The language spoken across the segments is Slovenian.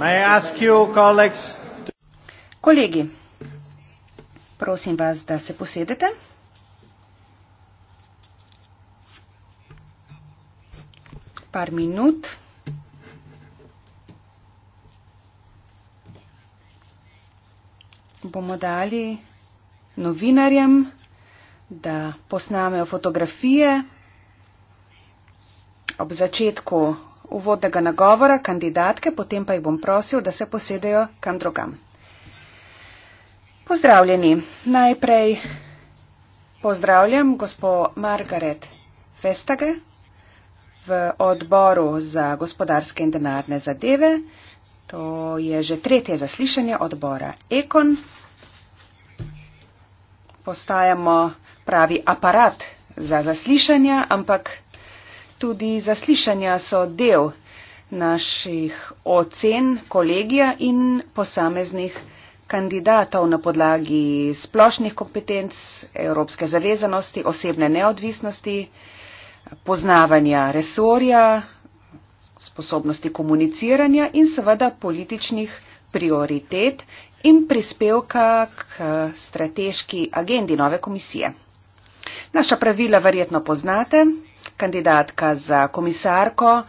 May I ask you, colleagues, to... Kolegi, prosim vas, da se posedete. Par minut. Bomo dali novinarjem, da posnamejo fotografije ob začetku uvodnega nagovora kandidatke, potem pa jih bom prosil, da se posedejo kam drugam. Pozdravljeni. Najprej pozdravljam gospod Margaret Vestage v odboru za gospodarske in denarne zadeve. To je že tretje zaslišanje odbora Ekon. Postajamo pravi aparat za zaslišanja, ampak tudi zaslišanja so del naših ocen kolegija in posameznih kandidatov na podlagi splošnih kompetenc, evropske zavezanosti, osebne neodvisnosti, poznavanja resorja, sposobnosti komuniciranja in seveda političnih prioritet in prispevka k strateški agendi nove komisije. Naša pravila verjetno poznate. Kandidatka za komisarko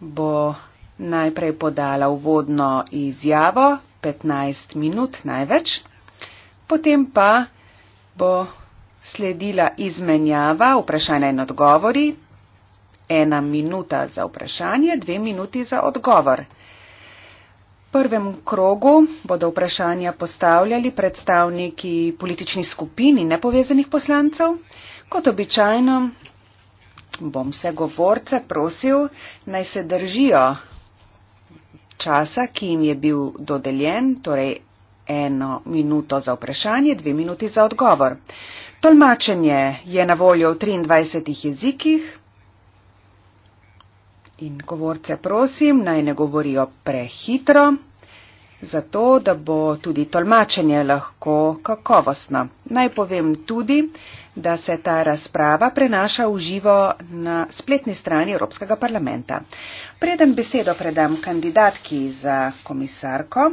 bo najprej podala uvodno izjavo, 15 minut največ, potem pa bo sledila izmenjava vprašanja in odgovori, ena minuta za vprašanje, dve minuti za odgovor. V prvem krogu bodo vprašanja postavljali predstavniki političnih skupin in nepovezanih poslancev. Kot običajno bom vse govorce prosil, naj se držijo časa, ki jim je bil dodeljen, torej eno minuto za vprašanje, dve minuti za odgovor. Tolmačenje je na voljo v 23 jezikih in govorce prosim, naj ne govorijo prehitro, zato da bo tudi tolmačenje lahko kakovostno. Naj povem tudi, da se ta razprava prenaša v živo na spletni strani Evropskega parlamenta. Preden besedo predam kandidatki za komisarko,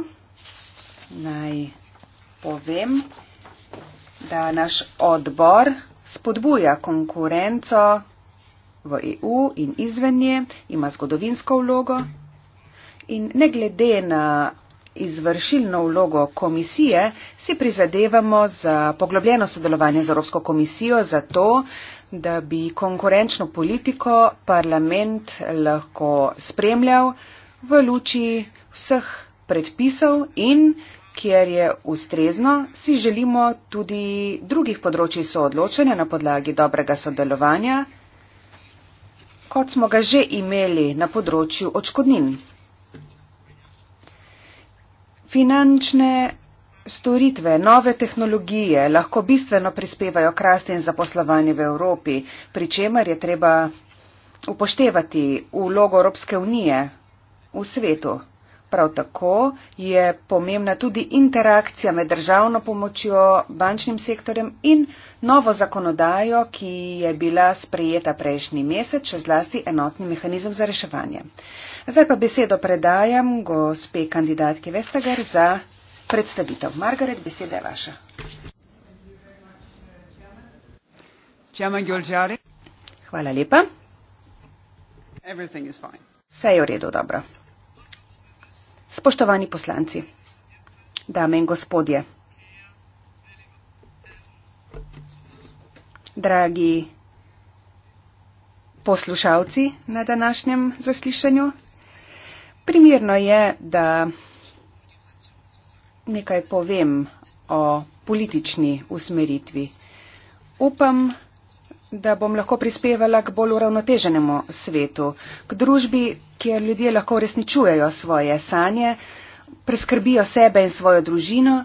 naj povem, da naš odbor spodbuja konkurenco v EU in izven nje, ima zgodovinsko vlogo in ne glede na izvršilno vlogo komisije, si prizadevamo za poglobljeno sodelovanje z Evropsko komisijo, zato da bi konkurenčno politiko parlament lahko spremljal v luči vseh predpisov in, kjer je ustrezno, si želimo tudi drugih področji soodločanja na podlagi dobrega sodelovanja, kot smo ga že imeli na področju očkodnin finančne storitve, nove tehnologije lahko bistveno prispevajo k rasti in zaposlovanju v Evropi, pri čemer je treba upoštevati vlogo Evropske unije v svetu. Prav tako je pomembna tudi interakcija med državno pomočjo, bančnim sektorjem in novo zakonodajo, ki je bila sprejeta prejšnji mesec, še zlasti enotni mehanizem za reševanje. Zdaj pa besedo predajam gospe kandidatke Vestager za predstavitev. Margaret, beseda je vaša. Hvala lepa. Vse je v redu, dobro. Spoštovani poslanci, dame in gospodje, dragi poslušalci na današnjem zaslišanju, Primerno je, da nekaj povem o politični usmeritvi. Upam, da bom lahko prispevala k bolj uravnoteženemu svetu, k družbi, kjer ljudje lahko resničujejo svoje sanje, preskrbijo sebe in svojo družino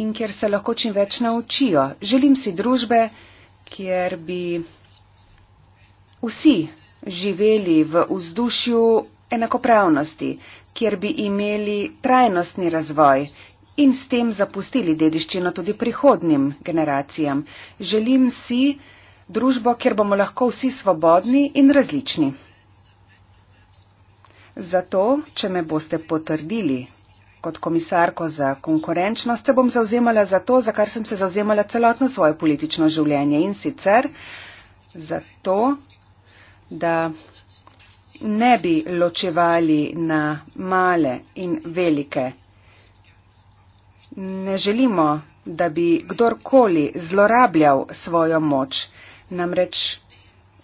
in kjer se lahko čim več naučijo. Želim si družbe, kjer bi vsi živeli v vzdušju enakopravnosti, kjer bi imeli trajnostni razvoj in s tem zapustili dediščino tudi prihodnim generacijam. Želim si družbo, kjer bomo lahko vsi svobodni in različni. Zato, če me boste potrdili kot komisarko za konkurenčnost, se bom zauzemala za to, za kar sem se zauzemala celotno svoje politično življenje in sicer za to, da ne bi ločevali na male in velike. Ne želimo, da bi kdorkoli zlorabljal svojo moč. Namreč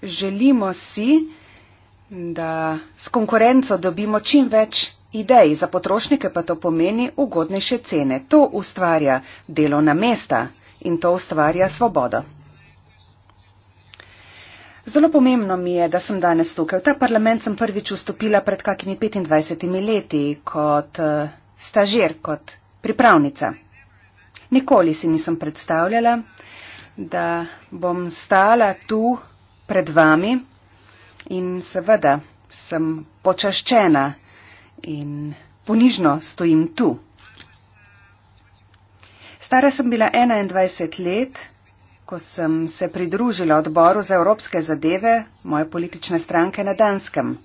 želimo si, da s konkurenco dobimo čim več idej, za potrošnike pa to pomeni ugodnejše cene. To ustvarja delovna mesta in to ustvarja svobodo. Zelo pomembno mi je, da sem danes tukaj. V ta parlament sem prvič vstopila pred kakimi 25 leti kot eh, stažer, kot pripravnica. Nikoli si nisem predstavljala, da bom stala tu pred vami in seveda sem počaščena in ponižno stojim tu. Stara sem bila 21 let. Ko sem se pridružila odboru za evropske zadeve moje politične stranke na Danskem.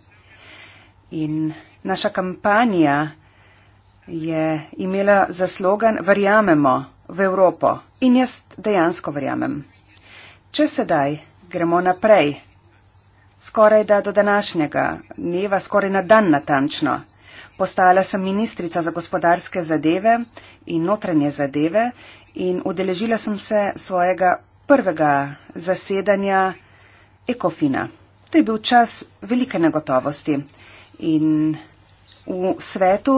In naša kampanja je imela za slogan Verjamemo v Evropo. In jaz dejansko verjamem. Če sedaj gremo naprej, skoraj da do današnjega dneva, skoraj na dan natančno, postala sem ministrica za gospodarske zadeve in notranje zadeve. In udeležila sem se svojega prvega zasedanja Ekofina. To je bil čas velike negotovosti in v svetu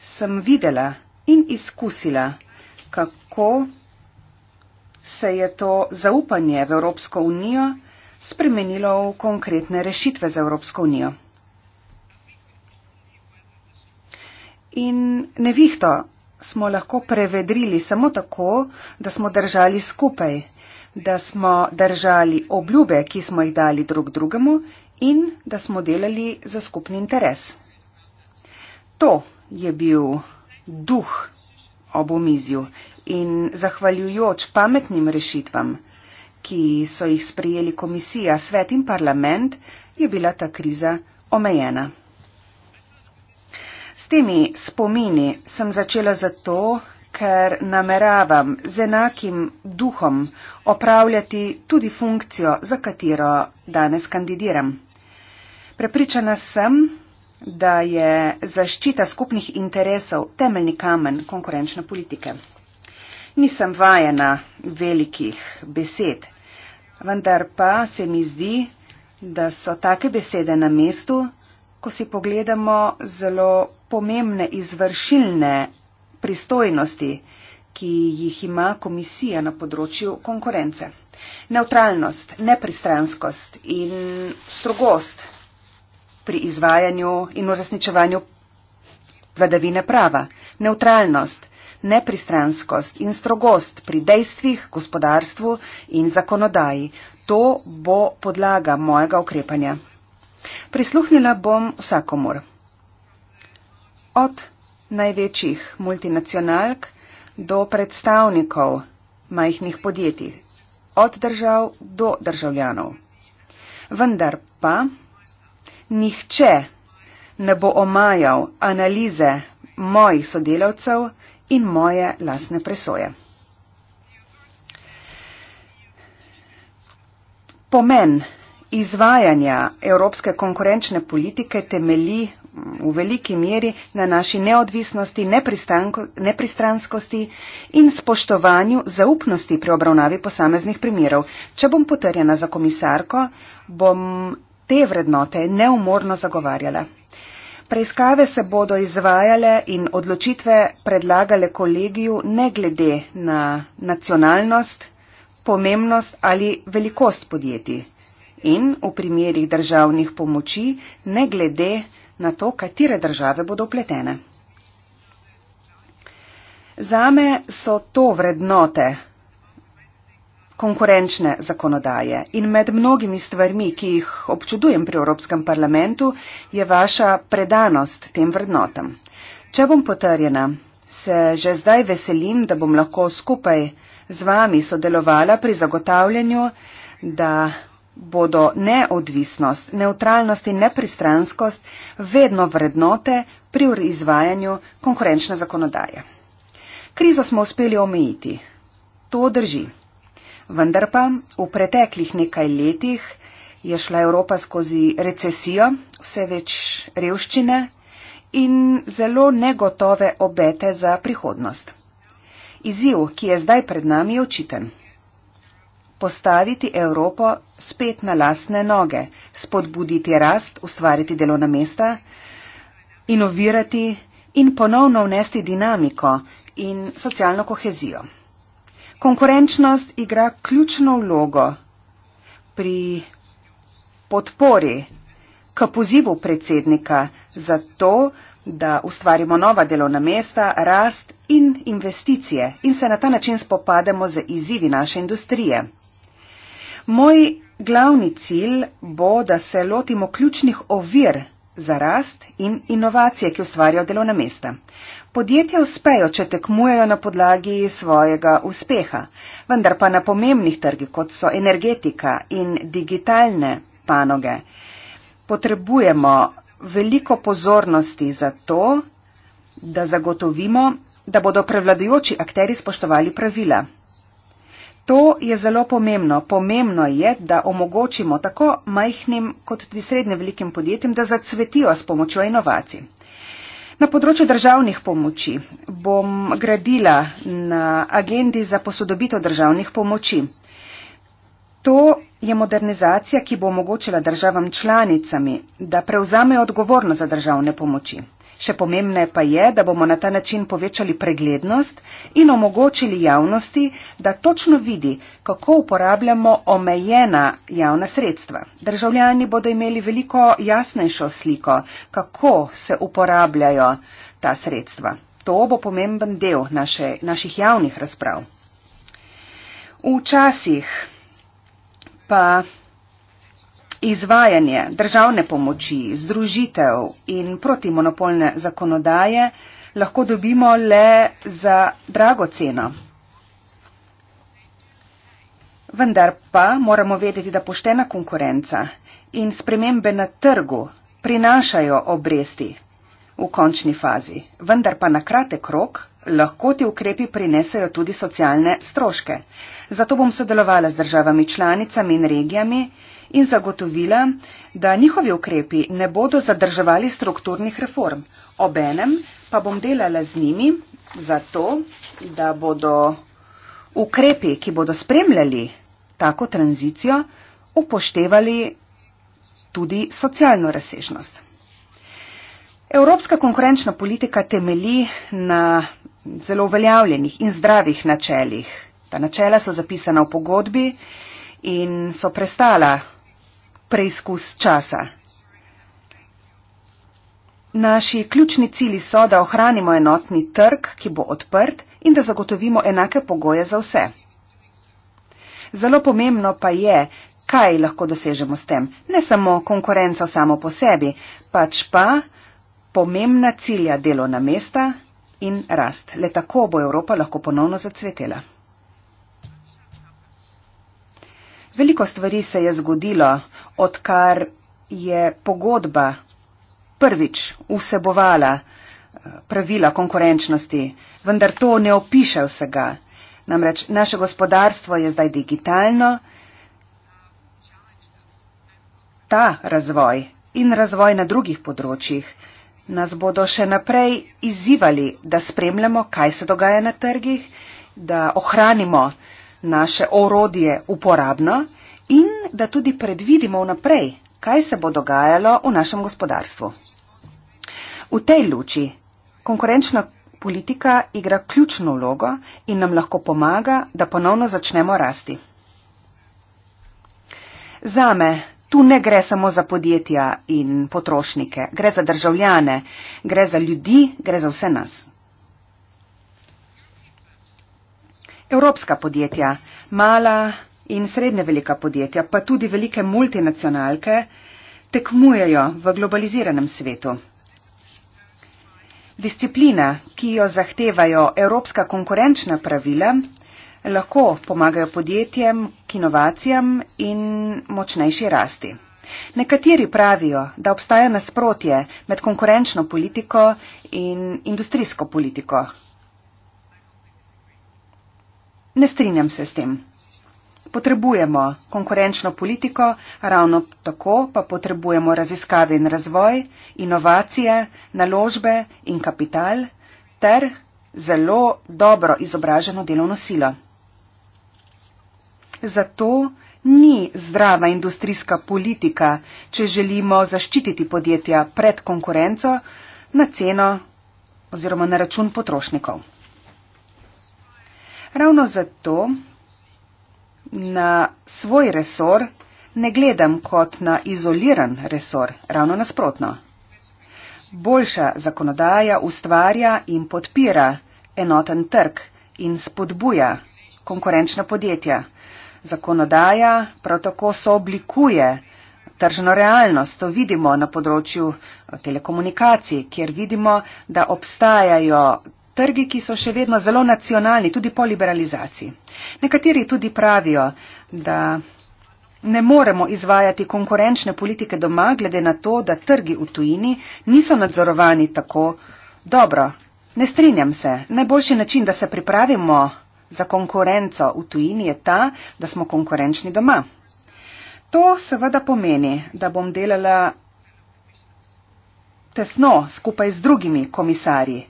sem videla in izkusila, kako se je to zaupanje v Evropsko unijo spremenilo v konkretne rešitve za Evropsko unijo. In nevihto smo lahko prevedrili samo tako, da smo držali skupaj da smo držali obljube, ki smo jih dali drug drugemu in da smo delali za skupni interes. To je bil duh ob omizju in zahvaljujoč pametnim rešitvam, ki so jih sprejeli komisija, svet in parlament, je bila ta kriza omejena. S temi spomini sem začela zato, ker nameravam z enakim duhom opravljati tudi funkcijo, za katero danes kandidiram. Prepričana sem, da je zaščita skupnih interesov temeljni kamen konkurenčne politike. Nisem vajena velikih besed, vendar pa se mi zdi, da so take besede na mestu, ko si pogledamo zelo pomembne izvršilne pristojnosti, ki jih ima komisija na področju konkurence. Neutralnost, nepristranskost in strogost pri izvajanju in uresničevanju vladavine prava. Neutralnost, nepristranskost in strogost pri dejstvih, gospodarstvu in zakonodaji. To bo podlaga mojega ukrepanja. Prisluhnila bom vsakomur. Od največjih multinacionalk do predstavnikov majhnih podjetij, od držav do državljanov. Vendar pa nihče ne bo omajal analize mojih sodelavcev in moje lasne presoje. Pomen izvajanja evropske konkurenčne politike temelji v veliki meri na naši neodvisnosti, nepristranskosti in spoštovanju zaupnosti pri obravnavi posameznih primerov. Če bom potrjena za komisarko, bom te vrednote neumorno zagovarjala. Preiskave se bodo izvajale in odločitve predlagale kolegiju ne glede na nacionalnost, pomembnost ali velikost podjetij in v primerih državnih pomoči ne glede na na to, katere države bodo upletene. Zame so to vrednote konkurenčne zakonodaje in med mnogimi stvarmi, ki jih občudujem pri Evropskem parlamentu, je vaša predanost tem vrednotam. Če bom potrjena, se že zdaj veselim, da bom lahko skupaj z vami sodelovala pri zagotavljanju, da bodo neodvisnost, neutralnost in nepristranskost vedno vrednote pri izvajanju konkurenčne zakonodaje. Krizo smo uspeli omejiti. To drži. Vendar pa v preteklih nekaj letih je šla Evropa skozi recesijo, vse več revščine in zelo negotove obete za prihodnost. Izziv, ki je zdaj pred nami, je očiten postaviti Evropo spet na lastne noge, spodbuditi rast, ustvariti delovna mesta, inovirati in ponovno vnesti dinamiko in socialno kohezijo. Konkurenčnost igra ključno vlogo pri podpori k pozivu predsednika za to, da ustvarimo nova delovna mesta, rast in investicije in se na ta način spopademo z izzivi naše industrije. Moj glavni cilj bo, da se lotimo ključnih ovir za rast in inovacije, ki ustvarjajo delovna mesta. Podjetja uspejo, če tekmujejo na podlagi svojega uspeha, vendar pa na pomembnih trgih, kot so energetika in digitalne panoge, potrebujemo veliko pozornosti za to, da zagotovimo, da bodo prevladujoči akteri spoštovali pravila. To je zelo pomembno. Pomembno je, da omogočimo tako majhnim kot tudi srednje velikim podjetjem, da zacvetijo s pomočjo inovacij. Na področju državnih pomoči bom gradila na agendi za posodobitev državnih pomoči. To je modernizacija, ki bo omogočila državam članicami, da prevzame odgovorno za državne pomoči. Še pomembneje pa je, da bomo na ta način povečali preglednost in omogočili javnosti, da točno vidi, kako uporabljamo omejena javna sredstva. Državljani bodo imeli veliko jasnejšo sliko, kako se uporabljajo ta sredstva. To bo pomemben del naše, naših javnih razprav. Včasih pa izvajanje državne pomoči, združitev in protimonopolne zakonodaje lahko dobimo le za drago ceno. Vendar pa moramo vedeti, da poštena konkurenca in spremembe na trgu prinašajo obresti v končni fazi, vendar pa na kratek rok lahko ti ukrepi prinesejo tudi socialne stroške. Zato bom sodelovala z državami članicami in regijami, in zagotovila, da njihovi ukrepi ne bodo zadrževali strukturnih reform. Obenem pa bom delala z njimi zato, da bodo ukrepi, ki bodo spremljali tako tranzicijo, upoštevali tudi socialno razsežnost. Evropska konkurenčna politika temeli na zelo uveljavljenih in zdravih načelih. Ta načela so zapisana v pogodbi in so prestala preizkus časa. Naši ključni cili so, da ohranimo enotni trg, ki bo odprt in da zagotovimo enake pogoje za vse. Zelo pomembno pa je, kaj lahko dosežemo s tem. Ne samo konkurenco samo po sebi, pač pa pomembna cilja delovna mesta in rast. Le tako bo Evropa lahko ponovno zacvetela. Veliko stvari se je zgodilo, odkar je pogodba prvič vsebovala eh, pravila konkurenčnosti, vendar to ne opiše vsega. Namreč naše gospodarstvo je zdaj digitalno. Ta razvoj in razvoj na drugih področjih nas bodo še naprej izzivali, da spremljamo, kaj se dogaja na trgih, da ohranimo naše orodje uporabno in da tudi predvidimo vnaprej, kaj se bo dogajalo v našem gospodarstvu. V tej luči konkurenčna politika igra ključno vlogo in nam lahko pomaga, da ponovno začnemo rasti. Zame tu ne gre samo za podjetja in potrošnike, gre za državljane, gre za ljudi, gre za vse nas. Evropska podjetja, mala in srednje velika podjetja, pa tudi velike multinacionalke tekmujejo v globaliziranem svetu. Disciplina, ki jo zahtevajo evropska konkurenčna pravila, lahko pomagajo podjetjem k inovacijam in močnejši rasti. Nekateri pravijo, da obstaja nasprotje med konkurenčno politiko in industrijsko politiko. Ne strinjam se s tem. Potrebujemo konkurenčno politiko, ravno tako pa potrebujemo raziskave in razvoj, inovacije, naložbe in kapital ter zelo dobro izobraženo delovno silo. Zato ni zdrava industrijska politika, če želimo zaščititi podjetja pred konkurenco na ceno oziroma na račun potrošnikov. Ravno zato na svoj resor ne gledam kot na izoliran resor, ravno nasprotno. Boljša zakonodaja ustvarja in podpira enoten trg in spodbuja konkurenčna podjetja. Zakonodaja prav tako sooblikuje tržno realnost. To vidimo na področju telekomunikacij, kjer vidimo, da obstajajo trgi, ki so še vedno zelo nacionalni, tudi po liberalizaciji. Nekateri tudi pravijo, da ne moremo izvajati konkurenčne politike doma, glede na to, da trgi v tujini niso nadzorovani tako dobro. Ne strinjam se. Najboljši način, da se pripravimo za konkurenco v tujini, je ta, da smo konkurenčni doma. To seveda pomeni, da bom delala tesno skupaj z drugimi komisarji.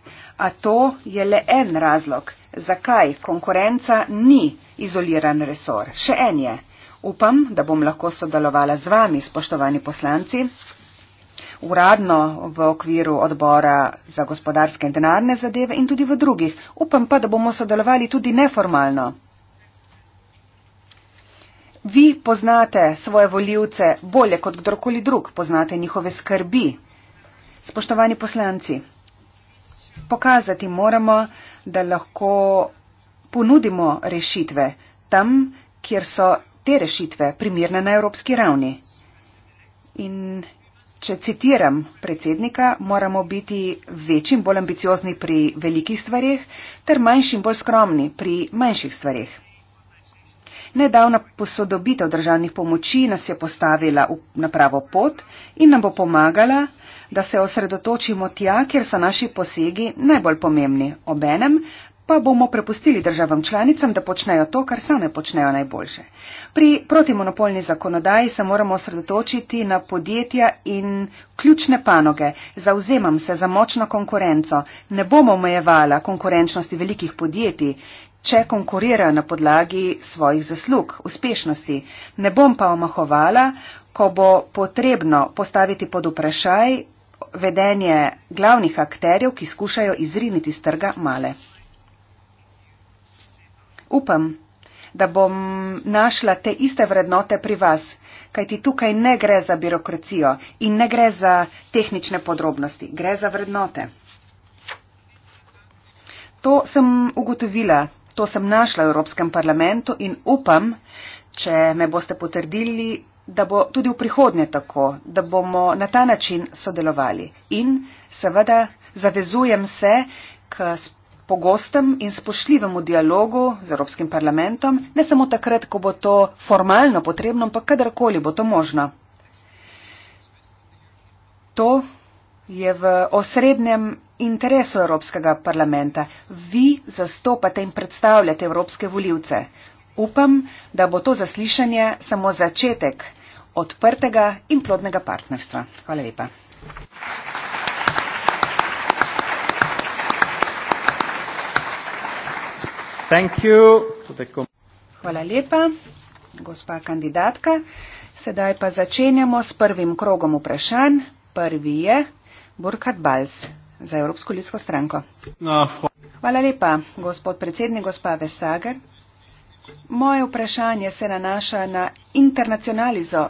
A to je le en razlog, zakaj konkurenca ni izoliran resor. Še en je. Upam, da bom lahko sodelovala z vami, spoštovani poslanci, uradno v okviru odbora za gospodarske in denarne zadeve in tudi v drugih. Upam pa, da bomo sodelovali tudi neformalno. Vi poznate svoje voljivce bolje kot kdorkoli drug, poznate njihove skrbi. Spoštovani poslanci, pokazati moramo, da lahko ponudimo rešitve tam, kjer so te rešitve primirne na evropski ravni. In če citiram predsednika, moramo biti večji in bolj ambiciozni pri velikih stvarih, ter manjši in bolj skromni pri manjših stvarih. Nedavna posodobitev državnih pomoči nas je postavila na pravo pot in nam bo pomagala, da se osredotočimo tja, kjer so naši posegi najbolj pomembni. Obenem pa bomo prepustili državam članicam, da počnejo to, kar same počnejo najboljše. Pri protimonopolni zakonodaji se moramo osredotočiti na podjetja in ključne panoge. Zauzemam se za močno konkurenco. Ne bomo omejevala konkurenčnosti velikih podjetij, če konkurirajo na podlagi svojih zaslug, uspešnosti. Ne bom pa omahovala, ko bo potrebno postaviti pod vprašaj vedenje glavnih akterjev, ki skušajo izriniti z trga male. Upam, da bom našla te iste vrednote pri vas, kajti tukaj ne gre za birokracijo in ne gre za tehnične podrobnosti, gre za vrednote. To sem ugotovila, to sem našla v Evropskem parlamentu in upam, če me boste potrdili, da bo tudi v prihodnje tako, da bomo na ta način sodelovali. In seveda zavezujem se k pogostem in spoštljivemu dialogu z Evropskim parlamentom, ne samo takrat, ko bo to formalno potrebno, ampak kadarkoli bo to možno. To je v osrednjem interesu Evropskega parlamenta. Vi zastopate in predstavljate evropske voljivce. Upam, da bo to zaslišanje samo začetek odprtega in plodnega partnerstva. Hvala lepa. Hvala lepa, gospa kandidatka. Sedaj pa začenjamo s prvim krogom vprašanj. Prvi je Burkhard Bals za Evropsko ljudsko stranko. Hvala lepa, gospod predsednik, gospa Vestager. Moje vprašanje se nanaša na internacionalizo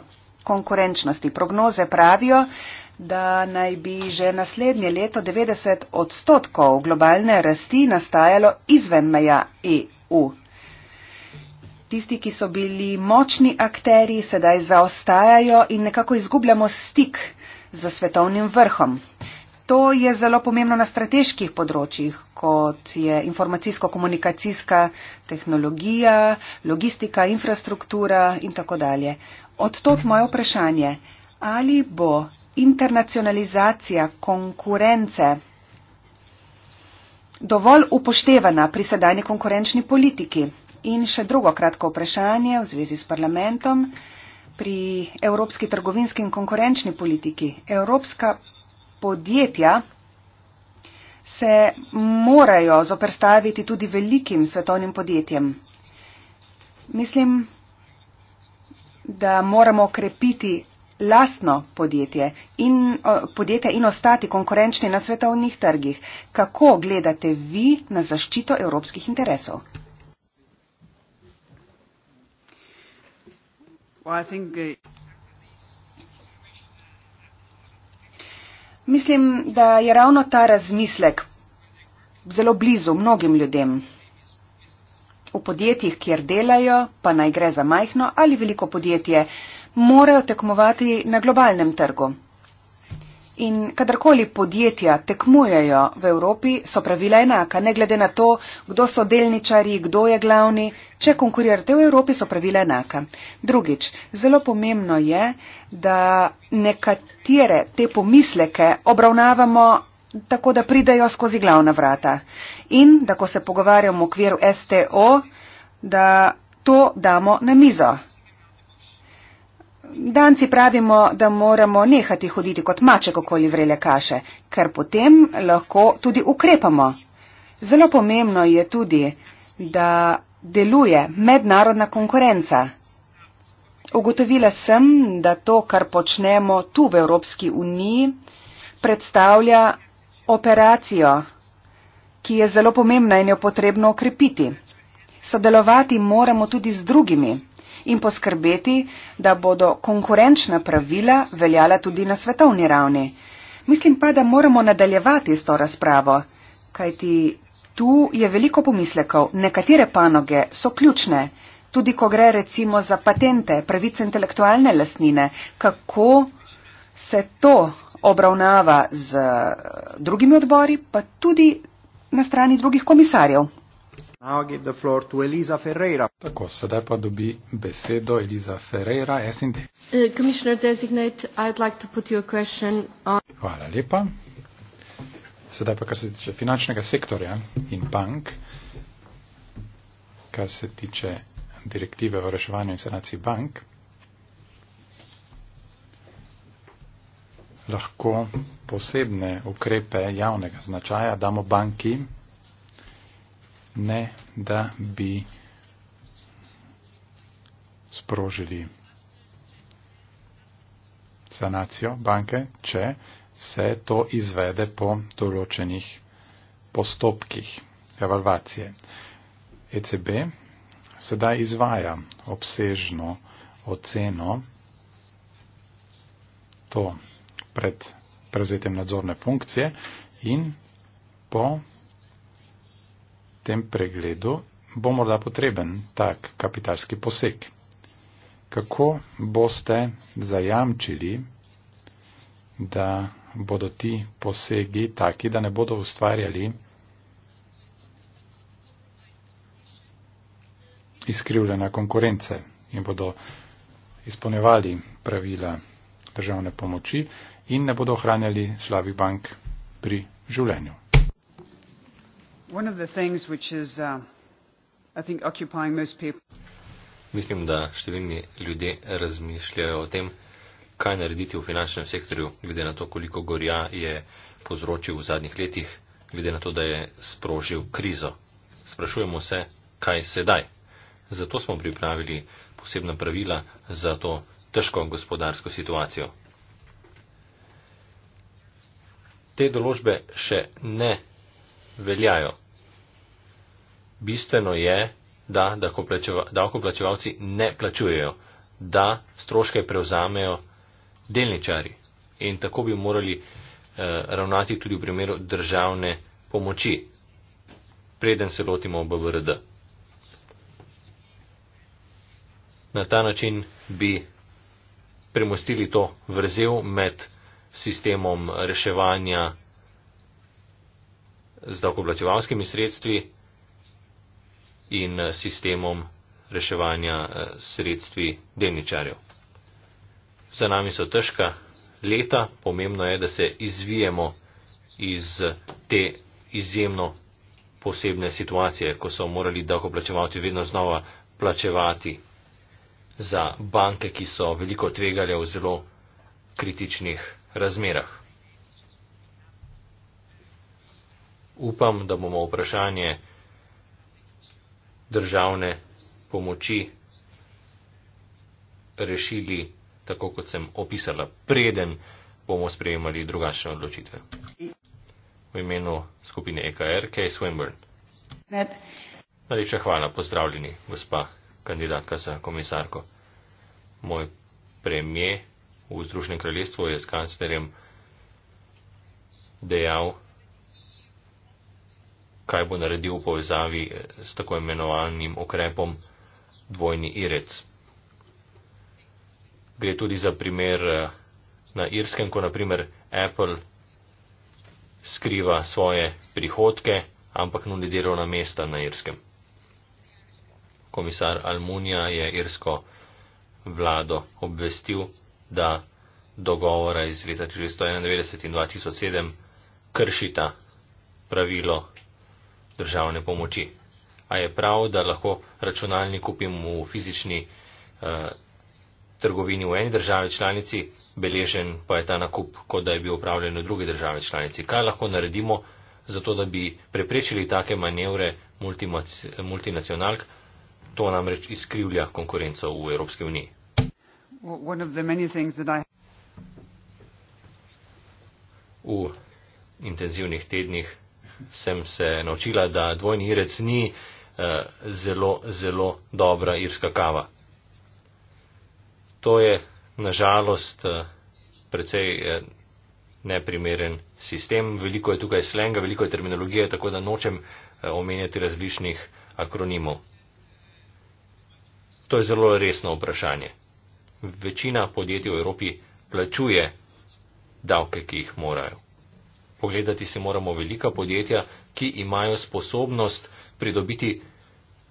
konkurenčnosti. Prognoze pravijo, da naj bi že naslednje leto 90 odstotkov globalne rasti nastajalo izven meja EU. Tisti, ki so bili močni akteri, sedaj zaostajajo in nekako izgubljamo stik za svetovnim vrhom. To je zelo pomembno na strateških področjih, kot je informacijsko-komunikacijska tehnologija, logistika, infrastruktura in tako dalje. Odtot moje vprašanje, ali bo internacionalizacija konkurence dovolj upoštevana pri sedajni konkurenčni politiki? In še drugo kratko vprašanje v zvezi s parlamentom. Pri evropski trgovinski in konkurenčni politiki Evropska podjetja se morajo zoprstaviti tudi velikim svetovnim podjetjem. Mislim, da moramo krepiti lastno podjetje in, podjetje in ostati konkurenčni na svetovnih trgih. Kako gledate vi na zaščito evropskih interesov? Well, I think, uh... Mislim, da je ravno ta razmislek zelo blizu mnogim ljudem. V podjetjih, kjer delajo, pa naj gre za majhno ali veliko podjetje, morajo tekmovati na globalnem trgu. In kadarkoli podjetja tekmujejo v Evropi, so pravila enaka, ne glede na to, kdo so delničari, kdo je glavni. Če konkurirate v Evropi, so pravila enaka. Drugič, zelo pomembno je, da nekatere te pomisleke obravnavamo tako, da pridejo skozi glavna vrata. In da ko se pogovarjamo v okviru STO, da to damo na mizo. Danci pravimo, da moramo nehati hoditi kot maček okoli vrele kaše, ker potem lahko tudi ukrepamo. Zelo pomembno je tudi, da deluje mednarodna konkurenca. Ugotovila sem, da to, kar počnemo tu v Evropski uniji, predstavlja operacijo, ki je zelo pomembna in jo potrebno okrepiti. Sodelovati moramo tudi z drugimi in poskrbeti, da bodo konkurenčna pravila veljala tudi na svetovni ravni. Mislim pa, da moramo nadaljevati s to razpravo, kajti tu je veliko pomislekov. Nekatere panoge so ključne, tudi ko gre recimo za patente, pravice intelektualne lasnine, kako se to obravnava z drugimi odbori, pa tudi na strani drugih komisarjev. Now I give the floor to Elisa Ferreira. Tako, sedaj pa dobi besedo Elisa Ferreira, SND. Uh, commissioner designate, I'd like to put you a question on... Hvala lepa. Sedaj pa kar se tiče finančnega sektorja in bank, kar se tiče direktive o reševanju in sanaciji bank, lahko posebne ukrepe javnega značaja damo banki ne da bi sprožili sanacijo banke, če se to izvede po določenih postopkih evalvacije. ECB sedaj izvaja obsežno oceno to pred prevzetjem nadzorne funkcije in po tem pregledu bo morda potreben tak kapitalski poseg. Kako boste zajamčili, da bodo ti posegi taki, da ne bodo ustvarjali izkrivljena konkurence in bodo izpolnjevali pravila državne pomoči in ne bodo ohranjali slavih bank pri življenju. One of the things which is, uh, I think, occupying most people. Mislim, da številni ljudje razmišljajo o tem, kaj narediti v finančnem sektorju, glede na to, koliko gorja je povzročil v zadnjih letih, glede na to, da je sprožil krizo. Sprašujemo se, kaj sedaj. Zato smo pripravili posebna pravila za to težko gospodarsko situacijo. Te določbe še ne veljajo. Bistveno je, da davkoplačevalci ne plačujejo, da stroške prevzamejo delničari in tako bi morali eh, ravnati tudi v primeru državne pomoči, preden se lotimo v BVRD. Na ta način bi premostili to vrzel med sistemom reševanja z davkoplačevalskimi sredstvi in eh, sistemom reševanja eh, sredstvi delničarjev. Za nami so težka leta, pomembno je, da se izvijemo iz te izjemno posebne situacije, ko so morali davkoplačevalci vedno znova plačevati za banke, ki so veliko tvegali v zelo kritičnih razmerah. upam, da bomo vprašanje državne pomoči rešili tako, kot sem opisala, preden bomo sprejemali drugačne odločitve. V imenu skupine EKR, Kay Swinburne. Ned. Najlepša hvala, pozdravljeni, gospa kandidatka za komisarko. Moj premije v Združenem kraljestvu je s kanclerjem dejal, kaj bo naredil v povezavi eh, s tako imenovanim okrepom dvojni irec. Gre tudi za primer eh, na irskem, ko naprimer Apple skriva svoje prihodke, ampak nudi delovna mesta na irskem. Komisar Almunija je irsko vlado obvestil, da dogovora iz leta 1991 in 2007 kršita pravilo državne pomoči. A je prav, da lahko računalnik kupim v fizični eh, trgovini v eni državi članici, beležen pa je ta nakup, kot da je bil upravljen v drugi državi članici. Kaj lahko naredimo, zato da bi preprečili take manevre multinacionalk, to namreč izkrivlja konkurenco v Evropski uniji. V intenzivnih tednih sem se naučila, da dvojni irec ni eh, zelo, zelo dobra irska kava. To je nažalost eh, precej eh, neprimeren sistem. Veliko je tukaj slenga, veliko je terminologije, tako da nočem eh, omenjati različnih akronimov. To je zelo resno vprašanje. Večina podjetij v Evropi plačuje davke, ki jih morajo. Pogledati si moramo velika podjetja, ki imajo sposobnost pridobiti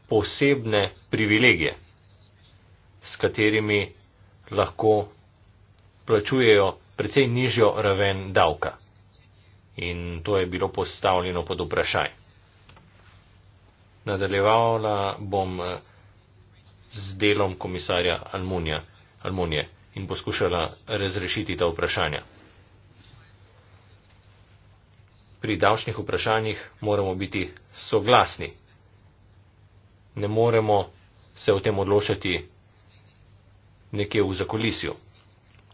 posebne privilegije, s katerimi lahko plačujejo precej nižjo raven davka. In to je bilo postavljeno pod vprašaj. Nadaljevala bom eh, z delom komisarja Almunije in poskušala razrešiti ta vprašanja. pri davčnih vprašanjih moramo biti soglasni. Ne moremo se o tem odločati nekje v zakolisju.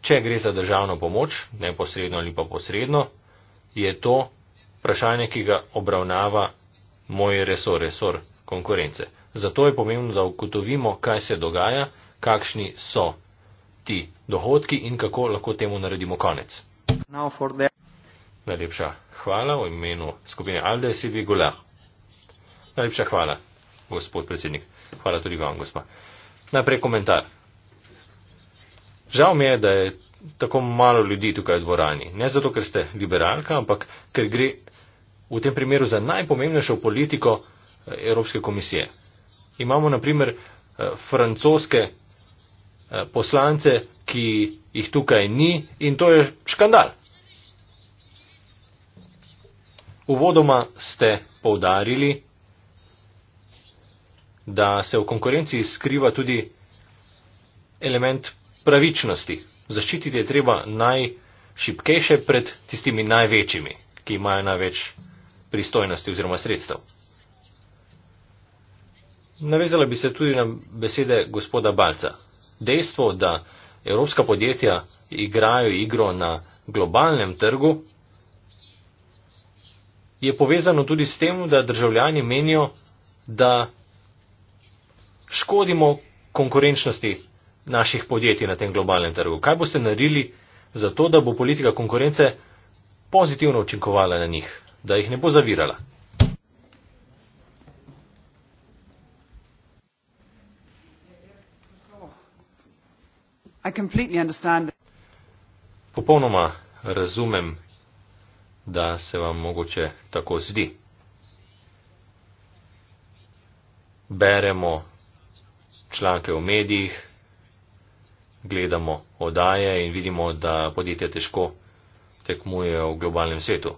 Če gre za državno pomoč, neposredno ali pa posredno, je to vprašanje, ki ga obravnava moj resor, resor konkurence. Zato je pomembno, da ugotovimo, kaj se dogaja, kakšni so ti dohodki in kako lahko temu naredimo konec. Najlepša hvala v imenu skupine Alde Sivi Gulah. Najlepša hvala, gospod predsednik. Hvala tudi vam, gospa. Najprej komentar. Žal mi je, da je tako malo ljudi tukaj v dvorani. Ne zato, ker ste liberalka, ampak ker gre v tem primeru za najpomembnejšo politiko eh, Evropske komisije. Imamo na primer eh, francoske eh, poslance, ki jih tukaj ni in to je škandal. Uvodoma ste povdarili, da se v konkurenci skriva tudi element pravičnosti. Zaščititi je treba najšipkejše pred tistimi največjimi, ki imajo največ pristojnosti oziroma sredstev. Navezala bi se tudi na besede gospoda Balca. Dejstvo, da evropska podjetja igrajo igro na globalnem trgu, je povezano tudi s tem, da državljani menijo, da škodimo konkurenčnosti naših podjetij na tem globalnem trgu. Kaj boste naredili za to, da bo politika konkurence pozitivno učinkovala na njih, da jih ne bo zavirala? Popolnoma razumem da se vam mogoče tako zdi. Beremo članke v medijih, gledamo odaje in vidimo, da podjetja težko tekmujejo v globalnem svetu.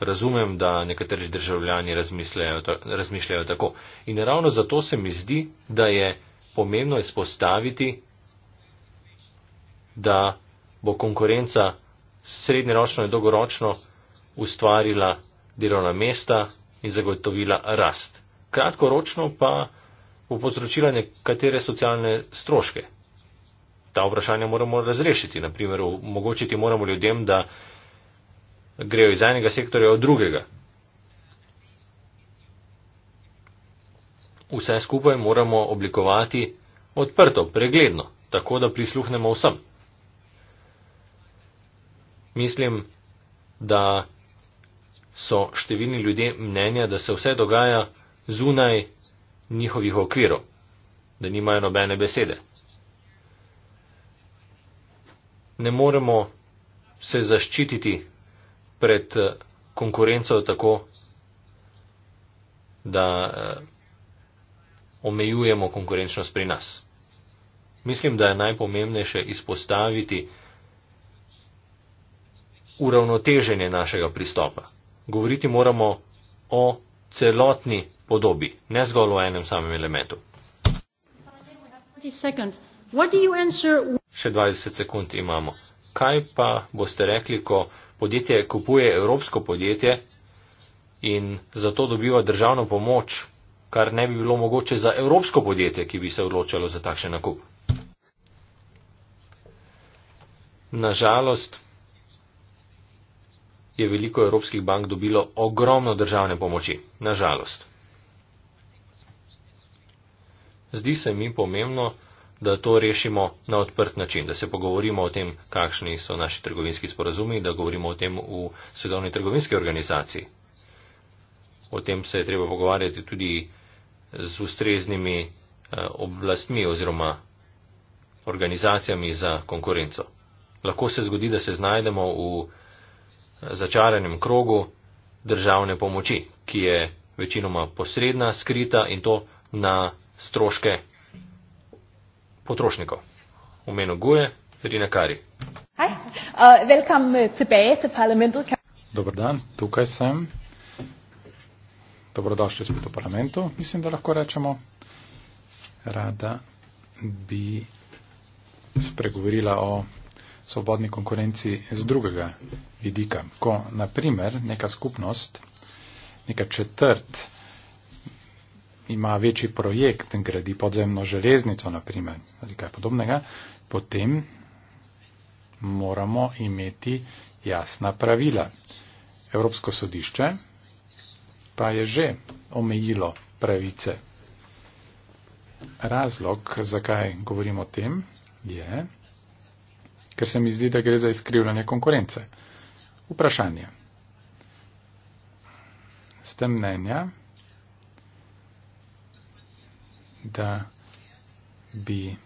Razumem, da nekateri državljani razmišljajo, razmišljajo tako. In ravno zato se mi zdi, da je pomembno izpostaviti, da bo konkurenca srednjeročno in dolgoročno ustvarila delovna mesta in zagotovila rast. Kratkoročno pa bo povzročila nekatere socialne stroške. Ta vprašanja moramo razrešiti. Naprimer, omogočiti moramo ljudem, da grejo iz enega sektorja v drugega. Vse skupaj moramo oblikovati odprto, pregledno, tako da prisluhnemo vsem. Mislim, da so številni ljudje mnenja, da se vse dogaja zunaj njihovih okvirov, da nimajo nobene besede. Ne moremo se zaščititi pred eh, konkurenco tako, da eh, omejujemo konkurenčnost pri nas. Mislim, da je najpomembnejše izpostaviti uravnoteženje našega pristopa govoriti moramo o celotni podobi, ne zgolj o enem samem elementu. Še 20 sekund imamo. Kaj pa boste rekli, ko podjetje kupuje evropsko podjetje in zato dobiva državno pomoč, kar ne bi bilo mogoče za evropsko podjetje, ki bi se odločilo za takšen nakup? Nažalost, je veliko evropskih bank dobilo ogromno državne pomoči, nažalost. Zdi se mi pomembno, da to rešimo na odprt način, da se pogovorimo o tem, kakšni so naši trgovinski sporazumi, da govorimo o tem v svetovni trgovinski organizaciji. O tem se je treba pogovarjati tudi z ustreznimi eh, oblastmi oziroma organizacijami za konkurenco. Lahko se zgodi, da se znajdemo v začaranem krogu državne pomoči, ki je večinoma posredna, skrita in to na stroške potrošnikov. Omenil Guje, Rina Kari. Uh, uh, Dobro dan, tukaj sem. Dobrodošli spet v parlamentu, mislim, da lahko rečemo. Rada bi spregovorila o svobodni konkurenci z drugega vidika. Ko, na primer, neka skupnost, neka četrt ima večji projekt in gradi podzemno železnico, na primer, ali kaj podobnega, potem moramo imeti jasna pravila. Evropsko sodišče pa je že omejilo pravice. Razlog, zakaj govorimo o tem, je, ker se mi zdi, da gre za izkrivljanje konkurence. Vprašanje. Ste mnenja, da bi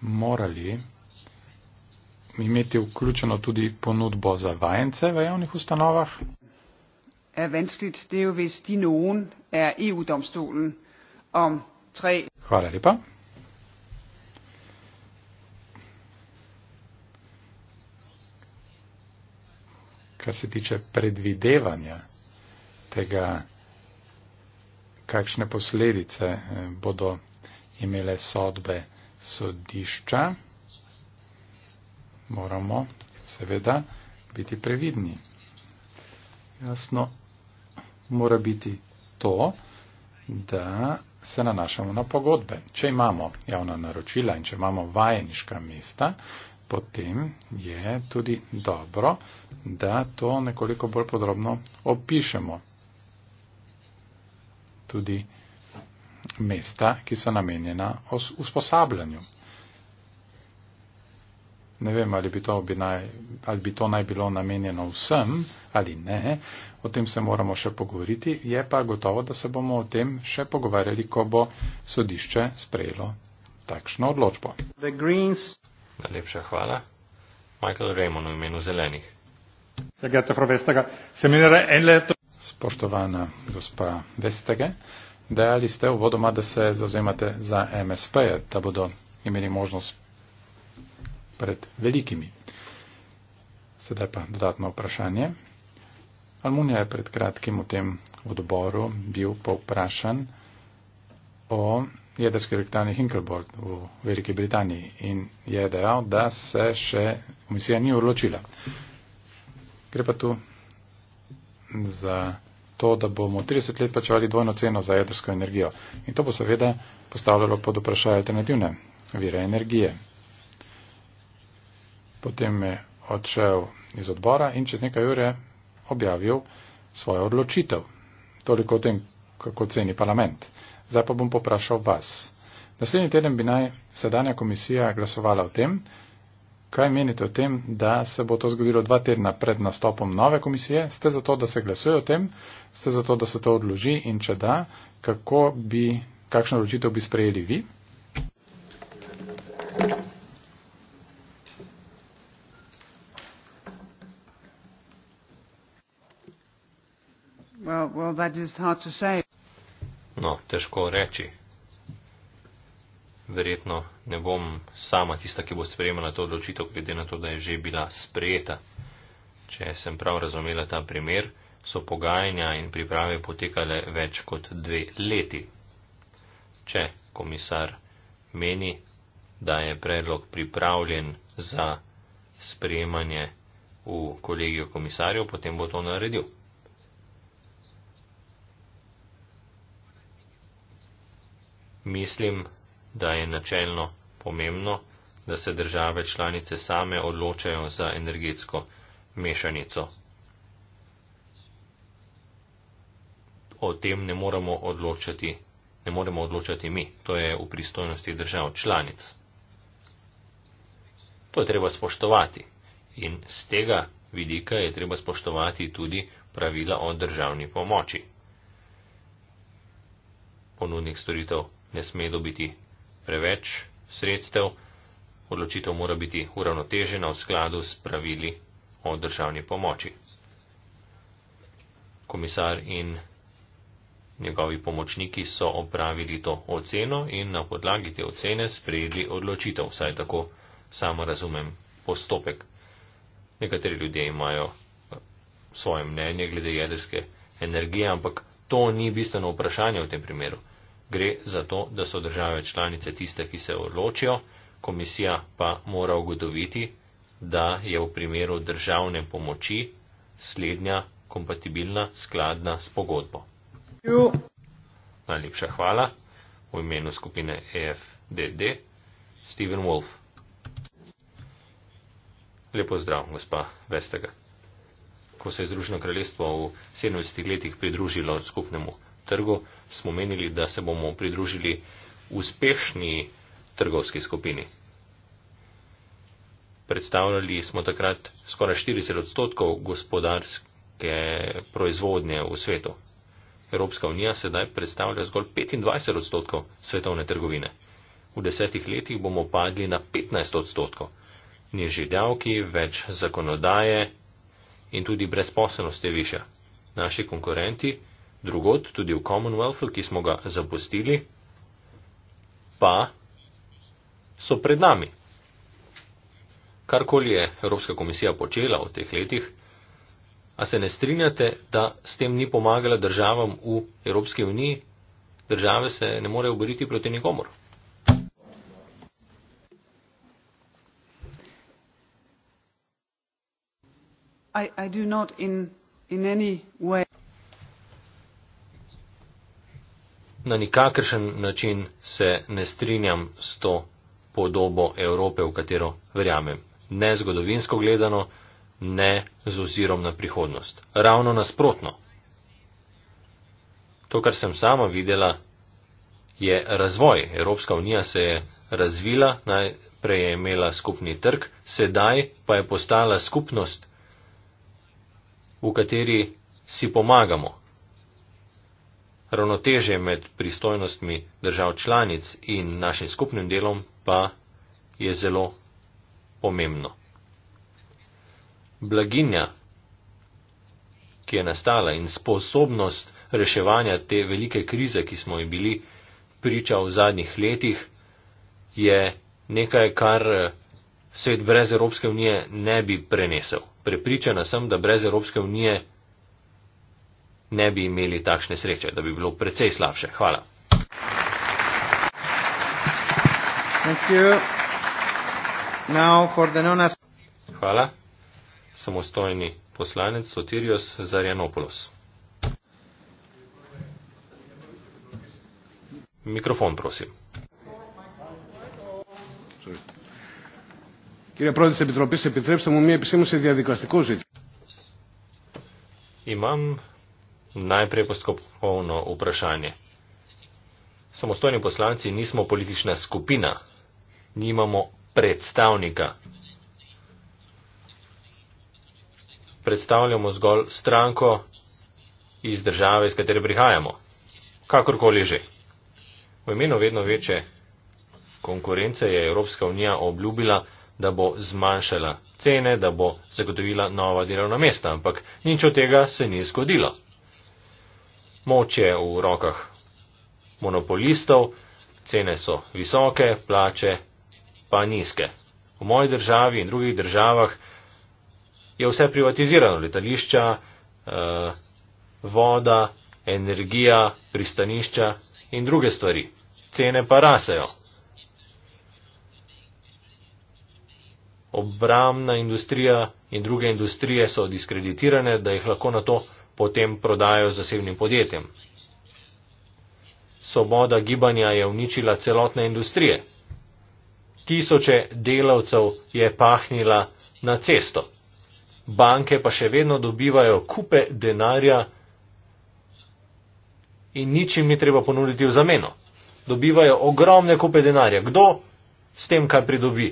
morali imeti vključeno tudi ponudbo za vajence v javnih ustanovah? Er er er e Hvala lepa. kar se tiče predvidevanja tega, kakšne posledice eh, bodo imele sodbe sodišča, moramo seveda biti previdni. Jasno mora biti to, da se nanašamo na pogodbe. Če imamo javna naročila in če imamo vajeniška mesta, potem je tudi dobro, da to nekoliko bolj podrobno opišemo. Tudi mesta, ki so namenjena usposabljanju. Ne vem, ali bi, to bi naj, ali bi to naj bilo namenjeno vsem ali ne, o tem se moramo še pogovoriti, je pa gotovo, da se bomo o tem še pogovarjali, ko bo sodišče sprejelo takšno odločbo. Najlepša hvala. Michael Raymond v imenu zelenih. Spoštovana gospa Vestage, dejali ste v vodoma, da se zauzemate za MSP, da bodo imeli možnost pred velikimi. Sedaj pa dodatno vprašanje. Almunija je pred kratkim v tem odboru bil povprašan o jedrski elektrarni Hinkelborg v Veliki Britaniji in je dejal, da se še komisija ni odločila. Gre pa tu za to, da bomo 30 let plačevali dvojno ceno za jedrsko energijo. In to bo seveda postavljalo pod vprašanje alternativne vire energije. Potem je odšel iz odbora in čez nekaj ure objavil svojo odločitev. Toliko o tem, kako ceni parlament. Zdaj pa bom poprašal vas. Naslednji teden bi naj sedanja komisija glasovala o tem, kaj menite o tem, da se bo to zgodilo dva tedna pred nastopom nove komisije. Ste za to, da se glasuje o tem? Ste za to, da se to odloži? In če da, kako bi, kakšno odločitev bi sprejeli vi? Well, well, that is hard to say. No, težko reči. Verjetno ne bom sama tista, ki bo sprejemala to odločitev, glede na to, da je že bila sprejeta. Če sem prav razumela ta primer, so pogajanja in priprave potekale več kot dve leti. Če komisar meni, da je predlog pripravljen za sprejemanje v kolegijo komisarjev, potem bo to naredil. Mislim, da je načelno pomembno, da se države članice same odločajo za energetsko mešanico. O tem ne moremo odločati, ne moremo odločati mi, to je v pristojnosti držav članic. To je treba spoštovati in z tega vidika je treba spoštovati tudi pravila o državni pomoči. Ponudnik storitev ne sme dobiti preveč sredstev, odločitev mora biti uravnotežena v skladu s pravili o državni pomoči. Komisar in njegovi pomočniki so opravili to oceno in na podlagi te ocene sprejeli odločitev, vsaj tako samo razumem postopek. Nekateri ljudje imajo eh, svoje mnenje glede jedrske energije, ampak to ni bistveno vprašanje v tem primeru gre za to, da so države članice tiste, ki se odločijo, komisija pa mora ugotoviti, da je v primeru državne pomoči slednja kompatibilna skladna s pogodbo. Jo. Najlepša hvala v imenu skupine EFDD, Steven Wolf. Lepo zdrav, gospa Vestega. Ko se je Združeno kraljestvo v 70 letih pridružilo skupnemu trgu, smo menili, da se bomo pridružili uspešni trgovski skupini. Predstavljali smo takrat skoraj 40 odstotkov gospodarske proizvodnje v svetu. Evropska unija sedaj predstavlja zgolj 25 odstotkov svetovne trgovine. V desetih letih bomo padli na 15 odstotkov. Nižji davki, več zakonodaje in tudi brezposelnost je višja. Naši konkurenti drugod, tudi v Commonwealthu, ki smo ga zapustili, pa so pred nami. Karkoli je Evropska komisija počela v teh letih, a se ne strinjate, da s tem ni pomagala državam v Evropski uniji, države se ne morejo boriti proti nikomor. I, I do not in, in any way. na nikakršen način se ne strinjam s to podobo Evrope, v katero verjamem. Ne zgodovinsko gledano, ne z ozirom na prihodnost. Ravno nasprotno. To, kar sem sama videla, je razvoj. Evropska unija se je razvila, najprej je imela skupni trg, sedaj pa je postala skupnost, v kateri si pomagamo, ravnotežje med pristojnostmi držav članic in našim skupnim delom pa je zelo pomembno. Blaginja, ki je nastala in sposobnost reševanja te velike krize, ki smo ji bili priča v zadnjih letih, je nekaj, kar svet brez Evropske unije ne bi prenesel. Prepričana sem, da brez Evropske unije ne bi imeli takšne sreče, da bi bilo precej slabše. Hvala. Hvala. Samostojni poslanec Sotirios Zarianopoulos. Mikrofon, prosim. Imam Najprej postopkovno vprašanje. Samostojni poslanci nismo politična skupina, nimamo predstavnika. Predstavljamo zgolj stranko iz države, iz katere prihajamo. Kakorkoli že. V imenu vedno večje konkurence je Evropska unija obljubila, da bo zmanjšala cene, da bo zagotovila nova delovna mesta, ampak nič od tega se ni zgodilo. Moč je v rokah monopolistov, cene so visoke, plače pa nizke. V moji državi in drugih državah je vse privatizirano, letališča, eh, voda, energija, pristanišča in druge stvari. Cene pa rasejo. Obramna industrija in druge industrije so diskreditirane, da jih lahko na to potem prodajo zasebnim podjetjem. Svoboda gibanja je uničila celotne industrije. Tisoče delavcev je pahnila na cesto. Banke pa še vedno dobivajo kupe denarja in nič jim ni treba ponuditi v zameno. Dobivajo ogromne kupe denarja. Kdo s tem, kaj pridobi?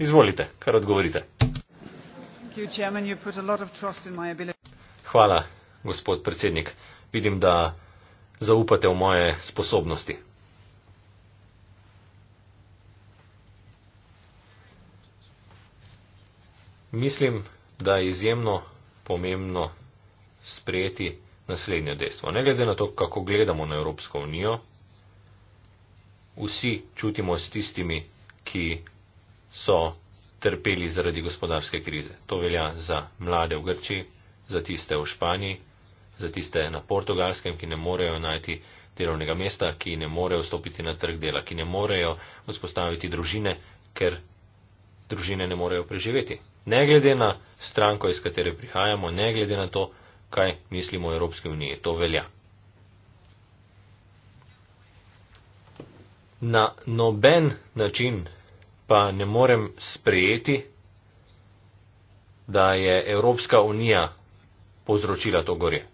Izvolite, kar odgovorite. Hvala, gospod predsednik. Vidim, da zaupate v moje sposobnosti. Mislim, da je izjemno pomembno sprejeti naslednjo dejstvo. Ne glede na to, kako gledamo na Evropsko unijo, vsi čutimo s tistimi, ki so trpeli zaradi gospodarske krize. To velja za mlade v Grčiji, za tiste v Španiji, za tiste na portugalskem, ki ne morejo najti delovnega mesta, ki ne morejo vstopiti na trg dela, ki ne morejo vzpostaviti družine, ker družine ne morejo preživeti. Ne glede na stranko, iz katere prihajamo, ne glede na to, kaj mislimo o Evropski uniji, to velja. Na noben način pa ne morem sprejeti, da je Evropska unija povzročila to gorje.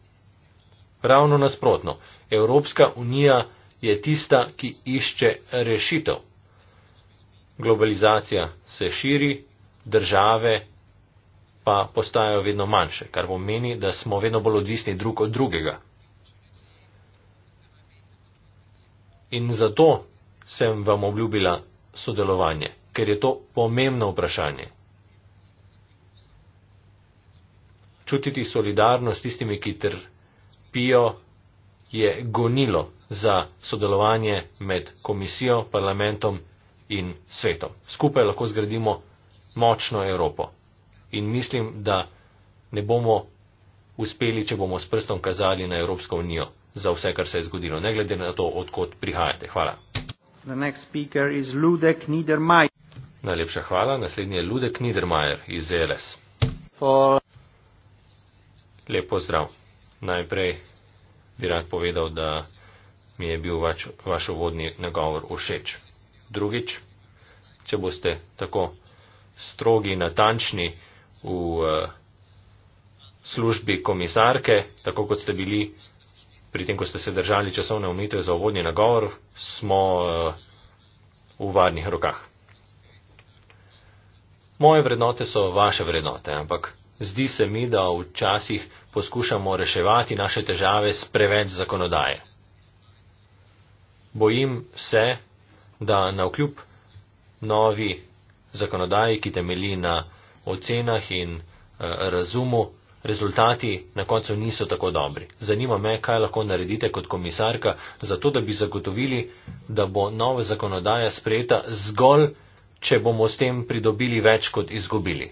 Ravno nasprotno, Evropska unija je tista, ki išče rešitev. Globalizacija se širi, države pa postajajo vedno manjše, kar pomeni, da smo vedno bolj odvisni drug od drugega. In zato sem vam obljubila sodelovanje ker je to pomembno vprašanje. Čutiti solidarnost s tistimi, ki trpijo, je gonilo za sodelovanje med komisijo, parlamentom in svetom. Skupaj lahko zgradimo močno Evropo. In mislim, da ne bomo uspeli, če bomo s prstom kazali na Evropsko unijo za vse, kar se je zgodilo, ne glede na to, odkot prihajate. Hvala. The next speaker is Ludek Niedermayer. Najlepša hvala. Naslednji je Ludek Niedermayer iz LS. Lep pozdrav. Najprej bi rad povedal, da mi je bil vač, vaš uvodni nagovor všeč. Drugič, če boste tako strogi, natančni v uh, službi komisarke, tako kot ste bili pri tem, ko ste se držali časovne omejitve za uvodni nagovor, smo uh, v varnih rokah. Moje vrednote so vaše vrednote, ampak zdi se mi, da včasih poskušamo reševati naše težave s preveč zakonodaje. Bojim se, da na vkljub novi zakonodaji, ki temeli na ocenah in eh, razumu, rezultati na koncu niso tako dobri. Zanima me, kaj lahko naredite kot komisarka, zato da bi zagotovili, da bo nova zakonodaja sprejeta zgolj če bomo s tem pridobili več kot izgubili.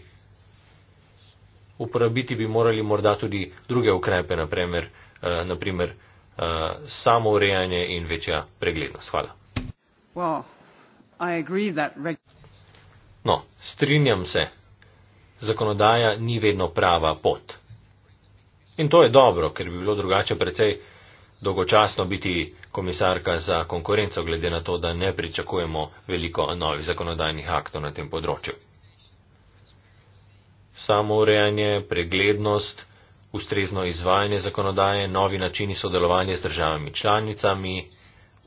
Uporabiti bi morali morda tudi druge ukrepe, naprimer, eh, naprimer eh, samo urejanje in večja preglednost. Hvala. Well, reg no, strinjam se, zakonodaja ni vedno prava pot. In to je dobro, ker bi bilo drugače precej dolgočasno biti komisarka za konkurenco, glede na to, da ne pričakujemo veliko novih zakonodajnih aktov na tem področju. Samo urejanje, preglednost, ustrezno izvajanje zakonodaje, novi načini sodelovanja z državami članicami,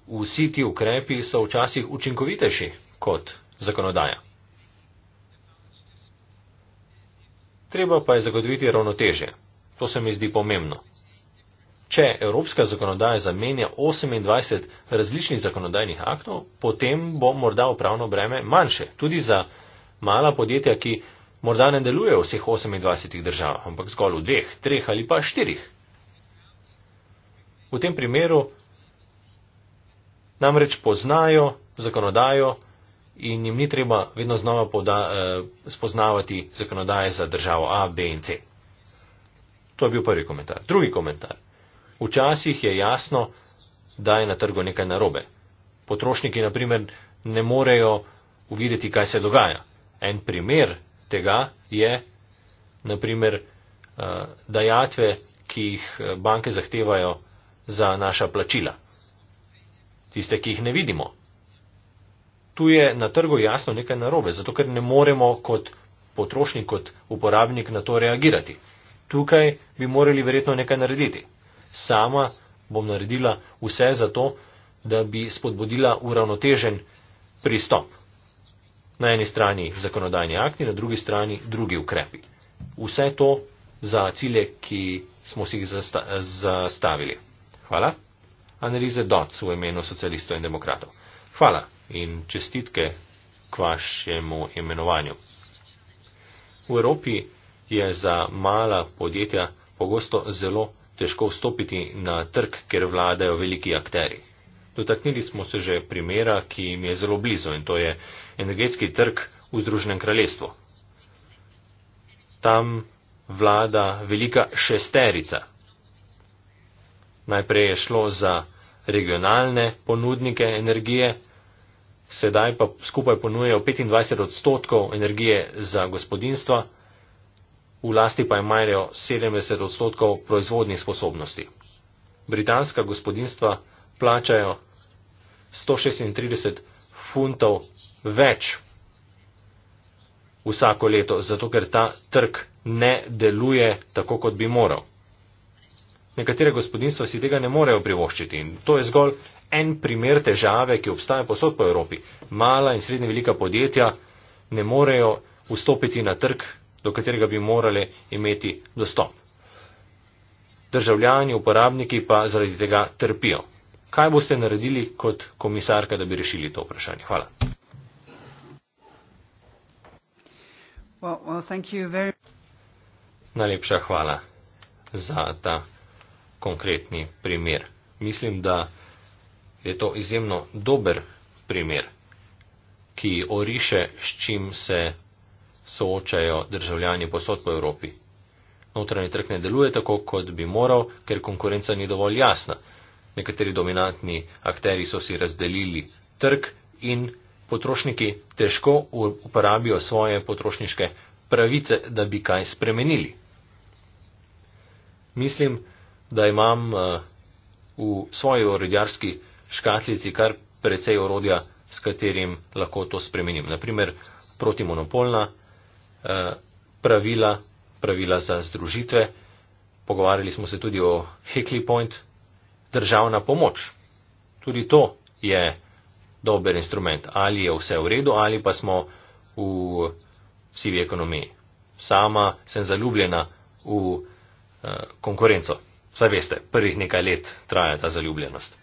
vsi ti ukrepi so včasih učinkovitejši kot zakonodaja. Treba pa je zagotoviti ravnoteže. To se mi zdi pomembno. Če evropska zakonodaja zamenja 28 različnih zakonodajnih aktov, potem bo morda upravno breme manjše, tudi za mala podjetja, ki morda ne deluje v vseh 28 državah, ampak zgolj v dveh, treh ali pa štirih. V tem primeru namreč poznajo zakonodajo in jim ni treba vedno znova poda, eh, spoznavati zakonodaje za državo A, B in C. To je bil prvi komentar. Drugi komentar. Včasih je jasno, da je na trgu nekaj narobe. Potrošniki, na primer, ne morejo uvideti, kaj se dogaja. En primer tega je, na primer, eh, dajatve, ki jih eh, banke zahtevajo za naša plačila. Tiste, ki jih ne vidimo. Tu je na trgu jasno nekaj narobe, zato ker ne moremo kot potrošnik, kot uporabnik na to reagirati. Tukaj bi morali verjetno nekaj narediti sama bom naredila vse za to, da bi spodbudila uravnotežen pristop. Na eni strani zakonodajni akti, na drugi strani drugi ukrepi. Vse to za cilje, ki smo si jih zastavili. Hvala. Analize DOC v imenu socialistov in demokratov. Hvala in čestitke k vašemu imenovanju. V Evropi je za mala podjetja pogosto zelo težko vstopiti na trg, ker vladajo veliki akteri. Dotaknili smo se že primera, ki mi je zelo blizu in to je energetski trg v Združenem kraljestvu. Tam vlada velika šesterica. Najprej je šlo za regionalne ponudnike energije, sedaj pa skupaj ponujejo 25 odstotkov energije za gospodinstva v lasti pa imajo 70 odstotkov proizvodnih sposobnosti. Britanska gospodinstva plačajo 136 funtov več vsako leto, zato ker ta trg ne deluje tako, kot bi moral. Nekatere gospodinstva si tega ne morejo privoščiti in to je zgolj en primer težave, ki obstaja posod po Evropi. Mala in srednje velika podjetja ne morejo vstopiti na trg do katerega bi morali imeti dostop. Državljani, uporabniki pa zaradi tega trpijo. Kaj boste naredili kot komisarka, da bi rešili to vprašanje? Hvala. Well, well, Najlepša hvala za ta konkretni primer. Mislim, da je to izjemno dober primer, ki oriše, s čim se soočajo državljani posod po Evropi. Notranji trg ne deluje tako, kot bi moral, ker konkurenca ni dovolj jasna. Nekateri dominantni akteri so si razdelili trg in potrošniki težko uporabijo svoje potrošniške pravice, da bi kaj spremenili. Mislim, da imam eh, v svoji orodjarski škatlici kar precej orodja, s katerim lahko to spremenim. Naprimer, protimonopolna Eh, pravila, pravila za združitve. Pogovarjali smo se tudi o Hickley Point, državna pomoč. Tudi to je dober instrument. Ali je vse v redu, ali pa smo v sivi ekonomiji. Sama sem zaljubljena v uh, konkurenco. Saj veste, prvih nekaj let traja ta zaljubljenost.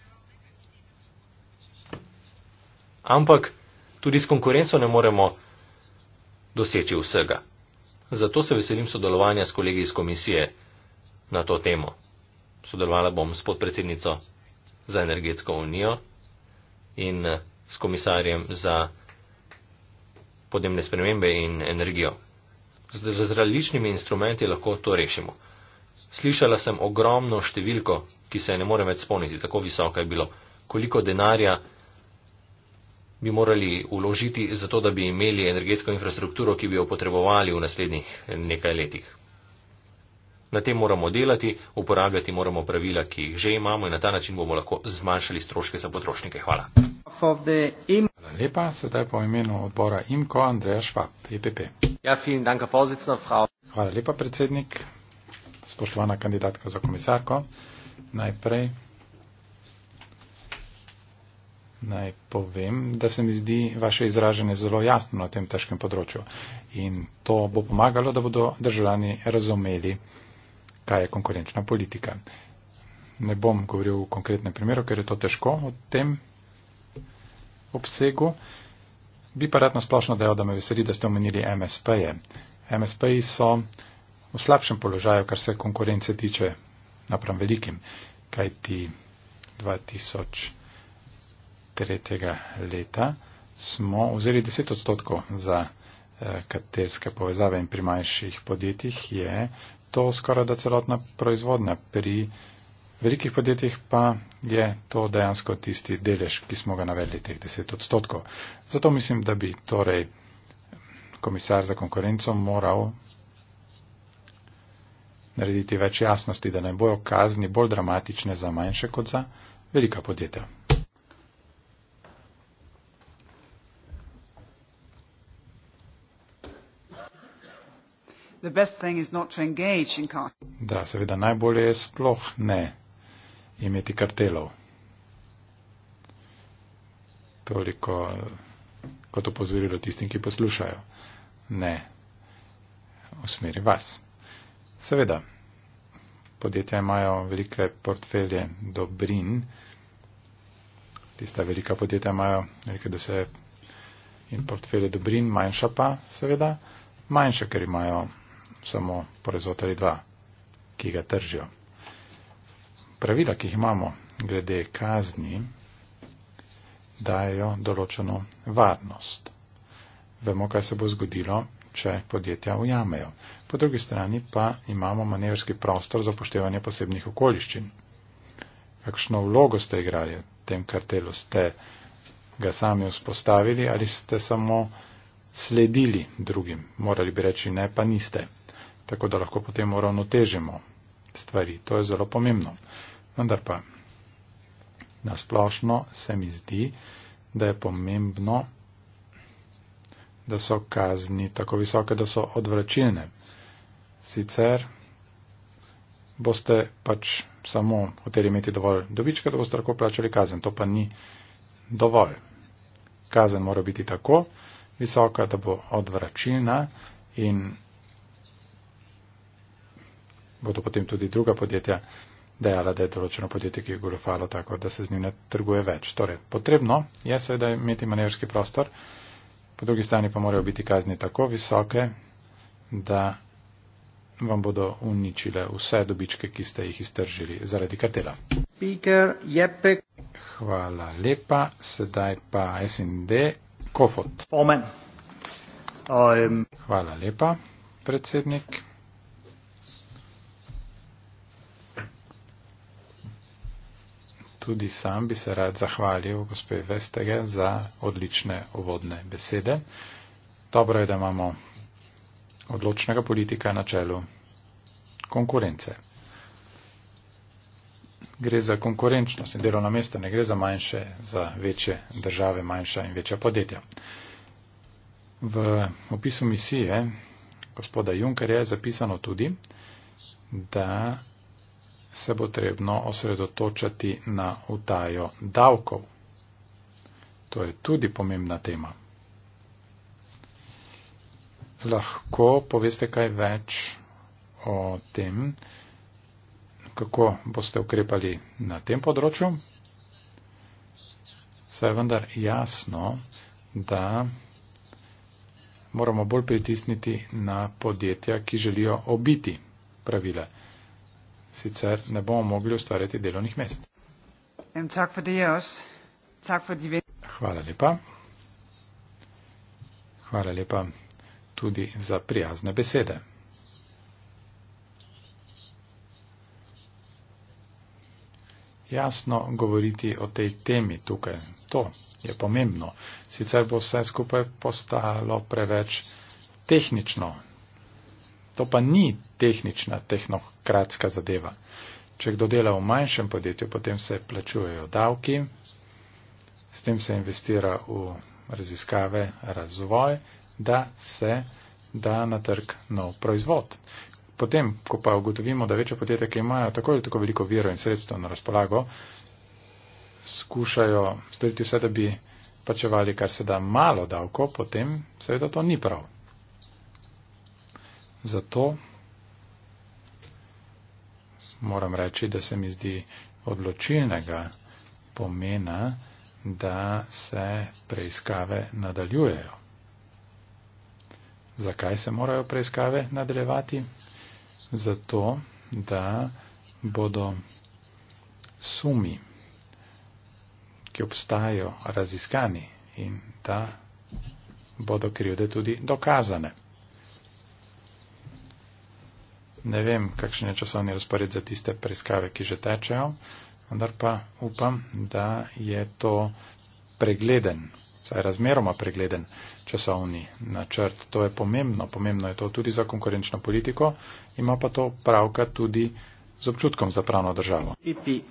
Ampak tudi s konkurenco ne moremo doseči vsega. Zato se veselim sodelovanja s kolegi iz komisije na to temo. Sodelovala bom s podpredsednico za energetsko unijo in eh, s komisarjem za podnebne spremembe in energijo. Z, z, z različnimi instrumenti lahko to rešimo. Slišala sem ogromno številko, ki se ne morem več spomniti, tako visoka je bilo, koliko denarja bi morali uložiti, zato da bi imeli energetsko infrastrukturo, ki bi jo potrebovali v naslednjih nekaj letih. Na tem moramo delati, uporabljati moramo pravila, ki jih že imamo in na ta način bomo lahko zmanjšali stroške za potrošnike. Hvala. Hvala lepa, sedaj po imenu odbora IMKO Andreja Švab, EPP. Ja, dank, Hvala lepa, predsednik, spoštovana kandidatka za komisarko. Najprej naj povem, da se mi zdi vaše izražanje zelo jasno na tem težkem področju. In to bo pomagalo, da bodo državljani razumeli, kaj je konkurenčna politika. Ne bom govoril o konkretnem primeru, ker je to težko v tem obsegu. Bi pa rad na splošno dejal, da me veseli, da ste omenili MSP-je. MSP-ji so v slabšem položaju, kar se konkurence tiče, napram velikim, kajti 2000. 2003 leta smo vzeli 10 odstotkov za eh, katerske povezave in pri manjših podjetjih je to skoraj da celotna proizvodnja. Pri velikih podjetjih pa je to dejansko tisti delež, ki smo ga navedli, teh 10 odstotkov. Zato mislim, da bi torej komisar za konkurenco moral narediti več jasnosti, da ne bojo kazni bolj dramatične za manjše kot za velika podjetja. Da, seveda najbolje je sploh ne imeti kartelov. Toliko kot opozorilo tistim, ki poslušajo. Ne usmeri vas. Seveda, podjetja imajo velike portfelje dobrin, tista velika podjetja imajo velike dose in portfelje dobrin, manjša pa, seveda, manjša, ker imajo samo proizvod ali dva, ki ga tržijo. Pravila, ki jih imamo glede kazni, dajo določeno varnost. Vemo, kaj se bo zgodilo, če podjetja ujamejo. Po drugi strani pa imamo manevrski prostor za upoštevanje posebnih okoliščin. Kakšno vlogo ste igrali v tem kartelu? Ste ga sami vzpostavili ali ste samo sledili drugim? Morali bi reči ne, pa niste tako da lahko potem uravnotežimo stvari. To je zelo pomembno. Vendar pa nasplošno se mi zdi, da je pomembno, da so kazni tako visoke, da so odvračilne. Sicer boste pač samo hoteli imeti dovolj dobička, da boste lahko plačali kazen. To pa ni dovolj. Kazen mora biti tako visoka, da bo odvračilna in bodo potem tudi druga podjetja dejala, da je določeno podjetje, ki je golofalo tako, da se z njim ne trguje več. Torej, potrebno je seveda imeti manevrski prostor, po drugi strani pa morajo biti kazni tako visoke, da vam bodo uničile vse dobičke, ki ste jih iztržili zaradi kartela. Speaker, Hvala lepa, sedaj pa SND Kofot. Um. Hvala lepa, predsednik. tudi sam bi se rad zahvalil gospe Vestege za odlične uvodne besede. Dobro je, da imamo odločnega politika na čelu konkurence. Gre za konkurenčnost in delovna mesta, ne gre za manjše, za večje države, manjša in večja podjetja. V opisu misije gospoda Junkerja je zapisano tudi, da se bo trebno osredotočati na utajo davkov. To je tudi pomembna tema. Lahko poveste kaj več o tem, kako boste ukrepali na tem področju? Saj je vendar jasno, da moramo bolj pritisniti na podjetja, ki želijo obiti pravile sicer ne bomo mogli ustvarjati delovnih mest. Hvala lepa. Hvala lepa tudi za prijazne besede. Jasno govoriti o tej temi tukaj, to je pomembno. Sicer bo vse skupaj postalo preveč tehnično. To pa ni tehnična, tehnokratska zadeva. Če kdo dela v manjšem podjetju, potem se plačujejo davki, s tem se investira v raziskave, razvoj, da se da na trg nov proizvod. Potem, ko pa ugotovimo, da večje podjetje, ki imajo tako ali tako veliko virov in sredstev na razpolago, skušajo storiti vse, da bi plačevali kar se da malo davko, potem seveda to ni prav. Zato moram reči, da se mi zdi odločilnega pomena, da se preiskave nadaljujejo. Zakaj se morajo preiskave nadaljevati? Zato, da bodo sumi, ki obstajajo, raziskani in da bodo krivde tudi dokazane ne vem, kakšen je časovni razpored za tiste preiskave, ki že tečejo, vendar pa upam, da je to pregleden, vsaj razmeroma pregleden časovni načrt. To je pomembno, pomembno je to tudi za konkurenčno politiko, ima pa to pravka tudi z občutkom za pravno državo. IP.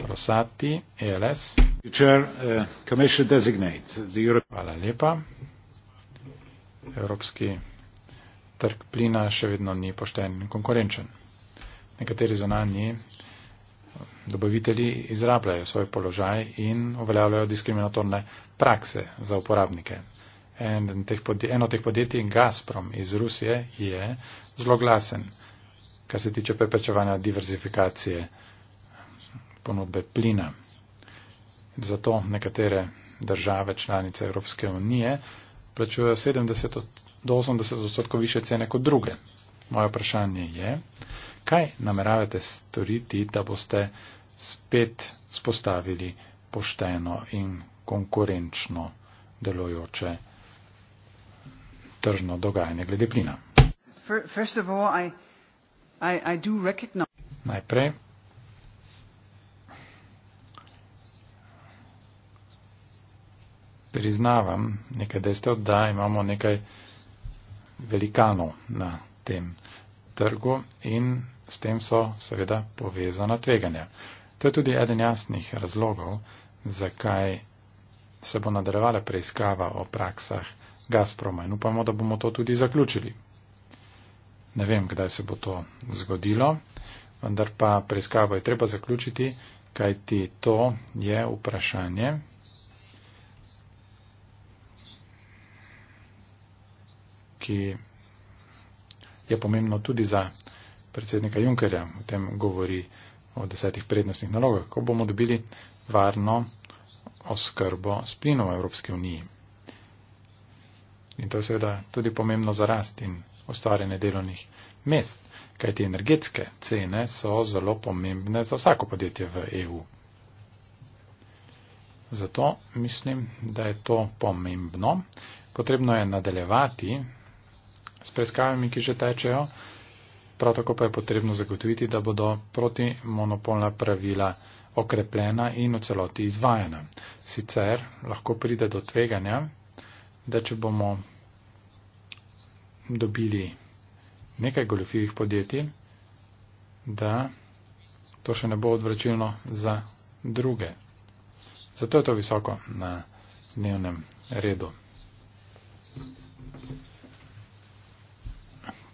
Rosati, ELS. Chair, uh, Hvala lepa. Evropski trg plina še vedno ni pošten in konkurenčen. Nekateri zonani eh, dobavitelji izrabljajo svoj položaj in uveljavljajo diskriminatorne prakse za uporabnike. Eno teh podjetij, Gazprom iz Rusije, je zelo glasen, kar se tiče preprečevanja diverzifikacije eh, ponudbe plina. Zato nekatere države članice Evropske unije plačujejo 70 do 80 odstotkov više cene kot druge. Moje vprašanje je, kaj nameravate storiti, da boste spet spostavili pošteno in konkurenčno delojoče tržno dogajanje glede plina? All, I, I, I Najprej. Priznavam nekaj dejstev, da imamo nekaj velikanov na tem trgu in s tem so seveda povezana tveganja. To je tudi eden jasnih razlogov, zakaj se bo nadaljevala preiskava o praksah Gazproma in upamo, da bomo to tudi zaključili. Ne vem, kdaj se bo to zgodilo, vendar pa preiskavo je treba zaključiti, kajti to je vprašanje, ki je pomembno tudi za predsednika Junkerja, o tem govori o desetih prednostnih nalogah, ko bomo dobili varno oskrbo s plinom v Evropski uniji. In to je seveda tudi pomembno za rast in ustvarjanje delovnih mest, kajti energetske cene so zelo pomembne za vsako podjetje v EU. Zato mislim, da je to pomembno. Potrebno je nadaljevati s preiskavami, ki že tečejo. Prav tako pa je potrebno zagotoviti, da bodo protimonopolna pravila okrepljena in v celoti izvajena. Sicer lahko pride do tveganja, da če bomo dobili nekaj goljofivih podjetij, da to še ne bo odvračilno za druge. Zato je to visoko na dnevnem redu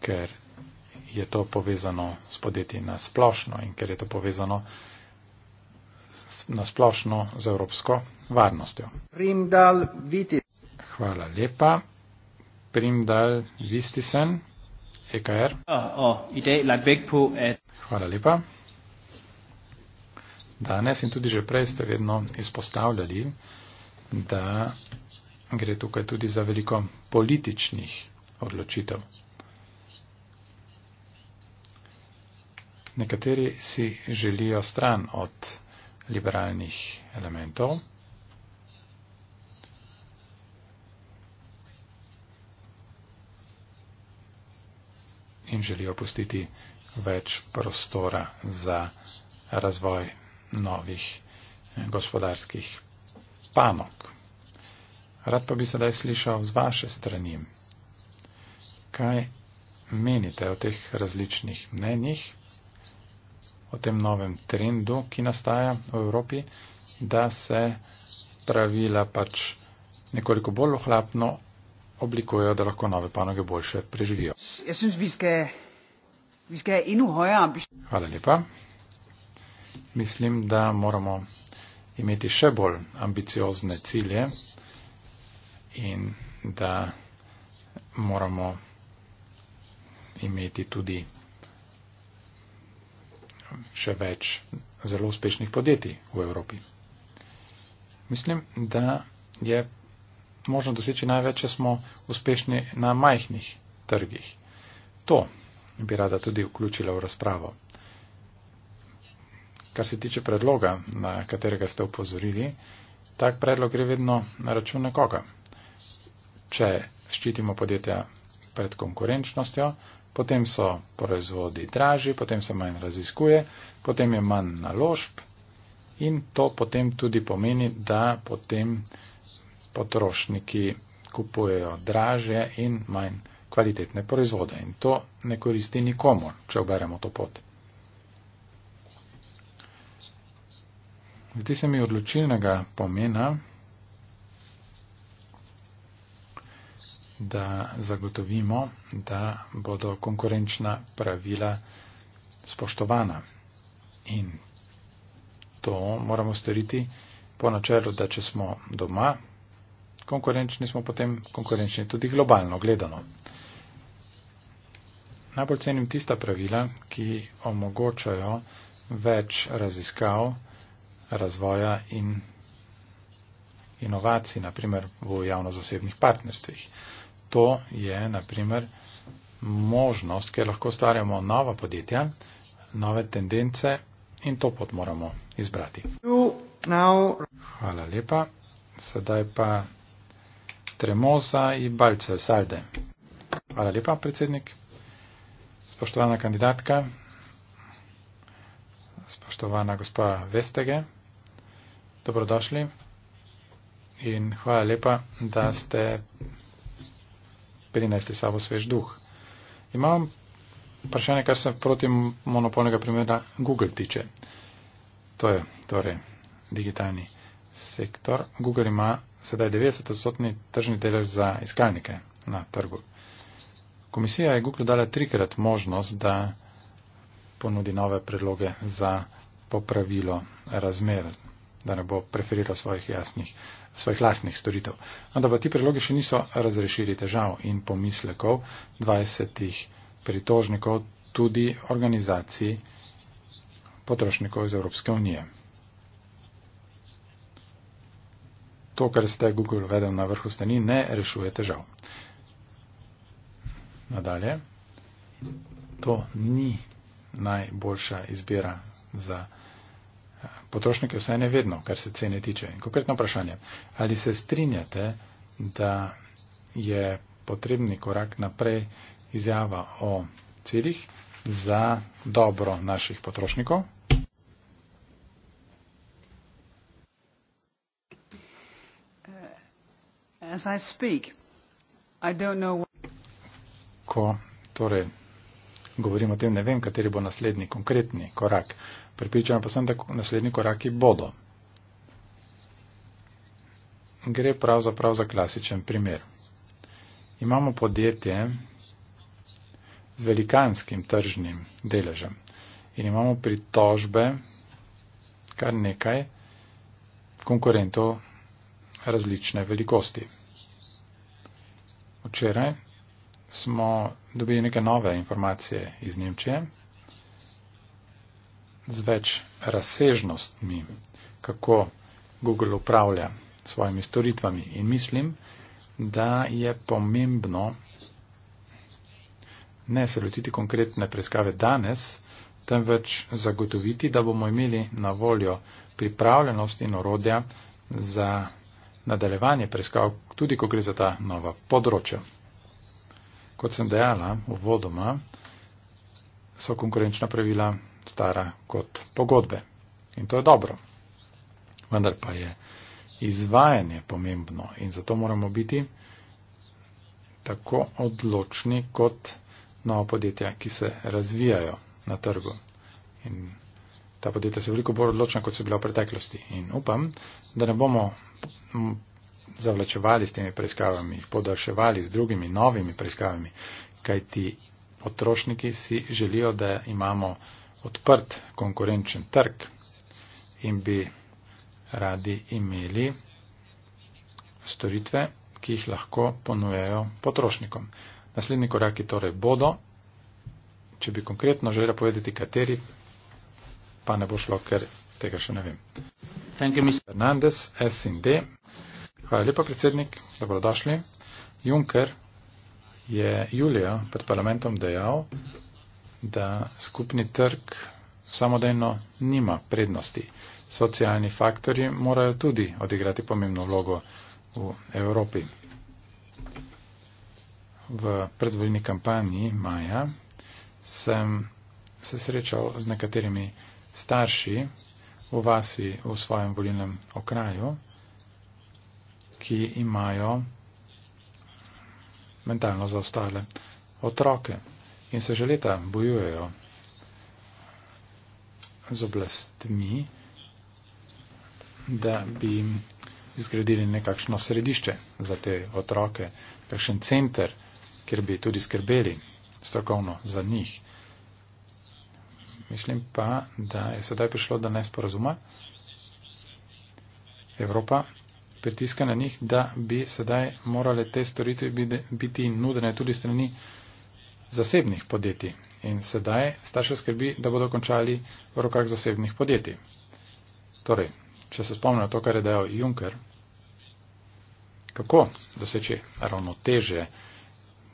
ker je to povezano s podjetji na splošno in ker je to povezano na splošno z evropsko varnostjo. Hvala lepa. Primdal Vistisen, EKR. Ja, Hvala lepa. Danes in tudi že prej ste vedno izpostavljali, da gre tukaj tudi za veliko političnih odločitev. Nekateri si želijo stran od liberalnih elementov. In želijo pustiti več prostora za razvoj novih eh, gospodarskih panok. Rad pa bi sedaj slišal z vaše strani, kaj menite o teh različnih mnenjih o tem novem trendu, ki nastaja v Evropi, da se pravila pač nekoliko bolj ohlapno oblikujejo, da lahko nove panoge boljše preživijo. Hvala lepa. Mislim, da moramo imeti še bolj ambiciozne cilje in da moramo imeti tudi še več zelo uspešnih podjetij v Evropi. Mislim, da je možno doseči največ, če smo uspešni na majhnih trgih. To bi rada tudi vključila v razpravo. Kar se tiče predloga, na katerega ste upozorili, tak predlog gre vedno na račun nekoga. Če ščitimo podjetja pred konkurenčnostjo, potem so proizvodi dražji, potem se manj raziskuje, potem je manj naložb in to potem tudi pomeni, da potem potrošniki kupujejo dražje in manj kvalitetne proizvode in to ne koristi nikomu, če oberemo to pot. Zdi se mi odločilnega pomena, da zagotovimo, da bodo konkurenčna pravila spoštovana. In to moramo storiti po načelu, da če smo doma, konkurenčni smo potem konkurenčni tudi globalno gledano. Najbolj cenim tista pravila, ki omogočajo več raziskav, razvoja in inovacij, naprimer v javno-zasebnih partnerstvih to je, naprimer, možnost, ker lahko ustvarjamo nova podjetja, nove tendence in to pot moramo izbrati. Hvala lepa. Sedaj pa Tremosa in Balce Salde. Hvala lepa, predsednik. Spoštovana kandidatka, spoštovana gospa Vestege, dobrodošli in hvala lepa, da ste prinesti sabo svež duh. Imam vprašanje, kar se proti monopolnega primera Google tiče. To je torej digitalni sektor. Google ima sedaj 90-odstotni tržni delež za iskalnike na trgu. Komisija je Google dala trikrat možnost, da ponudi nove predloge za popravilo razmer da ne bo preferiral svojih, jasnih, svojih lastnih storitev. No, da pa ti predlogi še niso razrešili težav in pomislekov 20 pritožnikov, tudi organizacij potrošnikov iz Evropske unije. To, kar ste Google uvedel na vrhu steni, ne rešuje težav. Nadalje, to ni najboljša izbira za potrošnike vsaj ne vedno, kar se cene tiče. Konkretno vprašanje, ali se strinjate, da je potrebni korak naprej izjava o ciljih za dobro naših potrošnikov? Uh, Ko torej govorim o tem, ne vem, kateri bo naslednji konkretni korak. Pripričana pa sem, da naslednji koraki bodo. Gre pravzaprav za klasičen primer. Imamo podjetje z velikanskim tržnim deležem in imamo pritožbe kar nekaj konkurentov različne velikosti. Včeraj smo dobili neke nove informacije iz Nemčije, z več razsežnostmi, kako Google upravlja svojimi storitvami. In mislim, da je pomembno ne se lotiti konkretne preiskave danes, temveč zagotoviti, da bomo imeli na voljo pripravljenost in orodja za nadaljevanje preiskav, tudi ko gre za ta nova področja. Kot sem dejala, uvodoma so konkurenčna pravila stara kot pogodbe. In to je dobro. Vendar pa je izvajanje pomembno in zato moramo biti tako odločni kot nova podjetja, ki se razvijajo na trgu. In ta podjetja so veliko bolj odločna, kot so bila v preteklosti. In upam, da ne bomo zavlačevali s temi preiskavami, jih podaljševali z drugimi novimi preiskavami, kajti potrošniki si želijo, da imamo odprt konkurenčen trg in bi radi imeli storitve, ki jih lahko ponujejo potrošnikom. Naslednji koraki torej bodo, če bi konkretno želela povedati, kateri, pa ne bo šlo, ker tega še ne vem. Thank you, Mr. Fernandez, SND. Hvala lepa, predsednik, dobrodošli. Juncker je julija pred parlamentom dejal, da skupni trg samodejno nima prednosti. Socialni faktori morajo tudi odigrati pomembno vlogo v Evropi. V predvoljni kampanji maja sem se srečal z nekaterimi starši v vasi v svojem volilnem okraju, ki imajo mentalno zaostale otroke in se že leta bojujejo z oblastmi, da bi jim izgradili nekakšno središče za te otroke, kakšen center, kjer bi tudi skrbeli strokovno za njih. Mislim pa, da je sedaj prišlo do nesporazuma. Evropa pritiska na njih, da bi sedaj morale te storitve biti nudene tudi strani zasebnih podjetij. In sedaj starše skrbi, da bodo končali v rokah zasebnih podjetij. Torej, če se spomnimo to, kar je dejal Juncker, kako doseči ravnoteže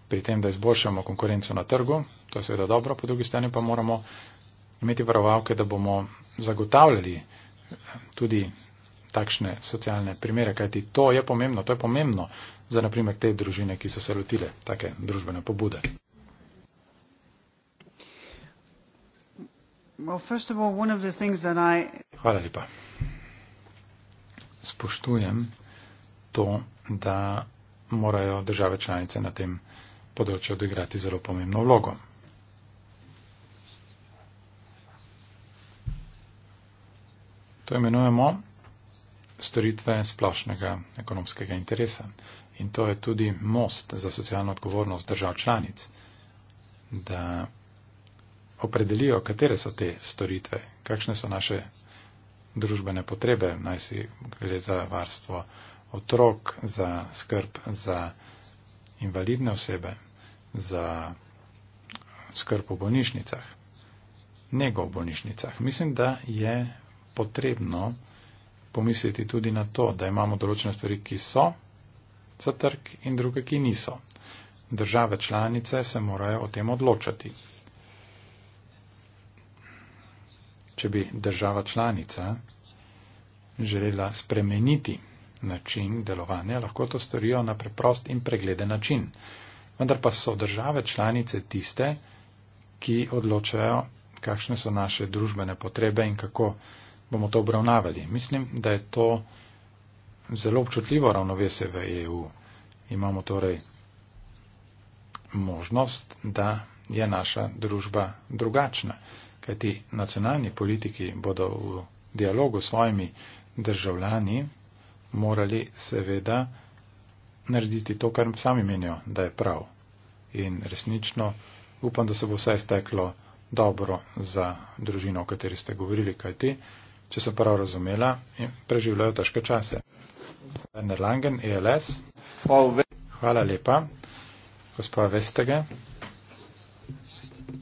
pri tem, da izboljšamo konkurenco na trgu, to je seveda dobro, po drugi strani pa moramo imeti varovalke, da bomo zagotavljali tudi takšne socialne primere, kajti to je pomembno, to je pomembno za naprimer te družine, ki so se lotile take družbene pobude. Hvala lepa. Spoštujem to, da morajo države članice na tem področju odigrati zelo pomembno vlogo. To imenujemo storitve splošnega ekonomskega interesa. In to je tudi most za socialno odgovornost držav članic, da opredelijo, katere so te storitve, kakšne so naše družbene potrebe, naj si gre za varstvo otrok, za skrb za invalidne osebe, za skrb v bolnišnicah, nego v bolnišnicah. Mislim, da je potrebno pomisliti tudi na to, da imamo določene stvari, ki so za trg in druge, ki niso. Države članice se morajo o tem odločati. če bi država članica želela spremeniti način delovanja, lahko to storijo na preprost in pregleden način. Vendar pa so države članice tiste, ki odločajo, kakšne so naše družbene potrebe in kako bomo to obravnavali. Mislim, da je to zelo občutljivo ravnovese v EU. Imamo torej možnost, da je naša družba drugačna kajti nacionalni politiki bodo v dialogu s svojimi državljani morali seveda narediti to, kar sami menijo, da je prav. In resnično upam, da se bo vse steklo dobro za družino, o kateri ste govorili, kajti, če sem prav razumela, preživljajo težke čase. Werner Langen, ELS. Hvala lepa, gospod Vestege.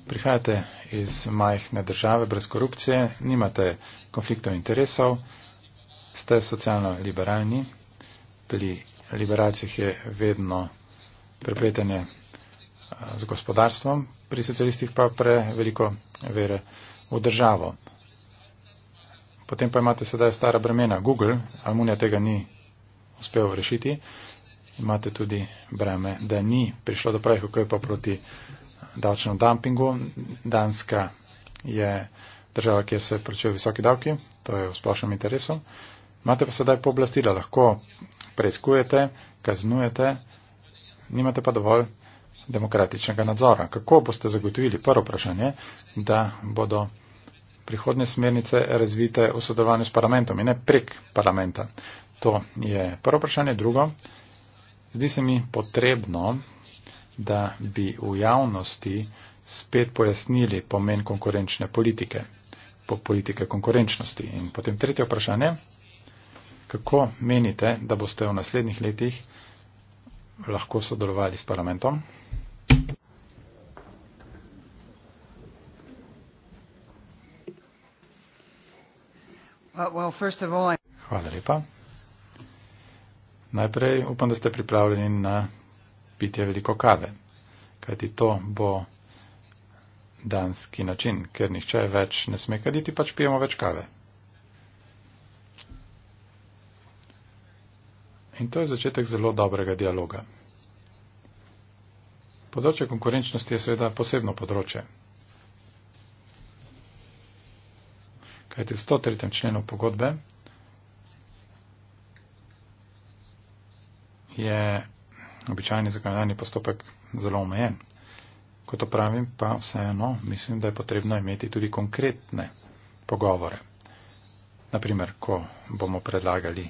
Prihajate iz majhne države brez korupcije, nimate konfliktov interesov, ste socialno liberalni, pri liberalcih je vedno prepletenje z gospodarstvom, pri socialistih pa pre veliko vere v državo. Potem pa imate sedaj stara bremena Google, Almunija tega ni uspel rešiti. Imate tudi breme, da ni prišlo do pravih ukrepov proti davčnem dumpingu. Danska je država, kjer se plačujejo visoki davki, to je v splošnem interesu. Imate pa sedaj pooblastila, lahko preizkujete, kaznujete, nimate pa dovolj demokratičnega nadzora. Kako boste zagotovili, prvo vprašanje, da bodo prihodne smernice razvite v sodelovanju s parlamentom in ne prek parlamenta? To je prvo vprašanje. Drugo, zdi se mi potrebno da bi v javnosti spet pojasnili pomen konkurenčne politike, po politike konkurenčnosti. In potem tretje vprašanje, kako menite, da boste v naslednjih letih lahko sodelovali s parlamentom? Well, first of all, I... Hvala lepa. Najprej upam, da ste pripravljeni na pitja veliko kave. Kajti to bo danski način, ker nihče več ne sme kaditi, pač pijemo več kave. In to je začetek zelo dobrega dialoga. Področje konkurenčnosti je seveda posebno področje. Kajti v 103. členu pogodbe je običajni zakonodajni postopek zelo omejen. Ko to pravim, pa vseeno mislim, da je potrebno imeti tudi konkretne pogovore. Naprimer, ko bomo predlagali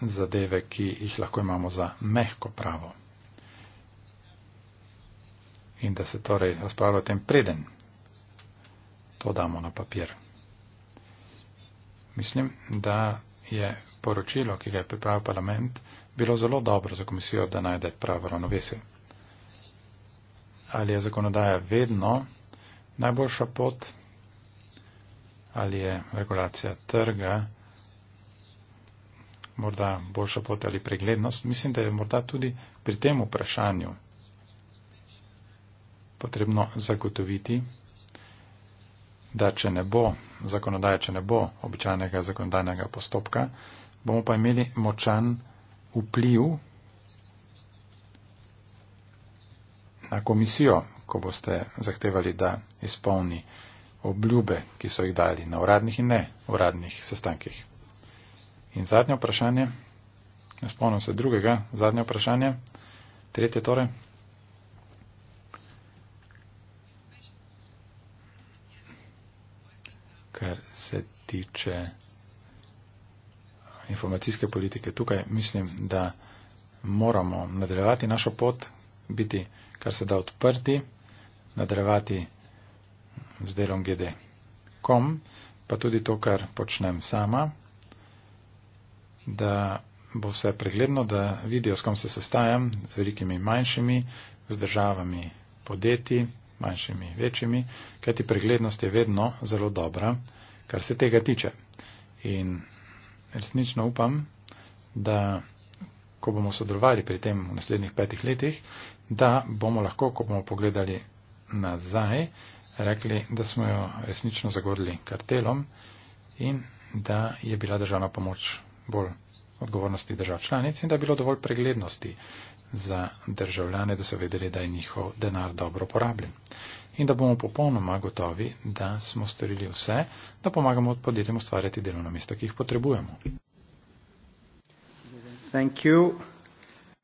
zadeve, ki jih lahko imamo za mehko pravo. In da se torej razpravlja o tem preden. To damo na papir. Mislim, da je poročilo, ki ga je pripravil parlament, bilo zelo dobro za komisijo, da najde pravo ravnovesje. Ali je zakonodaja vedno najboljša pot, ali je regulacija trga morda boljša pot ali preglednost, mislim, da je morda tudi pri tem vprašanju potrebno zagotoviti, da če ne bo zakonodaje, če ne bo običajnega zakonodajnega postopka, bomo pa imeli močan vpliv na komisijo, ko boste zahtevali, da izpolni obljube, ki so jih dali na uradnih in ne uradnih sestankih. In zadnje vprašanje, ne spomnim se drugega, zadnje vprašanje, tretje torej. Ker se tiče informacijske politike. Tukaj mislim, da moramo nadaljevati našo pot, biti kar se da odprti, nadaljevati z delom GD.com, pa tudi to, kar počnem sama, da bo vse pregledno, da vidijo, s kom se sestajam, z velikimi in manjšimi, z državami podjetji, manjšimi in večjimi, kajti preglednost je vedno zelo dobra, kar se tega tiče. In resnično upam, da ko bomo sodelovali pri tem v naslednjih petih letih, da bomo lahko, ko bomo pogledali nazaj, rekli, da smo jo resnično zagorili kartelom in da je bila državna pomoč bolj odgovornosti držav članic in da je bilo dovolj preglednosti za državljane, da so vedeli, da je njihov denar dobro porabljen. In da bomo popolnoma gotovi, da smo storili vse, da pomagamo podjetjem ustvarjati delovna mesta, ki jih potrebujemo.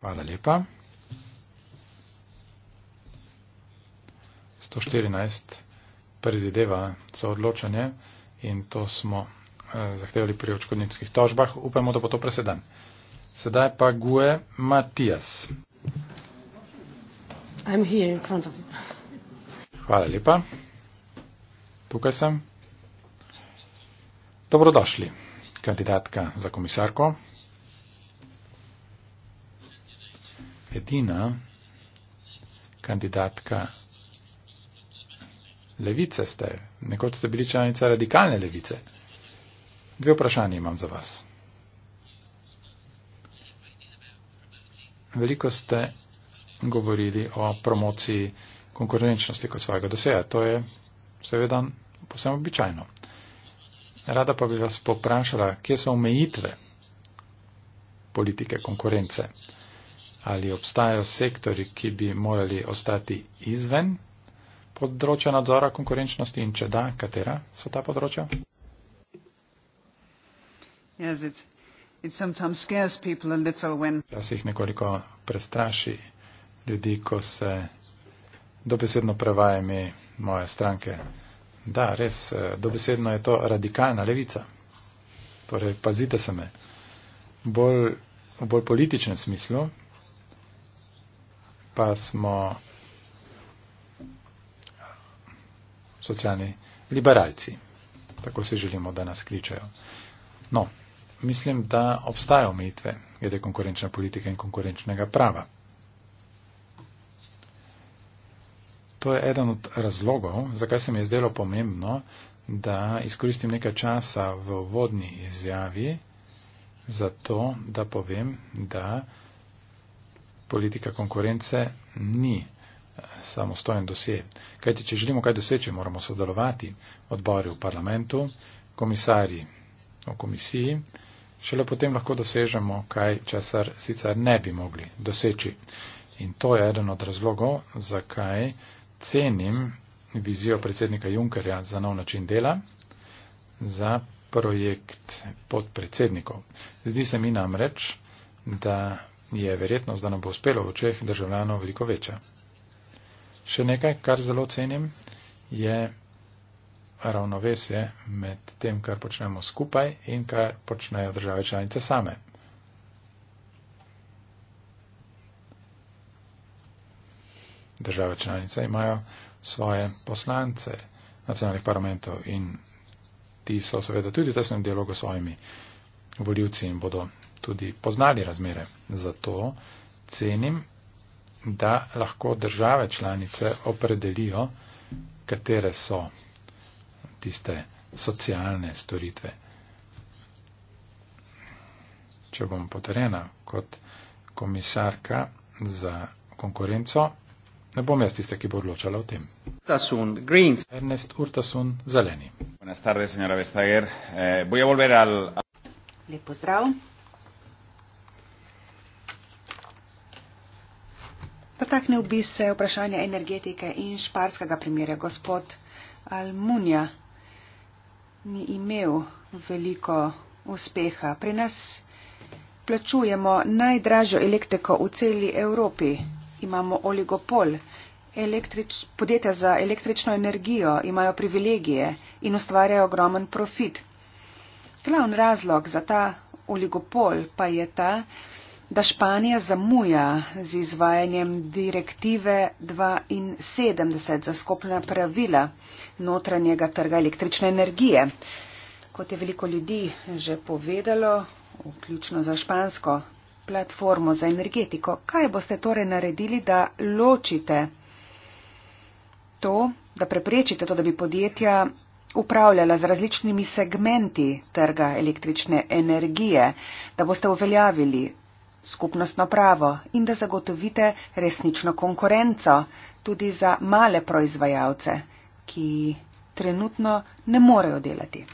Hvala lepa. 114 predideva za odločanje in to smo eh, zahtevali pri očkodninskih tožbah. Upamo, da bo to preseden. Sedaj pa Gue Matias. Hvala lepa. Tukaj sem. Dobrodošli, kandidatka za komisarko. Edina kandidatka levice ste. Nekoč ste bili članica radikalne levice. Dve vprašanje imam za vas. veliko ste govorili o promociji konkurenčnosti kot svojega doseja. To je seveda posebno običajno. Rada pa bi vas poprašala, kje so omejitve politike konkurence. Ali obstajajo sektori, ki bi morali ostati izven področja nadzora konkurenčnosti in če da, katera so ta področja? Jezice. Ja, Včasih nekoliko prestraši ljudi, ko se dobesedno prevajami moje stranke. Da, res, eh, dobesedno je to radikalna levica. Torej, pazite se me. Bolj, v bolj političnem smislu pa smo socialni liberalci. Tako si želimo, da nas kličajo. No, mislim, da obstajajo omejitve glede konkurenčne politike in konkurenčnega prava. To je eden od razlogov, zakaj se mi je zdelo pomembno, da izkoristim nekaj časa v vodni izjavi za to, da povem, da politika konkurence ni eh, samostojen dosje. Kajti, če želimo kaj doseči, moramo sodelovati odbori v parlamentu, komisarji v komisiji, Šele potem lahko dosežemo kaj, česar sicer ne bi mogli doseči. In to je eden od razlogov, zakaj cenim vizijo predsednika Junkerja za nov način dela, za projekt podpredsednikov. Zdi se mi namreč, da je verjetnost, da nam bo uspelo v očeh državljanov veliko večja. Še nekaj, kar zelo cenim, je ravnovesje med tem, kar počnemo skupaj in kar počnejo države članice same. Države članice imajo svoje poslance nacionalnih parlamentov in ti so seveda tudi v tesnem dialogu s svojimi voljivci in bodo tudi poznali razmere. Zato cenim, da lahko države članice opredelijo, katere so tiste socialne storitve. Če bom potrjena kot komisarka za konkurenco, ne bom jaz tiste, ki bo odločala o tem. Ernest Urtasun, zeleni. Eh, Lep pozdrav. Dotaknil bi se vprašanja energetike in šparskega primere. Gospod Almunja, ni imel veliko uspeha. Pri nas plačujemo najdražjo elektriko v celi Evropi. Imamo oligopol, električ, podjetja za električno energijo imajo privilegije in ustvarjajo ogromen profit. Glavni razlog za ta oligopol pa je ta, da Španija zamuja z izvajanjem direktive 72 za skupna pravila notranjega trga električne energije. Kot je veliko ljudi že povedalo, vključno za špansko platformo za energetiko, kaj boste torej naredili, da ločite to, da preprečite to, da bi podjetja upravljala z različnimi segmenti trga električne energije, da boste uveljavili skupnostno pravo in da zagotovite resnično konkurenco tudi za male proizvajalce, ki trenutno ne morejo delati.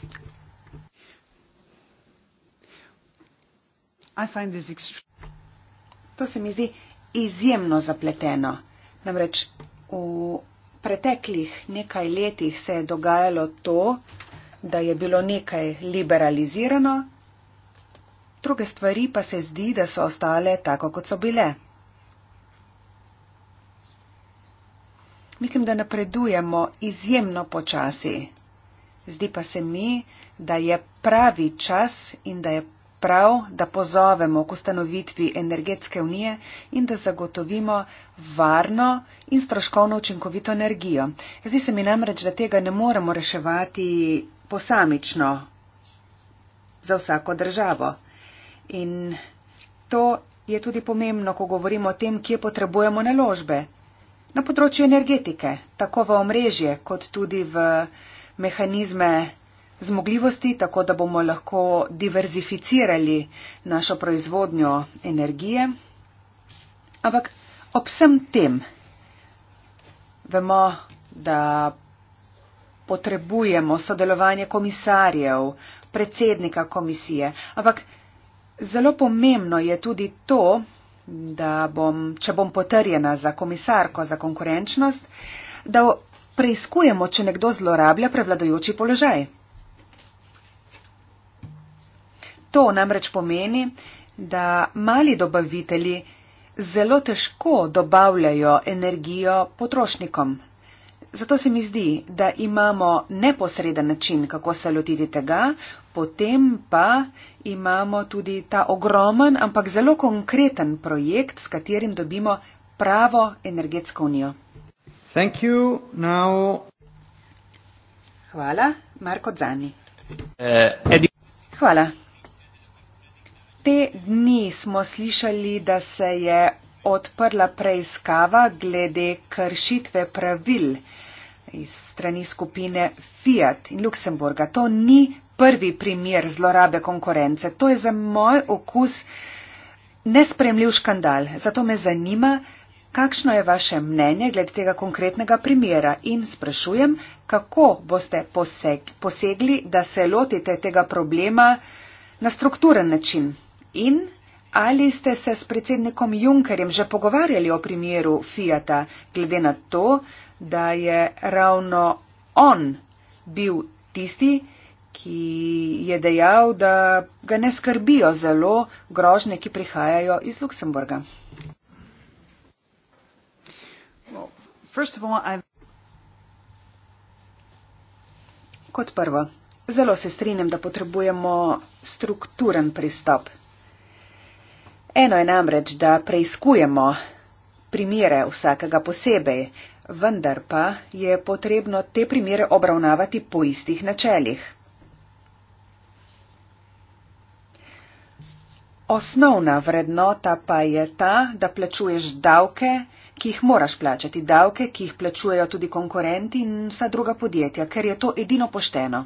To se mi zdi izjemno zapleteno. Namreč v preteklih nekaj letih se je dogajalo to, da je bilo nekaj liberalizirano, druge stvari pa se zdi, da so ostale tako, kot so bile. Mislim, da napredujemo izjemno počasi. Zdi pa se mi, da je pravi čas in da je prav, da pozovemo k ustanovitvi energetske unije in da zagotovimo varno in stroškovno učinkovito energijo. Zdi se mi namreč, da tega ne moremo reševati posamično za vsako državo. In to je tudi pomembno, ko govorimo o tem, kje potrebujemo naložbe. Na področju energetike, tako v omrežje, kot tudi v mehanizme zmogljivosti, tako da bomo lahko diverzificirali našo proizvodnjo energije. Ampak ob vsem tem vemo, da potrebujemo sodelovanje komisarjev, predsednika komisije, ampak Zelo pomembno je tudi to, da bom, če bom potrjena za komisarko za konkurenčnost, da preizkujemo, če nekdo zlorablja prevladojoči položaj. To namreč pomeni, da mali dobavitelji zelo težko dobavljajo energijo potrošnikom Zato se mi zdi, da imamo neposreden način, kako se lotiti tega, potem pa imamo tudi ta ogromen, ampak zelo konkreten projekt, s katerim dobimo pravo energetsko unijo. Now... Hvala, Marko Zani. Uh, Hvala. Te dni smo slišali, da se je odprla preiskava glede kršitve pravil iz strani skupine Fiat in Luksemburga. To ni prvi primer zlorabe konkurence. To je za moj okus nespremljiv škandal. Zato me zanima, kakšno je vaše mnenje glede tega konkretnega primera in sprašujem, kako boste posegli, da se lotite tega problema na strukturen način in Ali ste se s predsednikom Junkerjem že pogovarjali o primeru Fiata, glede na to, da je ravno on bil tisti, ki je dejal, da ga ne skrbijo zelo grožne, ki prihajajo iz Luksemburga? Kot prvo, zelo se strinjam, da potrebujemo strukturen pristop. Eno je namreč, da preizkujemo primere vsakega posebej, vendar pa je potrebno te primere obravnavati po istih načelih. Osnovna vrednota pa je ta, da plačuješ davke, ki jih moraš plačati, davke, ki jih plačujejo tudi konkurenti in vsa druga podjetja, ker je to edino pošteno.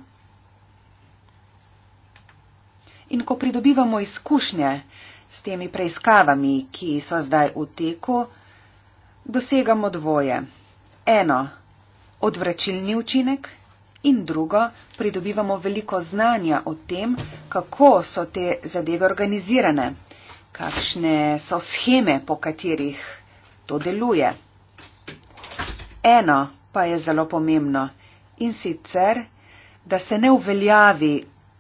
In ko pridobivamo izkušnje, S temi preiskavami, ki so zdaj v teku, dosegamo dvoje. Eno, odvračilni učinek in drugo, pridobivamo veliko znanja o tem, kako so te zadeve organizirane, kakšne so scheme, po katerih to deluje. Eno pa je zelo pomembno in sicer, da se ne uveljavi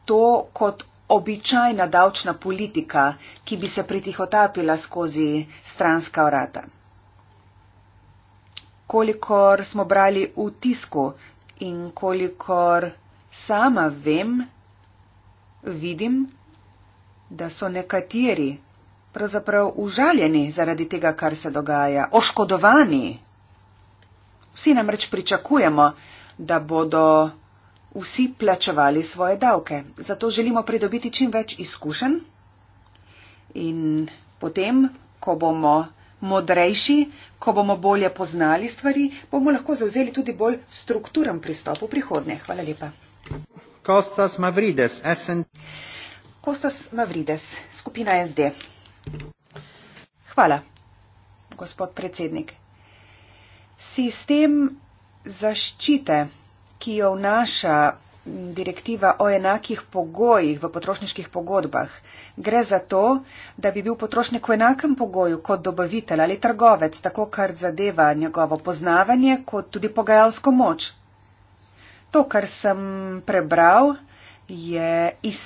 to kot običajna davčna politika, ki bi se pritihotapila skozi stranska vrata. Kolikor smo brali v tisku in kolikor sama vem, vidim, da so nekateri pravzaprav užaljeni zaradi tega, kar se dogaja, oškodovani. Vsi namreč pričakujemo, da bodo vsi plačevali svoje davke. Zato želimo pridobiti čim več izkušenj in potem, ko bomo modrejši, ko bomo bolje poznali stvari, bomo lahko zauzeli tudi bolj strukturen pristop v prihodnje. Hvala lepa. Kostas Mavrides, SN. Kostas Mavrides, skupina SD. Hvala, gospod predsednik. Sistem zaščite ki jo vnaša direktiva o enakih pogojih v potrošniških pogodbah. Gre za to, da bi bil potrošnik v enakem pogoju kot dobavitelj ali trgovec, tako kar zadeva njegovo poznavanje, kot tudi pogajalsko moč. To, kar sem prebral, je iz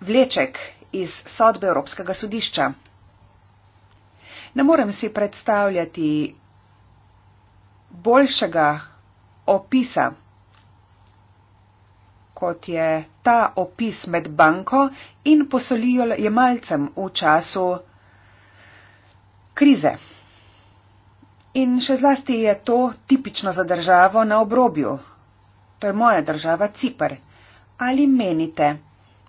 vleček iz sodbe Evropskega sodišča. Ne morem si predstavljati boljšega opisa kot je ta opis med banko in posolijo jemalcem v času krize. In še zlasti je to tipično za državo na obrobju. To je moja država Cipr. Ali menite,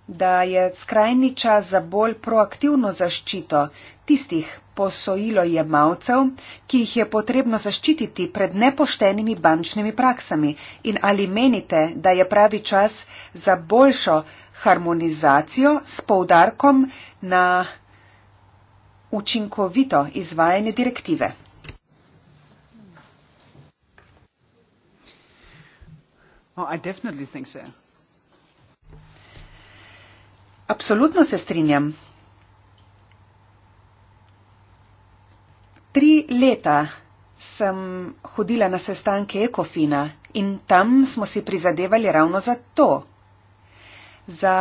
da je skrajni čas za bolj proaktivno zaščito tistih posojilojemalcev, ki jih je potrebno zaščititi pred nepoštenimi bančnimi praksami in ali menite, da je pravi čas za boljšo harmonizacijo s poudarkom na učinkovito izvajanje direktive. Oh, I definitely think so. Absolutno se strinjam. Tri leta sem hodila na sestanke Ekofina in tam smo si prizadevali ravno za to. Za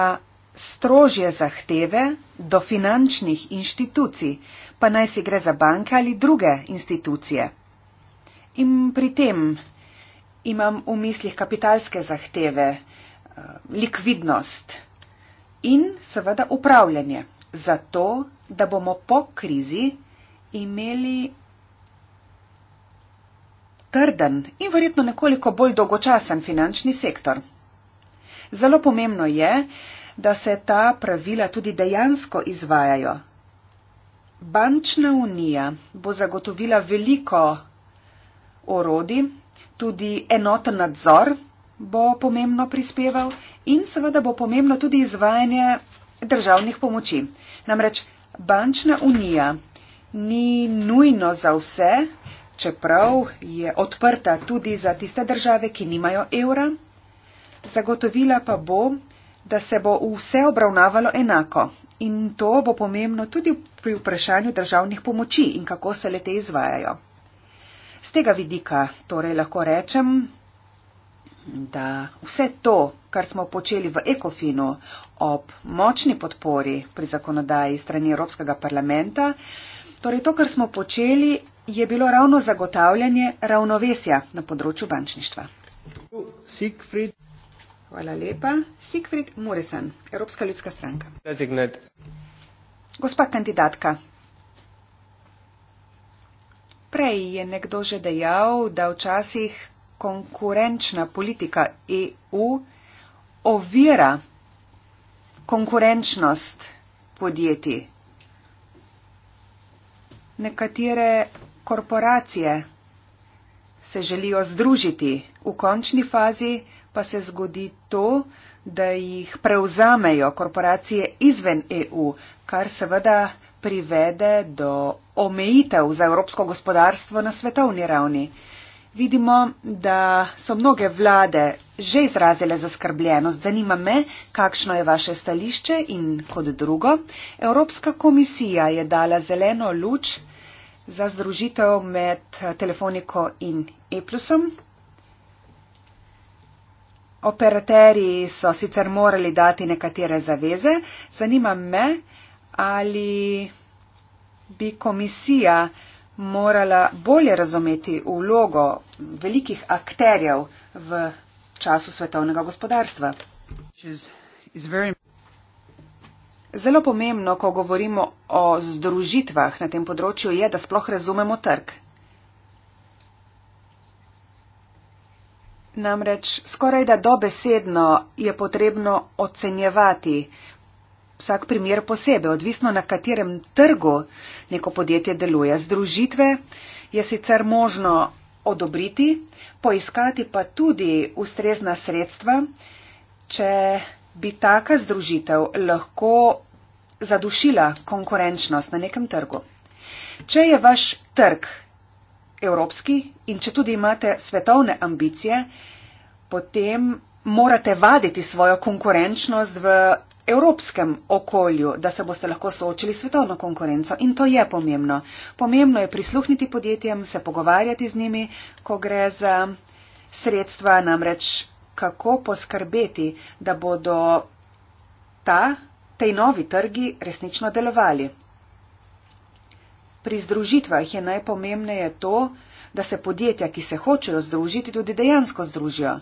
strožje zahteve do finančnih inštitucij, pa naj si gre za banke ali druge institucije. In pri tem imam v mislih kapitalske zahteve, eh, likvidnost, in seveda upravljanje, zato da bomo po krizi imeli trden in verjetno nekoliko bolj dolgočasen finančni sektor. Zelo pomembno je, da se ta pravila tudi dejansko izvajajo. Bančna unija bo zagotovila veliko orodi, tudi enoten nadzor bo pomembno prispeval in seveda bo pomembno tudi izvajanje državnih pomoči. Namreč bančna unija ni nujno za vse, čeprav je odprta tudi za tiste države, ki nimajo evra, zagotovila pa bo, da se bo vse obravnavalo enako. In to bo pomembno tudi pri vprašanju državnih pomoči in kako se le te izvajajo. Z tega vidika torej lahko rečem, da vse to, kar smo počeli v Ekofinu ob močni podpori pri zakonodaji strani Evropskega parlamenta, torej to, kar smo počeli, je bilo ravno zagotavljanje ravnovesja na področju bančništva. Siegfried. Hvala lepa. Sigfrid Muresan, Evropska ljudska stranka. Designate. Gospa kandidatka. Prej je nekdo že dejal, da včasih konkurenčna politika EU ovira konkurenčnost podjetij. Nekatere korporacije se želijo združiti, v končni fazi pa se zgodi to, da jih prevzamejo korporacije izven EU, kar seveda privede do omejitev za evropsko gospodarstvo na svetovni ravni vidimo, da so mnoge vlade že izrazile zaskrbljenost. Zanima me, kakšno je vaše stališče in kot drugo, Evropska komisija je dala zeleno luč za združitev med telefoniko in e-plusom. Operaterji so sicer morali dati nekatere zaveze. Zanima me, ali bi komisija morala bolje razumeti vlogo velikih akterjev v času svetovnega gospodarstva. Zelo pomembno, ko govorimo o združitvah na tem področju, je, da sploh razumemo trg. Namreč skoraj da dobesedno je potrebno ocenjevati vsak primer posebej, odvisno na katerem trgu neko podjetje deluje. Združitve je sicer možno odobriti, poiskati pa tudi ustrezna sredstva, če bi taka združitev lahko zadušila konkurenčnost na nekem trgu. Če je vaš trg evropski in če tudi imate svetovne ambicije, potem morate vaditi svojo konkurenčnost v evropskem okolju, da se boste lahko soočili s svetovno konkurenco in to je pomembno. Pomembno je prisluhniti podjetjem, se pogovarjati z njimi, ko gre za sredstva, namreč kako poskrbeti, da bodo ta, tej novi trgi resnično delovali. Pri združitvah je najpomembneje to, da se podjetja, ki se hočejo združiti, tudi dejansko združijo.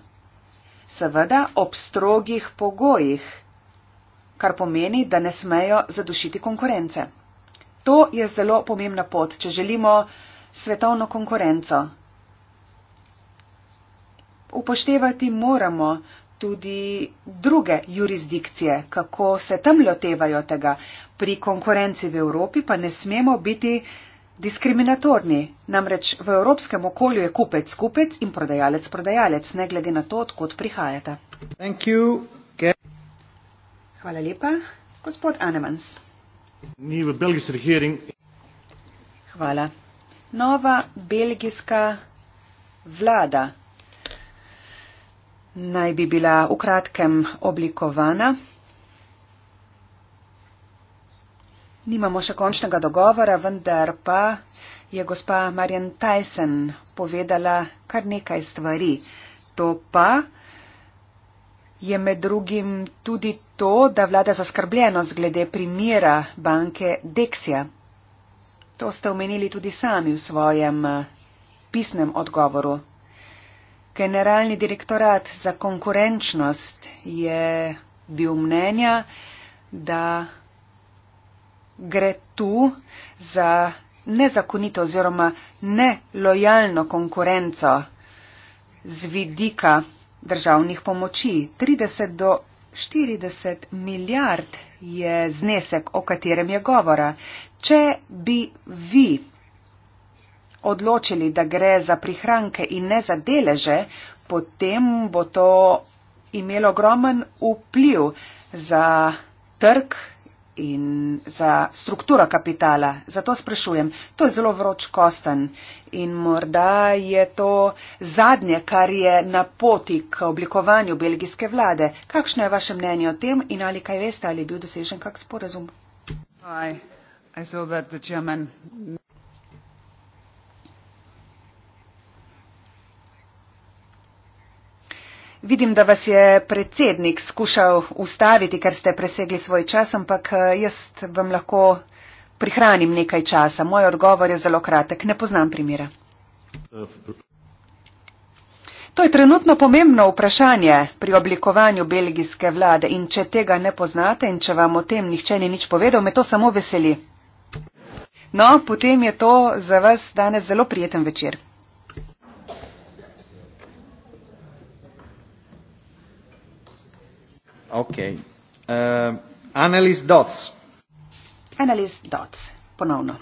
Seveda ob strogih pogojih, kar pomeni, da ne smejo zadušiti konkurence. To je zelo pomembna pot, če želimo svetovno konkurenco. Upoštevati moramo tudi druge jurisdikcije, kako se tam lotevajo tega. Pri konkurenci v Evropi pa ne smemo biti diskriminatorni. Namreč v evropskem okolju je kupec kupec in prodajalec prodajalec, ne glede na to, odkot prihajate. Hvala lepa. Gospod Anemans. Ni v belgijski regering. Hvala. Nova belgijska vlada naj bi bila v kratkem oblikovana. Nimamo še končnega dogovora, vendar pa je gospa Marjan Tyson povedala kar nekaj stvari. To pa je med drugim tudi to, da vlada zaskrbljenost glede primira banke Dexia. To ste omenili tudi sami v svojem eh, pisnem odgovoru. Generalni direktorat za konkurenčnost je bil mnenja, da gre tu za nezakonito oziroma nelojalno konkurenco z vidika državnih pomoči. 30 do 40 milijard je znesek, o katerem je govora. Če bi vi odločili, da gre za prihranke in ne za deleže, potem bo to imelo ogromen vpliv za trg in za strukturo kapitala. Zato sprašujem, to je zelo vroč kosten in morda je to zadnje, kar je na poti k oblikovanju belgijske vlade. Kakšno je vaše mnenje o tem in ali kaj veste, ali je bil dosežen kak sporazum? Hi. I saw that the chairman. Vidim, da vas je predsednik skušal ustaviti, ker ste presegli svoj čas, ampak eh, jaz vam lahko prihranim nekaj časa. Moj odgovor je zelo kratek. Ne poznam primira. To je trenutno pomembno vprašanje pri oblikovanju belgijske vlade in če tega ne poznate in če vam o tem nihče ni nič povedal, me to samo veseli. No, potem je to za vas danes zelo prijeten večer. Ok. Uh, Annelies Dots. Annelies Dots, ponovno.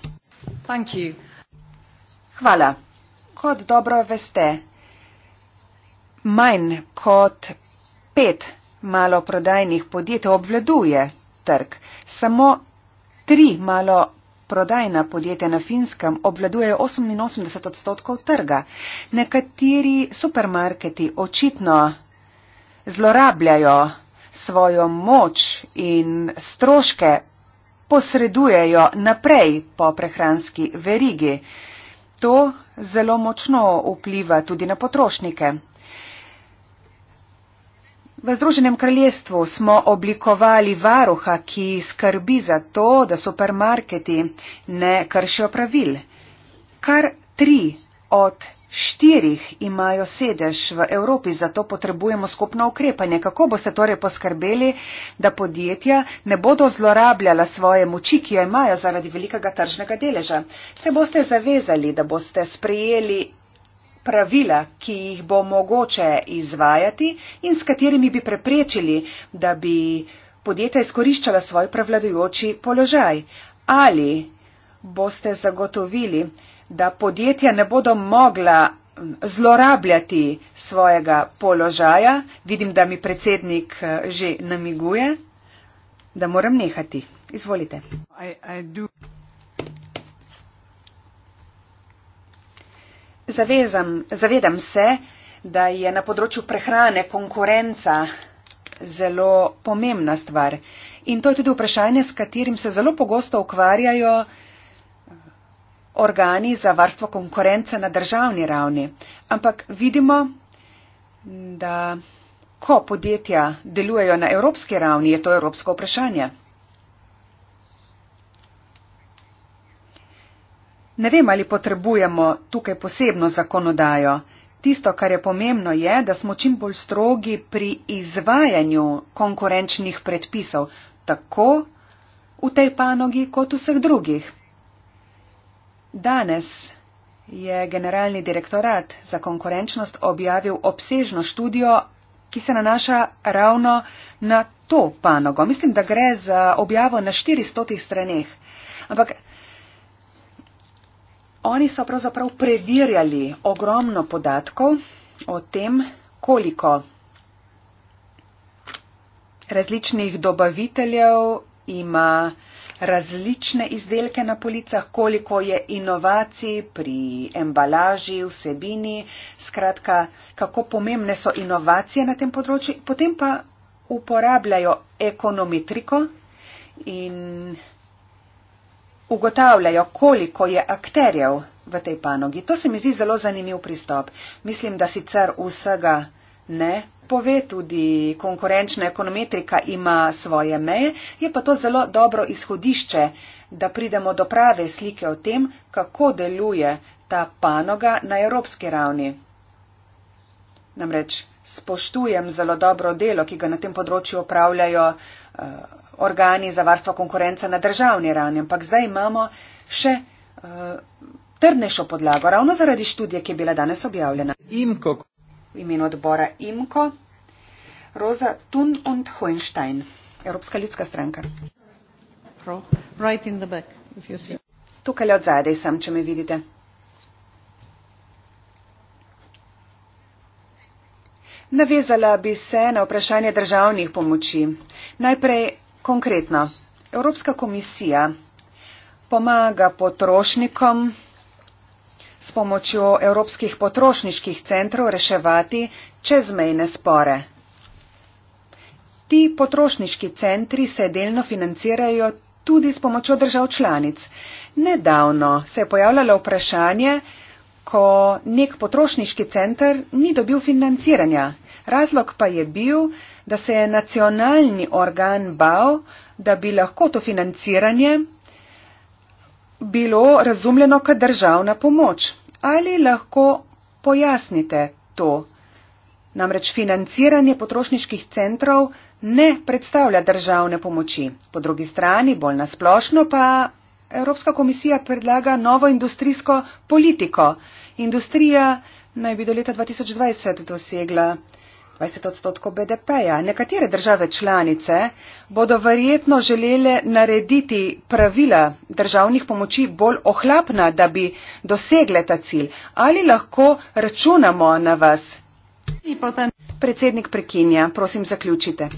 Thank you. Hvala. Kot dobro veste, manj kot pet maloprodajnih podjetij obvladuje trg. Samo tri maloprodajna podjetja na finskem obvladujejo 88 odstotkov trga. Nekateri supermarketi očitno zlorabljajo svojo moč in stroške posredujejo naprej po prehranski verigi. To zelo močno vpliva tudi na potrošnike. V Združenem kraljestvu smo oblikovali varuha, ki skrbi za to, da supermarketi ne kršijo pravil. Kar tri od štirih imajo sedež v Evropi, zato potrebujemo skupno ukrepanje. Kako boste torej poskrbeli, da podjetja ne bodo zlorabljala svoje moči, ki jo imajo zaradi velikega tržnega deleža? Se boste zavezali, da boste sprejeli pravila, ki jih bo mogoče izvajati in s katerimi bi preprečili, da bi podjetja izkoriščala svoj prevladujoči položaj? Ali boste zagotovili, da podjetja ne bodo mogla zlorabljati svojega položaja. Vidim, da mi predsednik eh, že namiguje, da moram nehati. Izvolite. I, I Zavezam, zavedam se, da je na področju prehrane konkurenca zelo pomembna stvar. In to je tudi vprašanje, s katerim se zelo pogosto ukvarjajo organi za varstvo konkurence na državni ravni. Ampak vidimo, da ko podjetja delujejo na evropski ravni, je to evropsko vprašanje. Ne vem, ali potrebujemo tukaj posebno zakonodajo. Tisto, kar je pomembno, je, da smo čim bolj strogi pri izvajanju konkurenčnih predpisov, tako v tej panogi kot v vseh drugih. Danes je generalni direktorat za konkurenčnost objavil obsežno študijo, ki se nanaša ravno na to panogo. Mislim, da gre za objavo na 400 straneh. Ampak oni so pravzaprav preverjali ogromno podatkov o tem, koliko različnih dobaviteljev ima različne izdelke na policah, koliko je inovacij pri embalaži, vsebini, skratka, kako pomembne so inovacije na tem področju, potem pa uporabljajo ekonometriko in ugotavljajo, koliko je akterjev v tej panogi. To se mi zdi zelo zanimiv pristop. Mislim, da sicer vsega ne pove, tudi konkurenčna ekonometrika ima svoje meje, je pa to zelo dobro izhodišče, da pridemo do prave slike o tem, kako deluje ta panoga na evropski ravni. Namreč spoštujem zelo dobro delo, ki ga na tem področju opravljajo eh, organi za varstvo konkurence na državni ravni, ampak zdaj imamo še. Eh, Trdnejšo podlago, ravno zaradi študije, ki je bila danes objavljena. Imko v imenu odbora IMKO, Roza Thun und Hohenstein, Evropska ljudska stranka. Right back, Tukaj le od zadaj sem, če me vidite. Navezala bi se na vprašanje državnih pomoči. Najprej konkretno. Evropska komisija pomaga potrošnikom s pomočjo evropskih potrošniških centrov reševati čezmejne spore. Ti potrošniški centri se delno financirajo tudi s pomočjo držav članic. Nedavno se je pojavljalo vprašanje, ko nek potrošniški center ni dobil financiranja. Razlog pa je bil, da se je nacionalni organ bal, da bi lahko to financiranje bilo razumljeno kot državna pomoč. Ali lahko pojasnite to? Namreč financiranje potrošniških centrov ne predstavlja državne pomoči. Po drugi strani, bolj nasplošno pa Evropska komisija predlaga novo industrijsko politiko. Industrija naj bi do leta 2020 dosegla 20 odstotkov BDP-ja. Nekatere države članice bodo verjetno želele narediti pravila državnih pomoči bolj ohlapna, da bi dosegle ta cilj. Ali lahko računamo na vas? Predsednik prekinja, prosim, zaključite.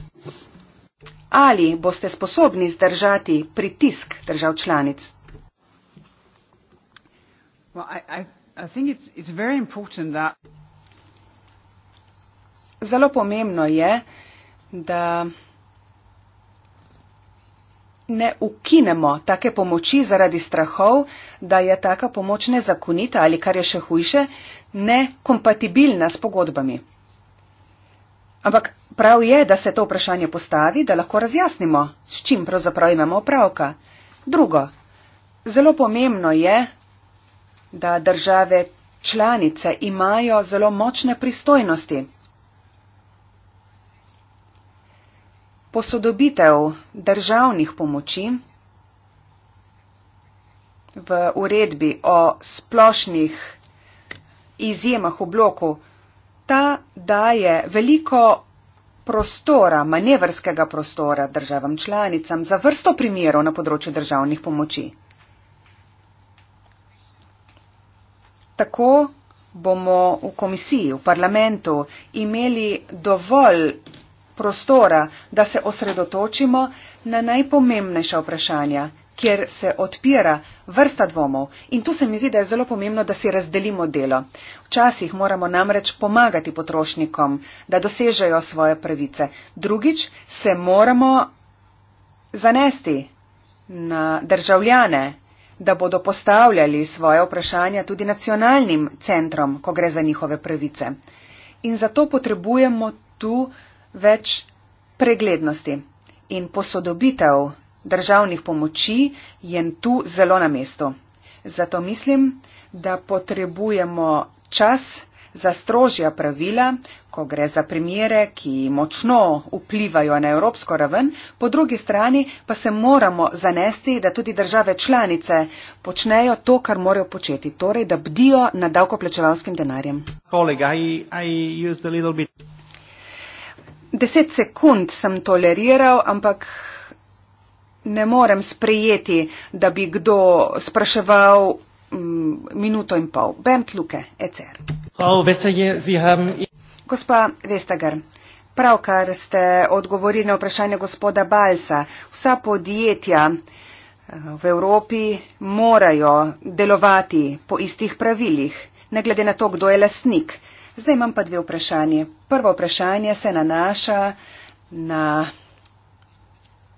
Ali boste sposobni zdržati pritisk držav članic? Well, I, I, I zelo pomembno je, da ne ukinemo take pomoči zaradi strahov, da je taka pomoč nezakonita ali kar je še hujše, nekompatibilna s pogodbami. Ampak prav je, da se to vprašanje postavi, da lahko razjasnimo, s čim pravzaprav imamo opravka. Drugo, zelo pomembno je, da države članice imajo zelo močne pristojnosti. posodobitev državnih pomoči v uredbi o splošnih izjemah v bloku, ta daje veliko prostora, manevrskega prostora državam članicam za vrsto primerov na področju državnih pomoči. Tako bomo v komisiji, v parlamentu imeli dovolj prostora, da se osredotočimo na najpomembnejša vprašanja, kjer se odpira vrsta dvomov. In tu se mi zdi, da je zelo pomembno, da si razdelimo delo. Včasih moramo namreč pomagati potrošnikom, da dosežejo svoje pravice. Drugič se moramo zanesti na državljane da bodo postavljali svoje vprašanja tudi nacionalnim centrom, ko gre za njihove pravice. In zato potrebujemo tu uh, več preglednosti. In posodobitev državnih pomoči je tu zelo na mestu. Zato mislim, da potrebujemo čas za strožja pravila, ko gre za primere, ki močno vplivajo na evropsko raven, po drugi strani pa se moramo zanesti, da tudi države članice počnejo to, kar morajo početi, torej da bdijo nad davkoplačevalskim denarjem. Kolega, I, I deset sekund sem toleriral, ampak ne morem sprejeti, da bi kdo spraševal mm, minuto in pol. Bent Luke, ECR. Gospa Vestager, pravkar ste odgovorili na vprašanje gospoda Balsa. Vsa podjetja eh, v Evropi morajo delovati po istih pravilih, ne glede na to, kdo je lasnik. Zdaj imam pa dve vprašanje. Prvo vprašanje se nanaša na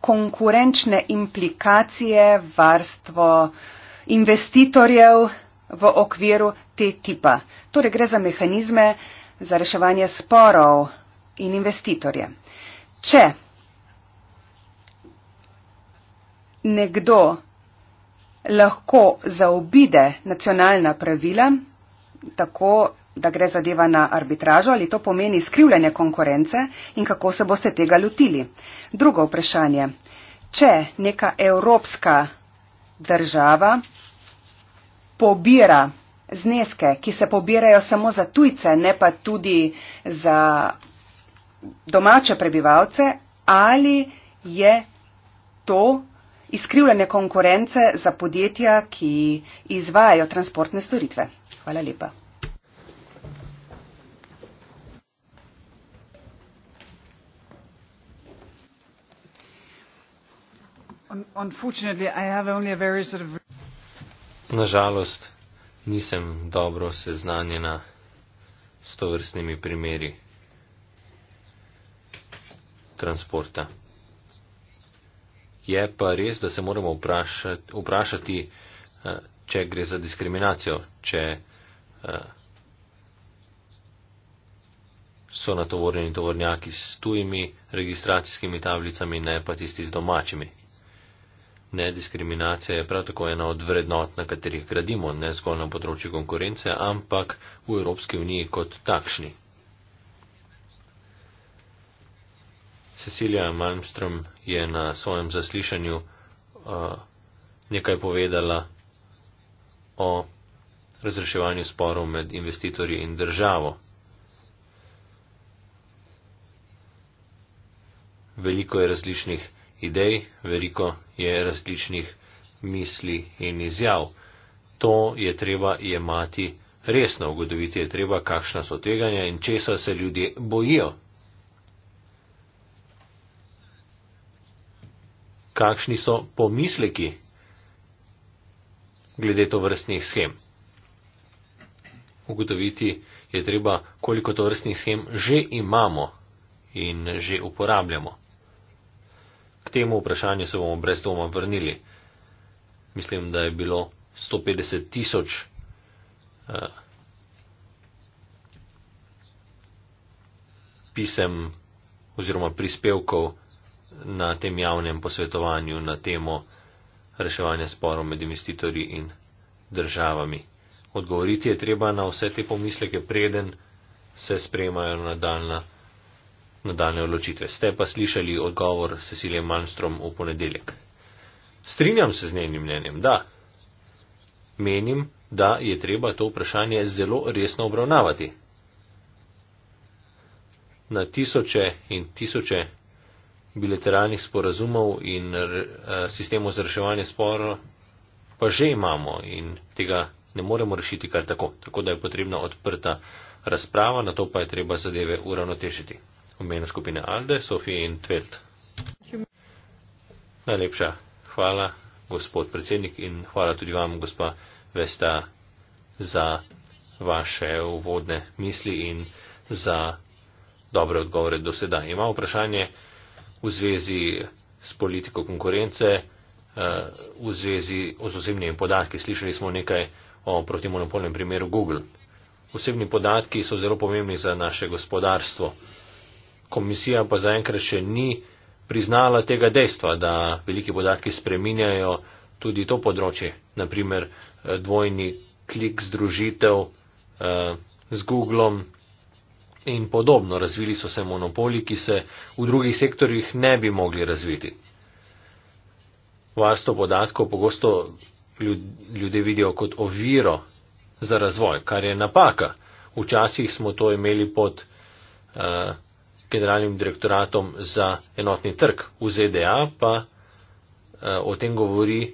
konkurenčne implikacije varstvo investitorjev v okviru te tipa. Torej gre za mehanizme za reševanje sporov in investitorje. Če nekdo lahko zaobide nacionalna pravila, tako da gre zadeva na arbitražo, ali to pomeni skrivljanje konkurence in kako se boste tega lotili. Drugo vprašanje. Če neka evropska država pobira zneske, ki se pobirajo samo za tujce, ne pa tudi za domače prebivalce, ali je to izkrivljanje konkurence za podjetja, ki izvajajo transportne storitve? Hvala lepa. Na žalost nisem dobro seznanjena s to vrstnimi primeri transporta. Je pa res, da se moramo vprašati, vprašati eh, če gre za diskriminacijo, če eh, so natovorjeni tovornjaki s tujimi registracijskimi tablicami, ne pa tisti z domačimi. Nediskriminacija je prav tako ena od vrednot, na katerih gradimo, ne zgolj na področju konkurence, ampak v Evropski uniji kot takšni. Cecilija Malmström je na svojem zaslišanju uh, nekaj povedala o razreševanju sporov med investitorji in državo. Veliko je različnih idej, veliko je različnih misli in izjav. To je treba jemati resno, ugotoviti je treba, kakšna so teganja in česa se ljudje bojijo. Kakšni so pomisleki glede to vrstnih schem? Ugotoviti je treba, koliko to vrstnih schem že imamo in že uporabljamo. K temu vprašanju se bomo brez doma vrnili. Mislim, da je bilo 150 tisoč uh, pisem oziroma prispevkov na tem javnem posvetovanju na temo reševanja sporov med investitorji in državami. Odgovoriti je treba na vse te pomisleke, preden se sprejmajo nadaljna nadaljne odločitve. Ste pa slišali odgovor Cecilije Malmstrom v ponedeljek. Strinjam se z njenim mnenjem, da. Menim, da je treba to vprašanje zelo resno obravnavati. Na tisoče in tisoče bilateralnih sporazumov in eh, sistemov za reševanje sporo pa že imamo in tega ne moremo rešiti kar tako. Tako da je potrebna odprta razprava, na to pa je treba zadeve uravnotežiti. V imenu skupine Alde, Sofije in Tvelt. Najlepša hvala, gospod predsednik, in hvala tudi vam, gospa Vesta, za vaše uvodne misli in za dobre odgovore do sedaj. Ima vprašanje v zvezi s politiko konkurence, eh, v zvezi z osebnimi podatki. Slišali smo nekaj o protimonopolnem primeru Google. Osebni podatki so zelo pomembni za naše gospodarstvo komisija pa zaenkrat še ni priznala tega dejstva, da veliki podatki spreminjajo tudi to področje, naprimer eh, dvojni klik združitev eh, z Googlom in podobno. Razvili so se monopoli, ki se v drugih sektorjih ne bi mogli razviti. Varstvo podatkov pogosto ljudje vidijo kot oviro za razvoj, kar je napaka. Včasih smo to imeli pod uh, generalnim direktoratom za enotni trg v ZDA, pa eh, o tem govori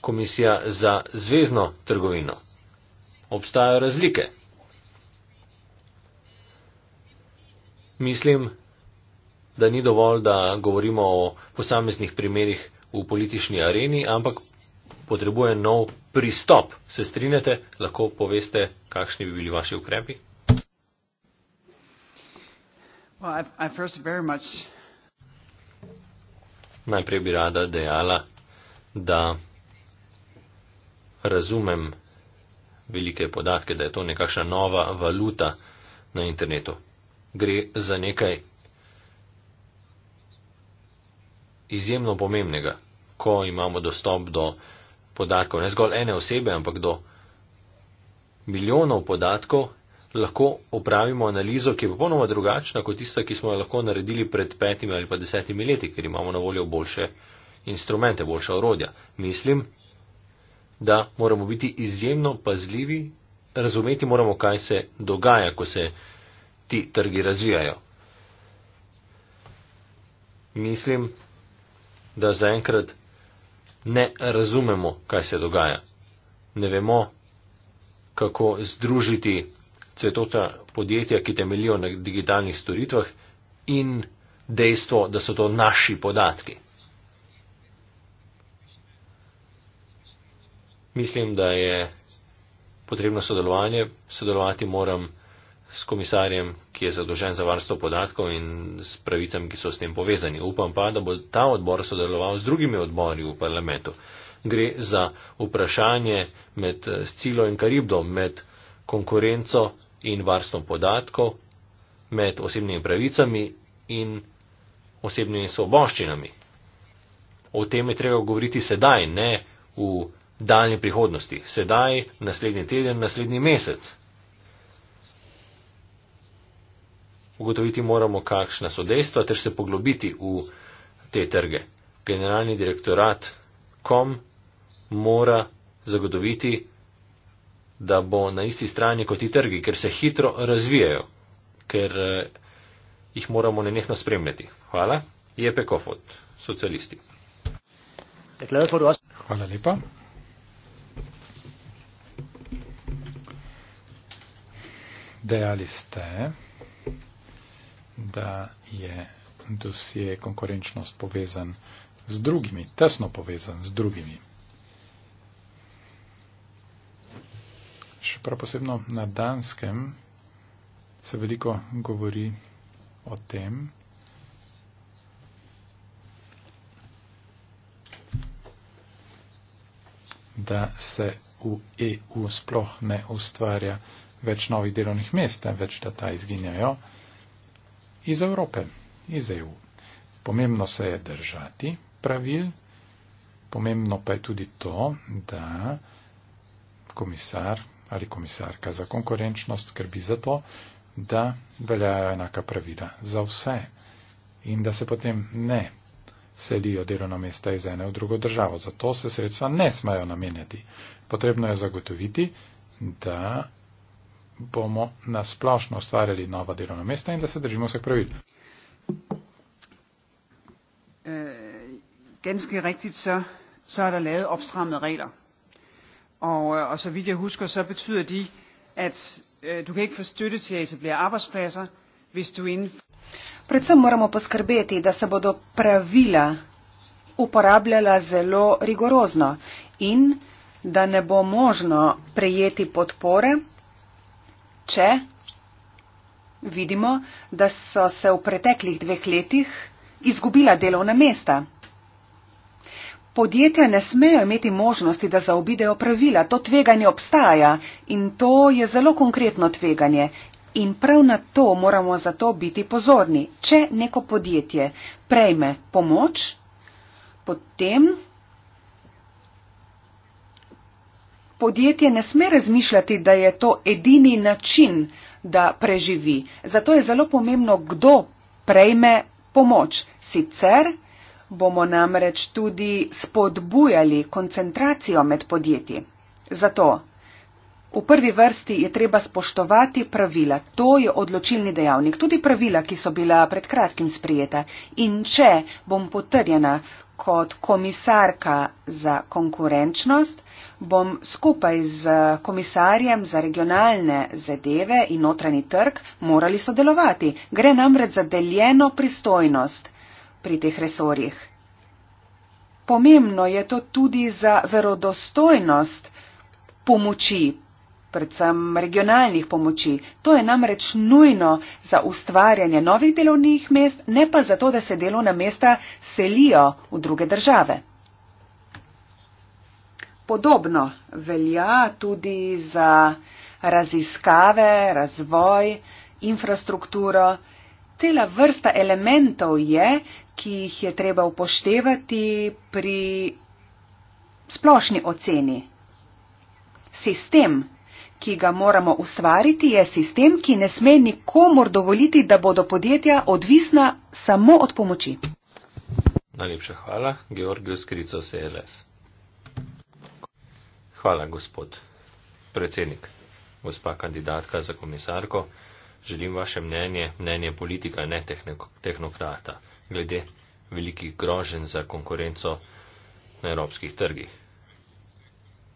Komisija za zvezdno trgovino. Obstajajo razlike. Mislim, da ni dovolj, da govorimo o posameznih primerih v politični areni, ampak potrebuje nov pristop. Se strinjate, lahko poveste, kakšni bi bili vaši ukrepi? Najprej bi rada dejala, da razumem velike podatke, da je to nekakšna nova valuta na internetu. Gre za nekaj izjemno pomembnega, ko imamo dostop do podatkov ne zgolj ene osebe, ampak do milijonov podatkov lahko opravimo analizo, ki je popolnoma drugačna kot tista, ki smo jo lahko naredili pred petimi ali pa desetimi leti, ker imamo na voljo boljše instrumente, boljša orodja. Mislim, da moramo biti izjemno pazljivi, razumeti moramo, kaj se dogaja, ko se ti trgi razvijajo. Mislim, da zaenkrat ne razumemo, kaj se dogaja. Ne vemo, kako združiti cvetota podjetja, ki temeljijo na digitalnih storitvah in dejstvo, da so to naši podatki. Mislim, da je potrebno sodelovanje. Sodelovati moram s komisarjem, ki je zadolžen za varstvo podatkov in s pravicami, ki so s tem povezani. Upam pa, da bo ta odbor sodeloval z drugimi odbori v parlamentu. Gre za vprašanje med eh, Scilo in Karibdo, med konkurenco in varstvom podatkov med osebnimi pravicami in osebnimi svoboščinami. O tem je treba govoriti sedaj, ne v daljni prihodnosti. Sedaj, naslednji teden, naslednji mesec. Ugotoviti moramo, kakšna so dejstva, ter se poglobiti v te trge. Generalni direktorat.com mora zagotoviti, da bo na isti strani kot ti trgi, ker se hitro razvijajo, ker eh, jih moramo nenehno spremljati. Hvala. Je pekofot, socialisti. Hvala lepa. Dejali ste, da je dosje konkurenčnost povezan z drugimi, tesno povezan z drugimi. še prav posebno na danskem, se veliko govori o tem. da se v EU sploh ne ustvarja več novih delovnih mest, več da ta izginjajo iz Evrope, iz EU. Pomembno se je držati pravil, pomembno pa je tudi to, da komisar ali komisarka za konkurenčnost skrbi za to, da veljajo enaka pravila za vse in da se potem ne selijo delovno mesta iz ene v drugo državo. Zato se sredstva ne smajo namenjati. Potrebno je zagotoviti, da bomo nasplošno ustvarjali nova delovna mesta in da se držimo vseh pravil. Øh, ganske rigtigt, så, så er der lavet opstrammede regler. Og, øh, og så vidt jeg husker, så betyder de, at øh, du kan ikke få støtte til at etablere arbejdspladser, hvis du inden... Predvsem moramo poskrbeti, da se bodo pravila uporabljala zelo rigorozno in da ne bo možno prejeti podpore, če vidimo, da so se v preteklih dveh letih izgubila delovna mesta. Podjetja ne smejo imeti možnosti, da zaobidejo pravila. To tveganje obstaja in to je zelo konkretno tveganje. In prav na to moramo zato biti pozorni. Če neko podjetje prejme pomoč, potem podjetje ne sme razmišljati, da je to edini način, da preživi. Zato je zelo pomembno, kdo prejme pomoč. Sicer bomo namreč tudi spodbujali koncentracijo med podjetji. Zato v prvi vrsti je treba spoštovati pravila. To je odločilni dejavnik. Tudi pravila, ki so bila pred kratkim sprijeta. In če bom potrjena kot komisarka za konkurenčnost, bom skupaj z komisarjem za regionalne zadeve in notranji trg morali sodelovati. Gre namreč za deljeno pristojnost pri teh resorjih. Pomembno je to tudi za verodostojnost pomoči, predvsem regionalnih pomoči. To je namreč nujno za ustvarjanje novih delovnih mest, ne pa zato, da se delovna mesta selijo v druge države. Podobno velja tudi za raziskave, razvoj, infrastrukturo, cela vrsta elementov je, ki jih je treba upoštevati pri splošni oceni. Sistem, ki ga moramo ustvariti, je sistem, ki ne sme nikomor dovoliti, da bodo podjetja odvisna samo od pomoči. Najlepša hvala, Georgij Skrico, CLS. Hvala, gospod predsednik, gospa kandidatka za komisarko. Želim vaše mnenje, mnenje politika, ne tehnokrata, glede velikih groženj za konkurenco na evropskih trgih.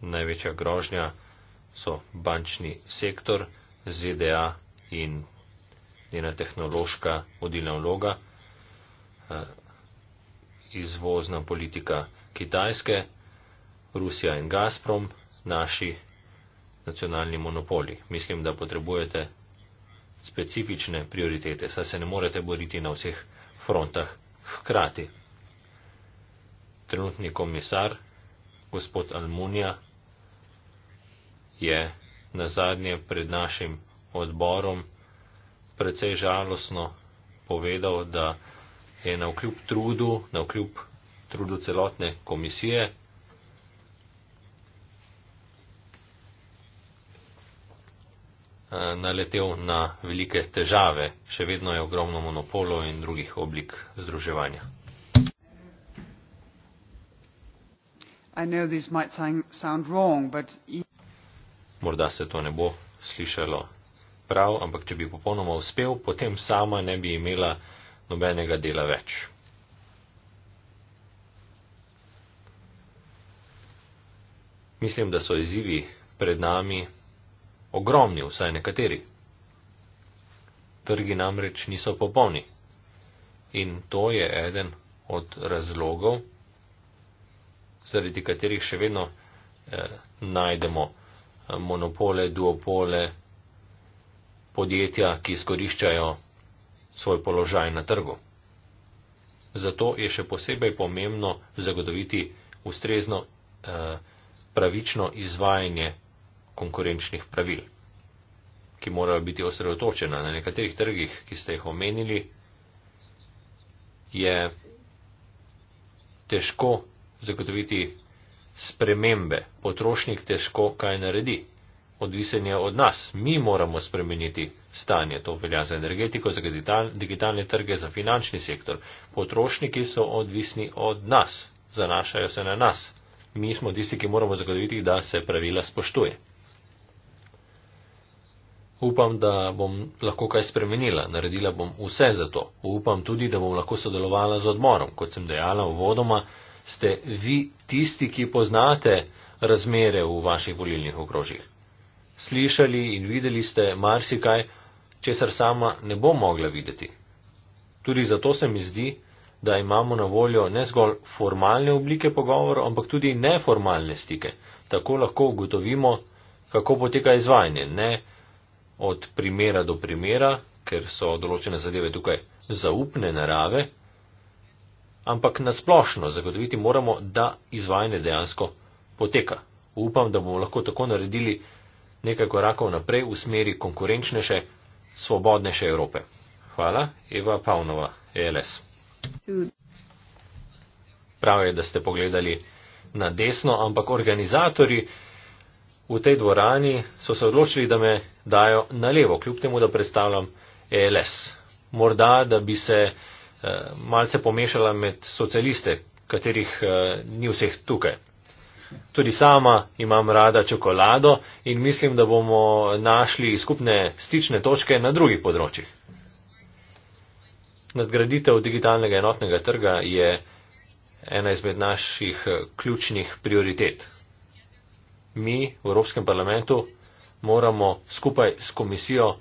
Največja grožnja so bančni sektor, ZDA in njena tehnološka vodilna vloga, eh, izvozna politika Kitajske, Rusija in Gazprom, naši nacionalni monopoli. Mislim, da potrebujete specifične prioritete, saj se ne morete boriti na vseh frontah hkrati. Trenutni komisar, gospod Almunija, je na zadnje pred našim odborom precej žalostno povedal, da je na vkljub trudu, na vkljub trudu celotne komisije, Eh, naletel na velike težave, še vedno je ogromno monopolov in drugih oblik združevanja. Wrong, e- Morda se to ne bo slišalo prav, ampak če bi popolnoma uspel, potem sama ne bi imela nobenega dela več. Mislim, da so izzivi pred nami ogromni, vsaj nekateri. Trgi namreč niso popolni. In to je eden od razlogov, zaradi katerih še vedno eh, najdemo eh, monopole, duopole, podjetja, ki izkoriščajo svoj položaj na trgu. Zato je še posebej pomembno zagotoviti ustrezno eh, pravično izvajanje konkurenčnih pravil, ki morajo biti osredotočena na nekaterih trgih, ki ste jih omenili, je težko zagotoviti spremembe. Potrošnik težko kaj naredi. Odvisen je od nas. Mi moramo spremeniti stanje. To velja za energetiko, za digitalne trge, za finančni sektor. Potrošniki so odvisni od nas. Zanašajo se na nas. Mi smo tisti, ki moramo zagotoviti, da se pravila spoštuje upam, da bom lahko kaj spremenila, naredila bom vse za to. Upam tudi, da bom lahko sodelovala z odmorom. Kot sem dejala, uvodoma ste vi tisti, ki poznate razmere v vaših volilnih okrožjih. Slišali in videli ste marsikaj, česar sama ne bo mogla videti. Tudi zato se mi zdi, da imamo na voljo ne zgolj formalne oblike pogovorov, ampak tudi neformalne stike. Tako lahko ugotovimo, kako poteka izvajanje. Ne, od primera do primera, ker so določene zadeve tukaj zaupne narave, ampak nasplošno zagotoviti moramo, da izvajanje dejansko poteka. Upam, da bomo lahko tako naredili nekaj korakov naprej v smeri konkurenčnejše, svobodnejše Evrope. Hvala, Eva Pavnova, ELS. Prav je, da ste pogledali na desno, ampak organizatori v tej dvorani so se odločili, da me dajo na levo, kljub temu, da predstavljam ELS. Morda, da bi se eh, malce pomešala med socialiste, katerih eh, ni vseh tukaj. Tudi sama imam rada čokolado in mislim, da bomo našli skupne stične točke na drugih področjih. Nadgraditev digitalnega enotnega trga je ena izmed naših eh, ključnih prioritet. Mi v Evropskem parlamentu moramo skupaj s komisijo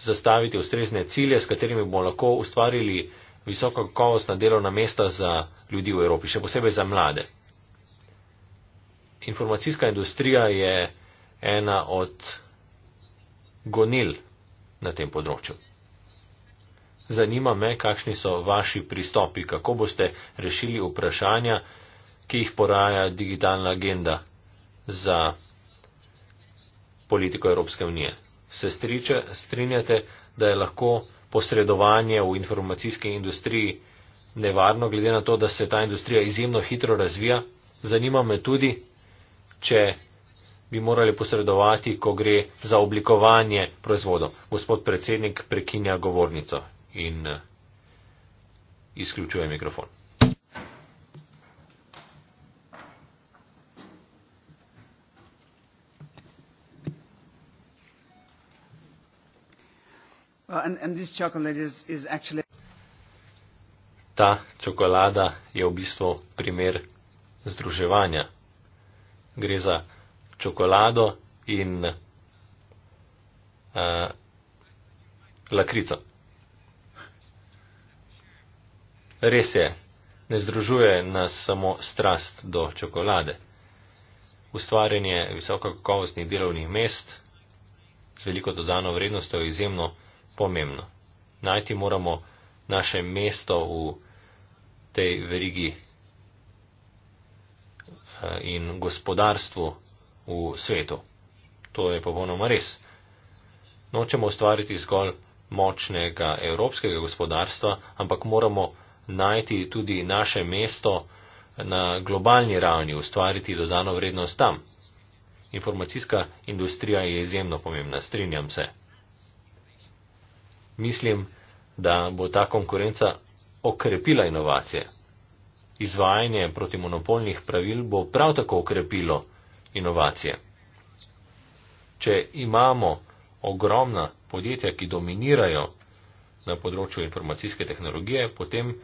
zastaviti ustrezne cilje, s katerimi bomo lahko ustvarili visoko kakovostna delovna mesta za ljudi v Evropi, še posebej za mlade. Informacijska industrija je ena od gonil na tem področju. Zanima me, kakšni so vaši pristopi, kako boste rešili vprašanja, ki jih poraja digitalna agenda za politiko Evropske unije. Se striče, strinjate, da je lahko posredovanje v informacijski industriji nevarno, glede na to, da se ta industrija izjemno hitro razvija? Zanima me tudi, če bi morali posredovati, ko gre za oblikovanje proizvodov. Gospod predsednik prekinja govornico in eh, izključuje mikrofon. Uh, Ta čokolada je v bistvu primer združevanja. Gre za čokolado in uh, lakrico. Res je, ne združuje nas samo strast do čokolade. Ustvarjanje visokokakovostnih delovnih mest z veliko dodano vrednostjo je izjemno pomembno. Najti moramo naše mesto v tej verigi eh, in gospodarstvu v svetu. To je popolnoma res. Nočemo ustvariti zgolj močnega evropskega gospodarstva, ampak moramo najti tudi naše mesto na globalni ravni, ustvariti dodano vrednost tam. Informacijska industrija je izjemno pomembna, strinjam se mislim, da bo ta konkurenca okrepila inovacije. Izvajanje protimonopolnih pravil bo prav tako okrepilo inovacije. Če imamo ogromna podjetja, ki dominirajo na področju informacijske tehnologije, potem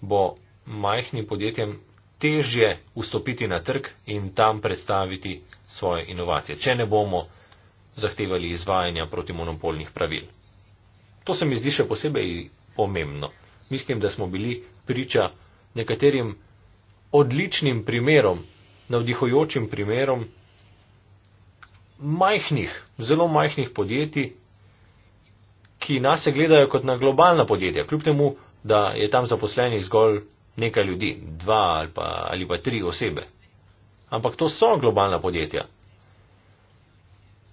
bo majhnim podjetjem težje vstopiti na trg in tam predstaviti svoje inovacije, če ne bomo zahtevali izvajanja protimonopolnih pravil. To se mi zdi še posebej pomembno. Mislim, da smo bili priča nekaterim odličnim primerom, navdihujočim primerom majhnih, zelo majhnih podjetij, ki nas gledajo kot na globalna podjetja, kljub temu, da je tam zaposlenih zgolj nekaj ljudi, dva ali pa, ali pa tri osebe. Ampak to so globalna podjetja.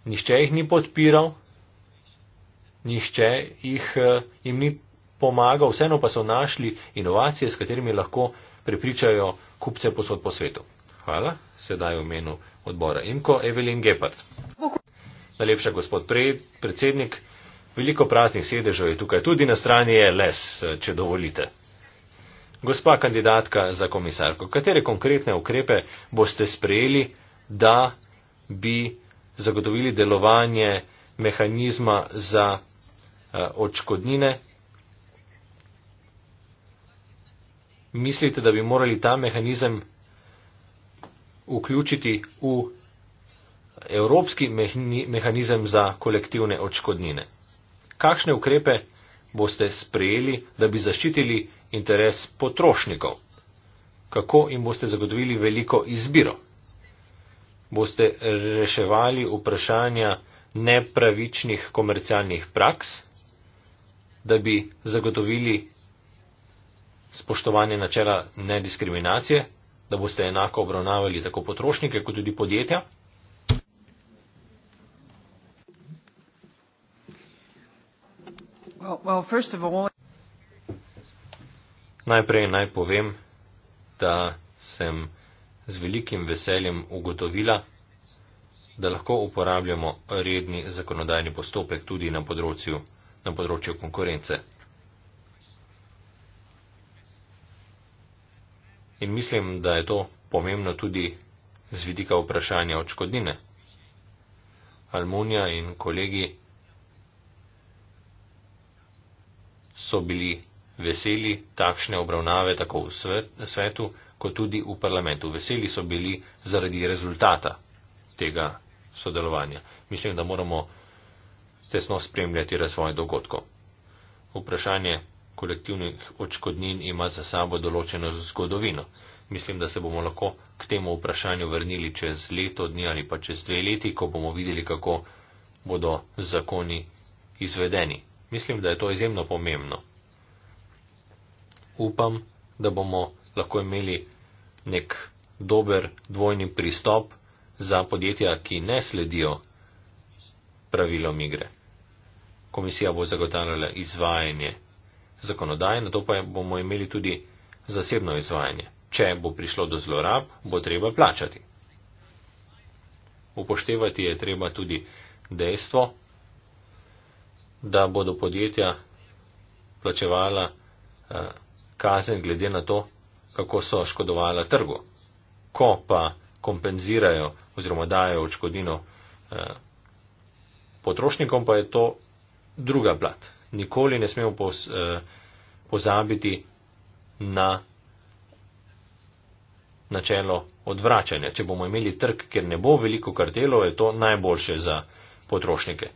Nihče jih ni podpiral, nihče jih, eh, jim ni pomagal, vseeno pa so našli inovacije, s katerimi lahko prepričajo kupce posod po svetu. Hvala, sedaj v menu odbora Imko Evelin Gepard. Najlepša gospod prej, predsednik, veliko praznih sedežev je tukaj, tudi na strani je les, eh, če dovolite. Gospa kandidatka za komisarko, katere konkretne ukrepe boste sprejeli, da bi zagotovili delovanje mehanizma za Eh, očkodnine. Mislite, da bi morali ta mehanizem vključiti v evropski mehanizem za kolektivne očkodnine? Kakšne ukrepe boste sprejeli, da bi zaščitili interes potrošnikov? Kako jim boste zagotovili veliko izbiro? Boste reševali vprašanja nepravičnih komercialnih praks? da bi zagotovili spoštovanje načela nediskriminacije, da boste enako obravnavali tako potrošnike kot tudi podjetja. Well, well, all... Najprej naj povem, da sem z velikim veseljem ugotovila, da lahko uporabljamo redni zakonodajni postopek tudi na področju na področju konkurence. In mislim, da je to pomembno tudi z vidika vprašanja očkodnine. Almunija in kolegi so bili veseli takšne obravnave tako v svetu, kot tudi v parlamentu. Veseli so bili zaradi rezultata tega sodelovanja. Mislim, da moramo tesno spremljati razvoj dogodkov. Vprašanje kolektivnih očkodnin ima za sabo določeno zgodovino. Mislim, da se bomo lahko k temu vprašanju vrnili čez leto dni ali pa čez dve leti, ko bomo videli, kako bodo zakoni izvedeni. Mislim, da je to izjemno pomembno. Upam, da bomo lahko imeli nek dober dvojni pristop za podjetja, ki ne sledijo pravilom igre. Komisija bo zagotavljala izvajanje zakonodaje, na to pa bomo imeli tudi zasebno izvajanje. Če bo prišlo do zlorab, bo treba plačati. Upoštevati je treba tudi dejstvo, da bodo podjetja plačevala eh, kazen glede na to, kako so škodovala trgu. Ko pa kompenzirajo oziroma dajo odškodnino eh, potrošnikom, pa je to druga plat. Nikoli ne smemo poz, eh, pozabiti na načelo odvračanja. Če bomo imeli trg, ker ne bo veliko kartelov, je to najboljše za potrošnike.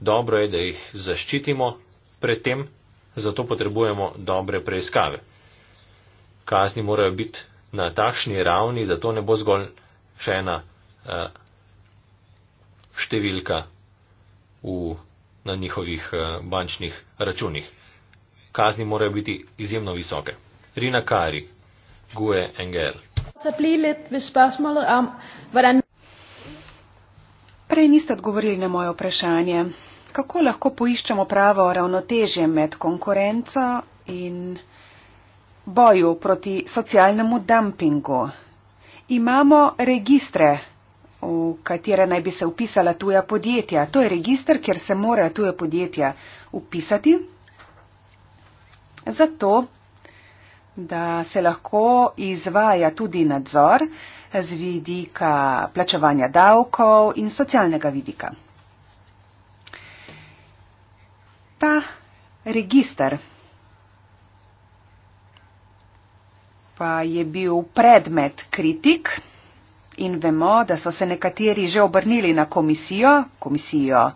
Dobro je, da jih zaščitimo pred tem, zato potrebujemo dobre preiskave. Kazni morajo biti na takšni ravni, da to ne bo zgolj še ena eh, številka v na njihovih eh, bančnih računih. Kazni morajo biti izjemno visoke. Rina Kari, Gue Engel. Prej niste odgovorili na moje vprašanje. Kako lahko poiščemo pravo ravnotežje med konkurenco in boju proti socialnemu dumpingu? Imamo registre v katere naj bi se upisala tuja podjetja. To je registr, kjer se morajo tuje podjetja upisati, zato da se lahko izvaja tudi nadzor z vidika plačevanja davkov in socialnega vidika. Ta registr pa je bil predmet kritik in vemo, da so se nekateri že obrnili na komisijo, komisijo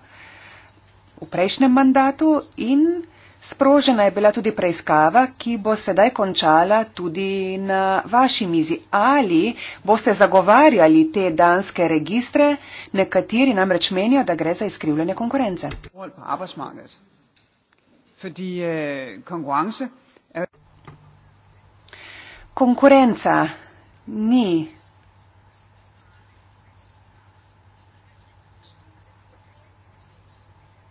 v prejšnjem mandatu in sprožena je bila tudi preiskava, ki bo sedaj končala tudi na vaši mizi. Ali boste zagovarjali te danske registre, nekateri namreč menijo, da gre za izkrivljanje konkurence. Øh, er- Konkurenca ni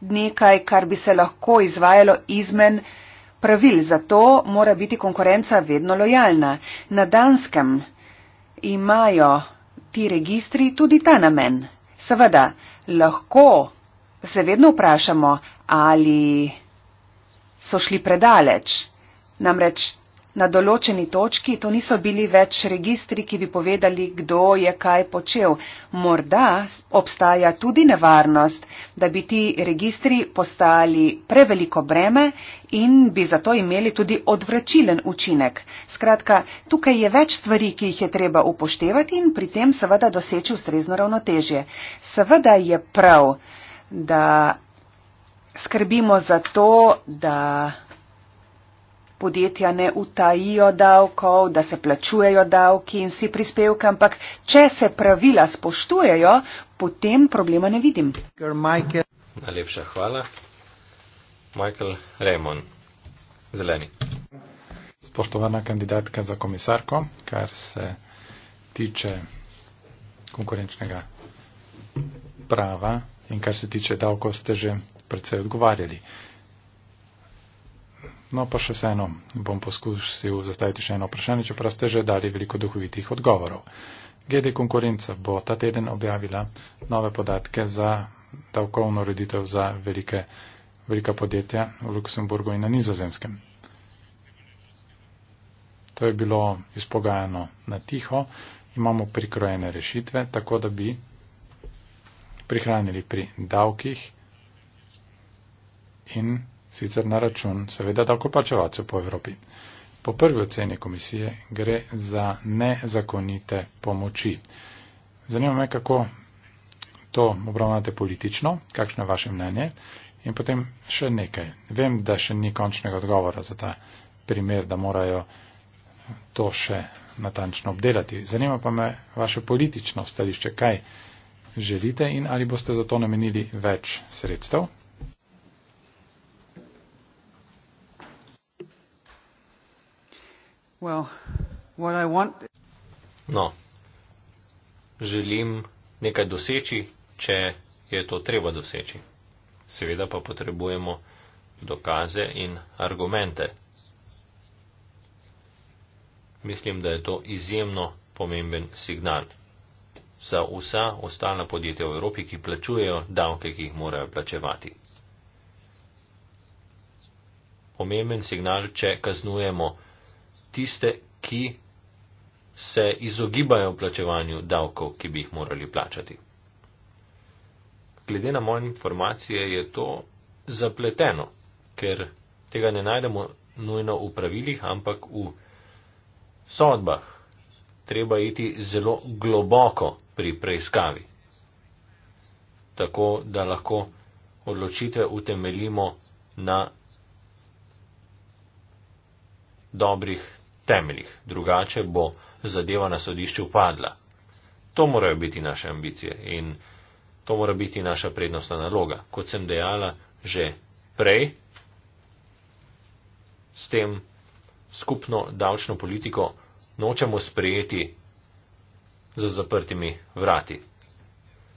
nekaj, kar bi se lahko izvajalo izmen pravil. Zato mora biti konkurenca vedno lojalna. Na Danskem imajo ti registri tudi ta namen. Seveda, lahko se vedno vprašamo, ali so šli predaleč. Namreč na določeni točki to niso bili več registri, ki bi povedali, kdo je kaj počel. Morda obstaja tudi nevarnost, da bi ti registri postali preveliko breme in bi zato imeli tudi odvračilen učinek. Skratka, tukaj je več stvari, ki jih je treba upoštevati in pri tem seveda doseči ustrezno ravnotežje. Seveda je prav, da skrbimo za to, da podjetja ne utajijo davkov, da se plačujejo davki in vsi prispevki, ampak če se pravila spoštujejo, potem problema ne vidim. Najlepša hvala. Michael Raymond, zeleni. Spoštovana kandidatka za komisarko, kar se tiče konkurenčnega prava in kar se tiče davkov, ste že predvsej odgovarjali. No pa še vseeno bom poskusil zastaviti še eno vprašanje, čeprav ste že dali veliko duhovitih odgovorov. GD Konkurenca bo ta teden objavila nove podatke za davkovno ureditev za velike, velika podjetja v Luksemburgu in na nizozemskem. To je bilo izpogajano na tiho, imamo prikrojene rešitve, tako da bi prihranili pri davkih in sicer na račun seveda dokopačevalcev po Evropi. Po prvi oceni komisije gre za nezakonite pomoči. Zanima me, kako to obravnavate politično, kakšno je vaše mnenje in potem še nekaj. Vem, da še ni končnega odgovora za ta primer, da morajo to še natančno obdelati. Zanima pa me vaše politično stališče, kaj želite in ali boste za to namenili več sredstev, Well, what I want... No, želim nekaj doseči, če je to treba doseči. Seveda pa potrebujemo dokaze in argumente. Mislim, da je to izjemno pomemben signal za vsa ostala podjetja v Evropi, ki plačujejo davke, ki jih morajo plačevati. Pomemben signal, če kaznujemo tiste, ki se izogibajo plačevanju davkov, ki bi jih morali plačati. Glede na moje informacije je to zapleteno, ker tega ne najdemo nujno v pravilih, ampak v sodbah. Treba iti zelo globoko pri preiskavi, tako da lahko odločitve utemeljimo na dobrih temeljih, drugače bo zadeva na sodišču upadla. To morajo biti naše ambicije in to mora biti naša prednostna naloga. Kot sem dejala že prej, s tem skupno davčno politiko nočemo sprejeti za zaprtimi vrati.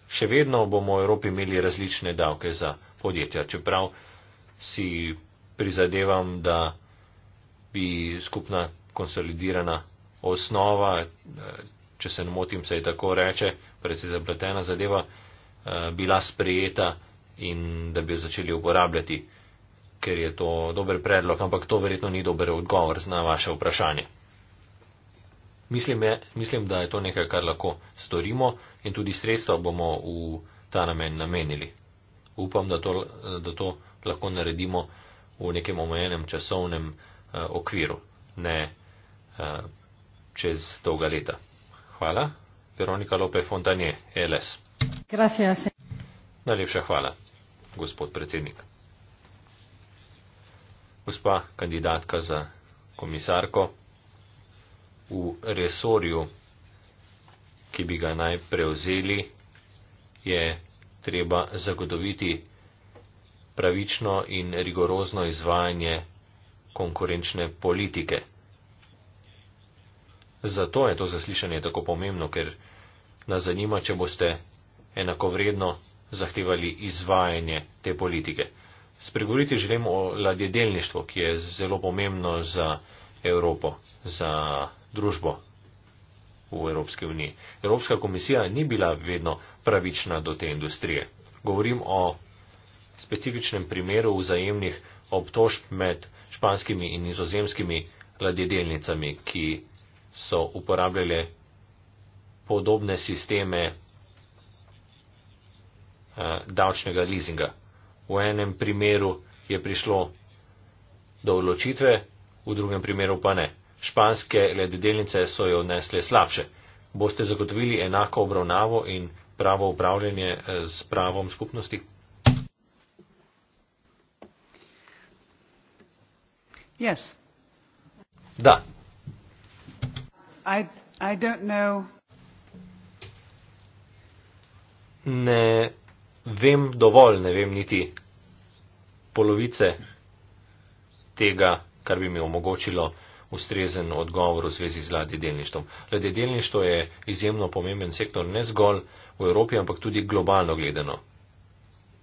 Še vedno bomo v Evropi imeli različne davke za podjetja, čeprav si prizadevam, da bi skupna konsolidirana osnova, eh, če se ne motim, se je tako reče, predvsej zapletena zadeva, eh, bila sprejeta in da bi jo začeli uporabljati, ker je to dober predlog, ampak to verjetno ni dober odgovor na vaše vprašanje. Mislim, je, mislim, da je to nekaj, kar lahko storimo in tudi sredstva bomo v ta namen namenili. Upam, da to, da to lahko naredimo v nekem omejenem časovnem eh, okviru, ne Eh, čez dolga leta. Hvala. Veronika Lope Fontanje, e LS. Gracias. Najlepša hvala, gospod predsednik. Gospa kandidatka za komisarko, v resorju, ki bi ga naj prevzeli, je treba zagotoviti pravično in rigorozno izvajanje konkurenčne politike. Zato je to zaslišanje tako pomembno, ker nas zanima, če boste enakovredno zahtevali izvajanje te politike. Spregovoriti želimo o ladjedelništvu, ki je zelo pomembno za Evropo, za družbo v Evropski uniji. Evropska komisija ni bila vedno pravična do te industrije. Govorim o specifičnem primeru vzajemnih obtožb med španskimi in nizozemskimi ladjedelnicami, ki so uporabljali podobne sisteme eh, davčnega leasinga. V enem primeru je prišlo do odločitve, v drugem primeru pa ne. Španske ledodelnice so jo odnesle slabše. Boste zagotovili enako obravnavo in pravo upravljanje z eh, pravom skupnosti? Yes. Da. I don't know. Ne vem dovolj, ne vem niti polovice tega, kar bi mi omogočilo ustrezen odgovor v zvezi z ladjedelništvom. Ladjedelništvo je izjemno pomemben sektor ne zgolj v Evropi, ampak tudi globalno gledano.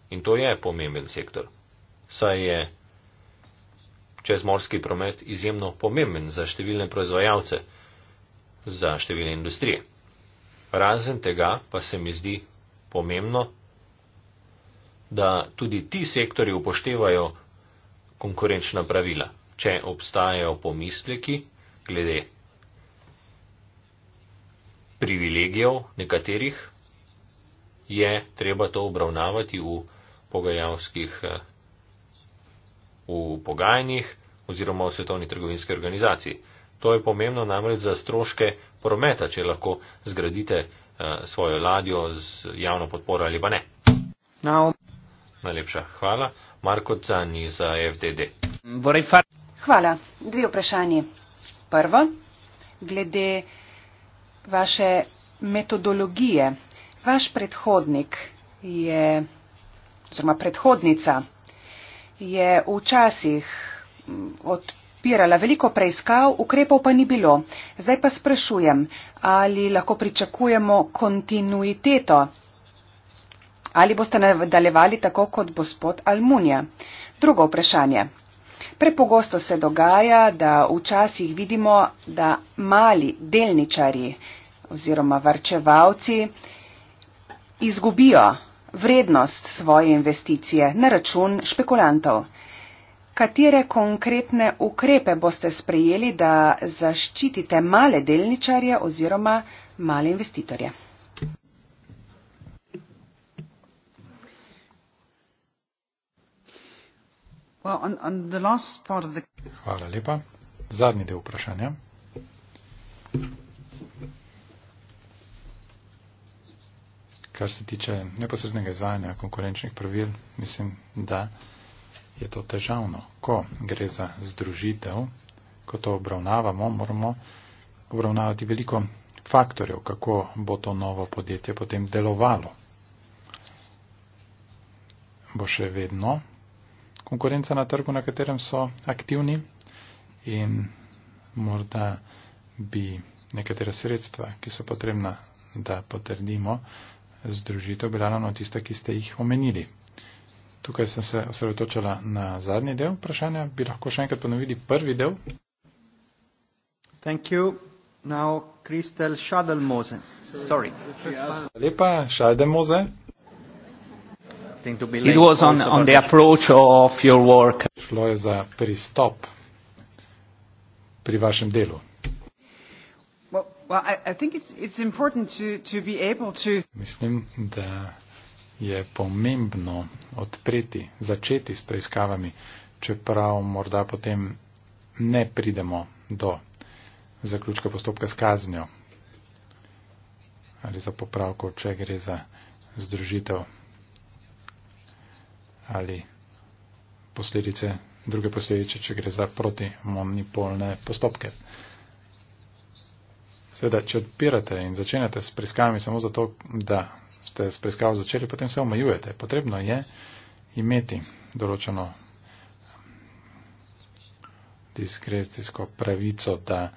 In to je pomemben sektor. Saj je čezmorski promet izjemno pomemben za številne proizvajalce za številne industrije. Razen tega pa se mi zdi pomembno, da tudi ti sektori upoštevajo konkurenčna pravila, če obstajajo pomisleki glede privilegijev nekaterih, je treba to obravnavati v pogajalskih, eh, v pogajanjih oziroma v svetovni trgovinski organizaciji. To je pomembno namreč za stroške prometa, če lahko zgradite uh, svojo ladjo z javno podporo ali pa ne. No. Najlepša hvala. Marko Cani za FDD. Hvala. Dve vprašanje. Prvo, glede vaše metodologije. Vaš predhodnik je, oziroma predhodnica, je včasih od odpirala, veliko preiskav, ukrepov pa ni bilo. Zdaj pa sprašujem, ali lahko pričakujemo kontinuiteto, ali boste nadaljevali tako kot gospod Almunija. Drugo vprašanje. Prepogosto se dogaja, da včasih vidimo, da mali delničari oziroma varčevalci izgubijo vrednost svoje investicije na račun špekulantov. Katere konkretne ukrepe boste sprejeli, da zaščitite male delničarje oziroma male investitorje? Hvala lepa. Zadnji del vprašanja. Kar se tiče neposrednega izvajanja konkurenčnih pravil, mislim, da je to težavno. Ko gre za združitev, ko to obravnavamo, moramo obravnavati veliko faktorjev, kako bo to novo podjetje potem delovalo. Bo še vedno konkurenca na trgu, na katerem so aktivni in morda bi nekatera sredstva, ki so potrebna, da potrdimo združitev, bila ravno tista, ki ste jih omenili. Tukaj sem se osredotočila na zadnji del vprašanja. Bi lahko še enkrat ponovili prvi del? Thank you. Now Kristel Šadelmoze. Sorry. Sorry. Lepa, Šadelmoze. It was on, on the approach of your work. Šlo je za pristop pri vašem delu. Well, well I, I think it's, it's important to, to be able to... Mislim, da je pomembno odpreti, začeti s preiskavami, čeprav morda potem ne pridemo do zaključka postopka s kaznjo ali za popravko, če gre za združitev ali posledice, druge posledice, če gre za protimonipolne postopke. Seveda, če odpirate in začenjate s preiskavami samo zato, da ste s preiskavo začeli, potem se omejujete. Potrebno je imeti določeno diskrecijsko pravico, da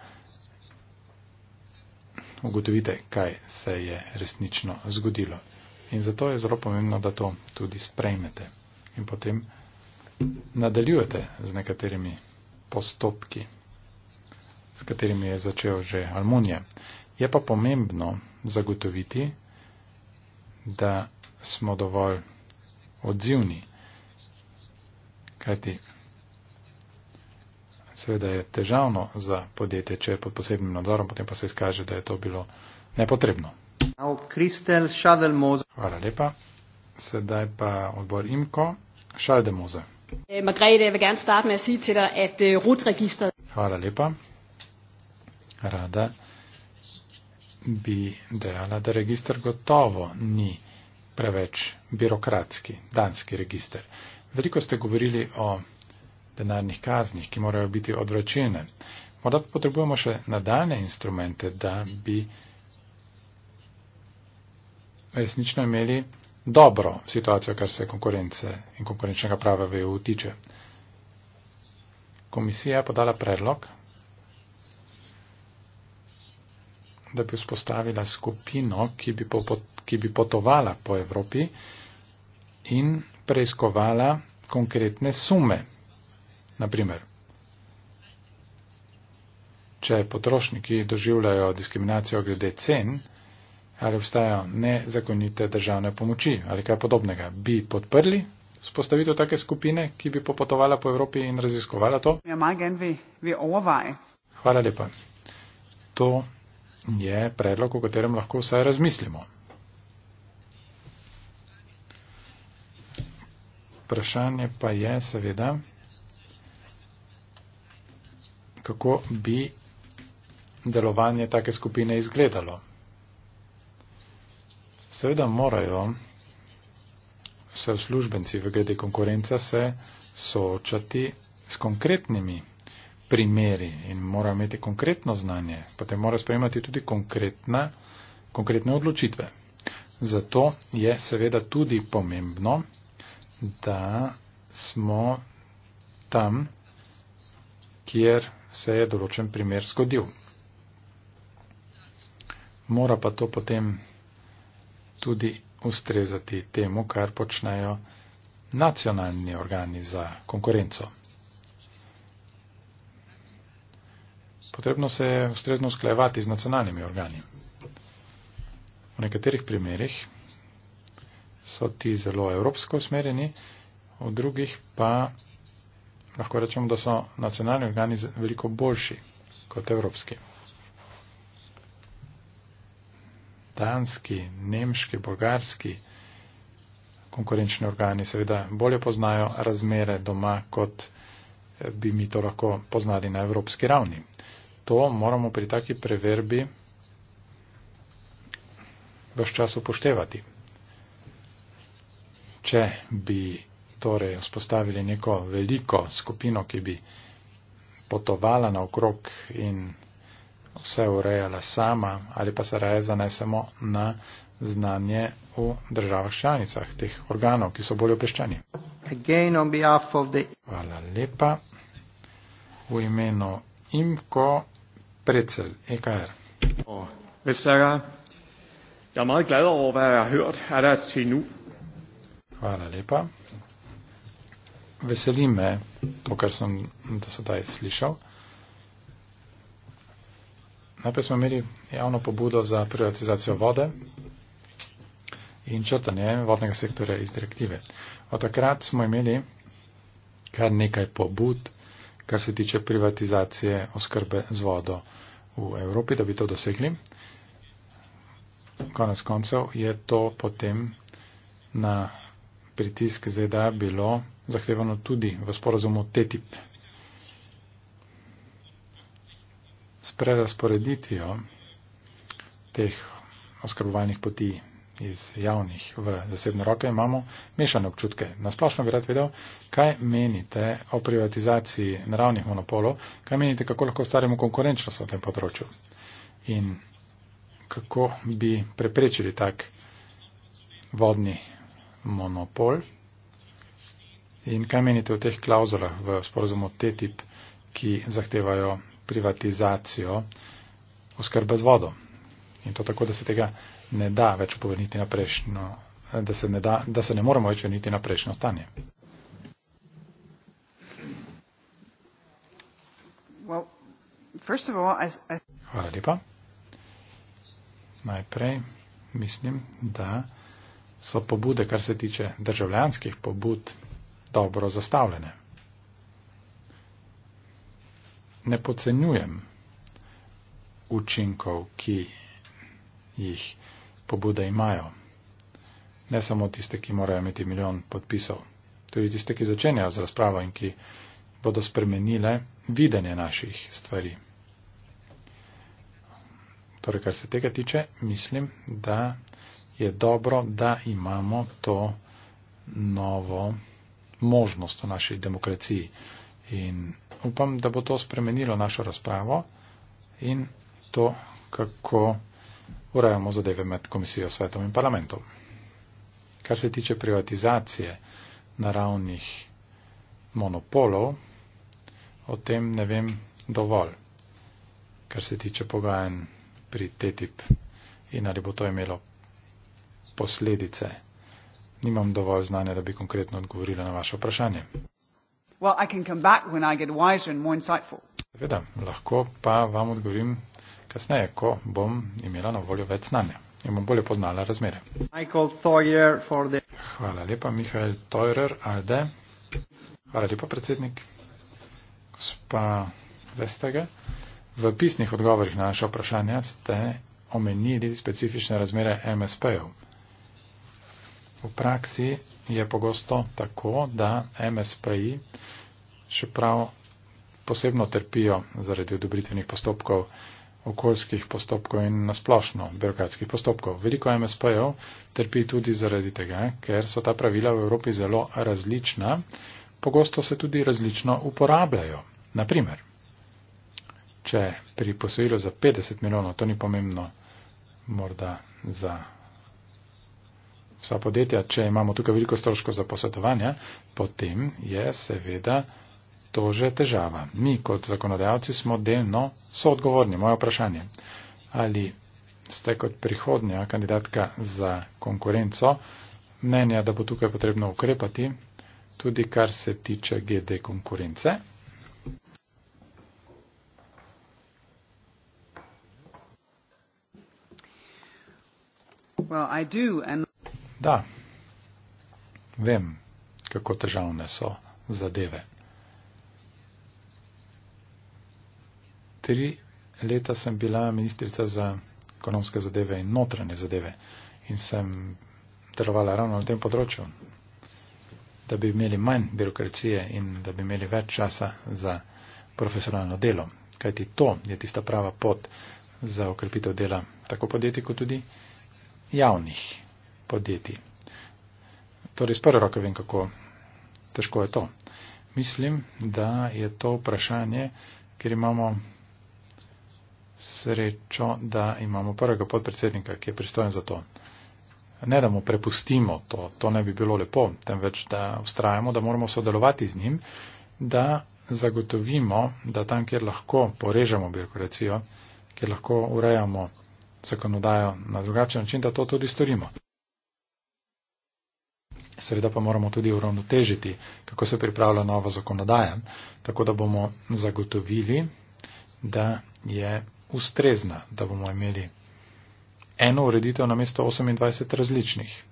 ugotovite, kaj se je resnično zgodilo. In zato je zelo pomembno, da to tudi sprejmete in potem nadaljujete z nekaterimi postopki, s katerimi je začel že Almunija. Je pa pomembno zagotoviti, da smo dovolj odzivni. Kajti, seveda je težavno za podjetje, če je pod posebnim nadzorom, potem pa se izkaže, da je to bilo nepotrebno. Hvala lepa. Sedaj pa odbor IMKO, Šaldemoze. Eh, eh, Hvala lepa. Rada bi dejala, da registr gotovo ni preveč birokratski, danski registr. Veliko ste govorili o denarnih kaznih, ki morajo biti odvračilne. Morda potrebujemo še nadaljne instrumente, da bi resnično imeli dobro situacijo, kar se konkurence in konkurenčnega prava v EU tiče. Komisija je podala predlog, da bi vzpostavila skupino, ki bi, popot, ki bi potovala po Evropi in preiskovala konkretne sume. Naprimer, če potrošniki doživljajo diskriminacijo glede cen, ali obstajajo nezakonite državne pomoči ali kaj podobnega, bi podprli spostavitev take skupine, ki bi popotovala po Evropi in raziskovala to? Hvala lepa. To je predlog, o katerem lahko vsaj razmislimo. Vprašanje pa je seveda, kako bi delovanje take skupine izgledalo. Seveda morajo vse uslužbenci v GD konkurenca se soočati s konkretnimi primeri in mora imeti konkretno znanje, potem mora sprejemati tudi konkretne odločitve. Zato je seveda tudi pomembno, da smo tam, kjer se je določen primer zgodil. Mora pa to potem tudi ustrezati temu, kar počnejo nacionalni organi za konkurenco. potrebno se je ustrezno usklajevati z nacionalnimi organi. V nekaterih primerjih so ti zelo evropsko usmerjeni, v drugih pa lahko rečemo, da so nacionalni organi veliko boljši kot evropski. Danski, nemški, bolgarski konkurenčni organi seveda bolje poznajo razmere doma, kot bi mi to lahko poznali na evropski ravni to moramo pri taki preverbi vaš čas upoštevati. Če bi torej vzpostavili neko veliko skupino, ki bi potovala naokrog in vse urejala sama, ali pa se raje zanesemo na znanje v državah članicah, teh organov, ki so bolje opeščeni. Hvala lepa. V imenu Imko Pretzel, EKR. Og Vestager, jeg er meget glad over, hvad jeg har hørt af dig til nu. Hvala lepa. Veseli me to, kar sem do sedaj slišal. Najprej smo imeli javno pobudo za privatizacijo vode in črtanje vodnega sektorja iz direktive. Od takrat smo imeli kar nekaj pobud kar se tiče privatizacije oskrbe z vodo v Evropi, da bi to dosegli. Konec koncev je to potem na pritisk ZDA bilo zahtevano tudi v sporazumu TTIP. S prerasporeditvijo teh oskrbovalnih poti iz javnih v zasebne roke, imamo mešane občutke. Nasplošno bi rad vedel, kaj menite o privatizaciji naravnih monopolov, kaj menite, kako lahko ustvarimo konkurenčnost na tem področju in kako bi preprečili tak vodni monopol in kaj menite o teh klauzulah v sporozumu TTIP, ki zahtevajo privatizacijo oskrbe z vodo. In to tako, da se tega ne da več povrniti na prejšnjo, da se ne, da, da se ne moramo več vrniti na prejšnjo stanje. Well, all, I, I... Hvala lepa. Najprej mislim, da so pobude, kar se tiče državljanskih pobud, dobro zastavljene. Ne podcenjujem učinkov, ki jih pobude imajo. Ne samo tiste, ki morajo imeti milijon podpisov, tudi tiste, ki začenjajo z razpravo in ki bodo spremenile videnje naših stvari. Torej, kar se tega tiče, mislim, da je dobro, da imamo to novo možnost v naši demokraciji. In upam, da bo to spremenilo našo razpravo in to, kako urejamo zadeve med komisijo, svetom in parlamentom. Kar se tiče privatizacije naravnih monopolov, o tem ne vem dovolj. Kar se tiče pogajanj pri TTIP in ali bo to imelo posledice, nimam dovolj znanja, da bi konkretno odgovorila na vaše vprašanje. Well, Seveda, lahko pa vam odgovorim kasneje, ko bom imela na voljo več znanja in bom bolje poznala razmere. Hvala lepa, Mihajl Tojrer, Alde. Hvala lepa, predsednik. Gospa Vestega, v pisnih odgovorih na naše vprašanja ste omenili specifične razmere MSP-ov. V praksi je pogosto tako, da MSP-ji še prav posebno trpijo zaradi odobritvenih postopkov okoljskih postopkov in nasplošno birokratskih postopkov. Veliko MSP-jev trpi tudi zaradi tega, ker so ta pravila v Evropi zelo različna, pogosto se tudi različno uporabljajo. Naprimer, če pri posojilu za 50 milijonov, to ni pomembno morda za vsa podjetja, če imamo tukaj veliko stroško za posvetovanja, potem je seveda to že težava. Mi kot zakonodajalci smo delno soodgovorni. Moje vprašanje, ali ste kot prihodnja kandidatka za konkurenco mnenja, da bo tukaj potrebno ukrepati, tudi kar se tiče GD konkurence. Well, do, and... Da, vem, kako težavne so zadeve. tri leta sem bila ministrica za ekonomske zadeve in notranje zadeve in sem delovala ravno na tem področju, da bi imeli manj birokracije in da bi imeli več časa za profesionalno delo. Kajti to je tista prava pot za okrepitev dela tako podjetij kot tudi javnih podjetij. Torej, iz prve roke vem, kako težko je to. Mislim, da je to vprašanje, ker imamo srečo, da imamo prvega podpredsednika, ki je pristojen za to. Ne, da mu prepustimo to, to ne bi bilo lepo, temveč, da ustrajamo, da moramo sodelovati z njim, da zagotovimo, da tam, kjer lahko porežemo birokracijo, kjer lahko urejamo zakonodajo na drugačen način, da to tudi storimo. Seveda pa moramo tudi uravnotežiti, kako se pripravlja nova zakonodaja, tako da bomo zagotovili, da je ustrezna, da bomo imeli eno ureditev na mesto 28 različnih.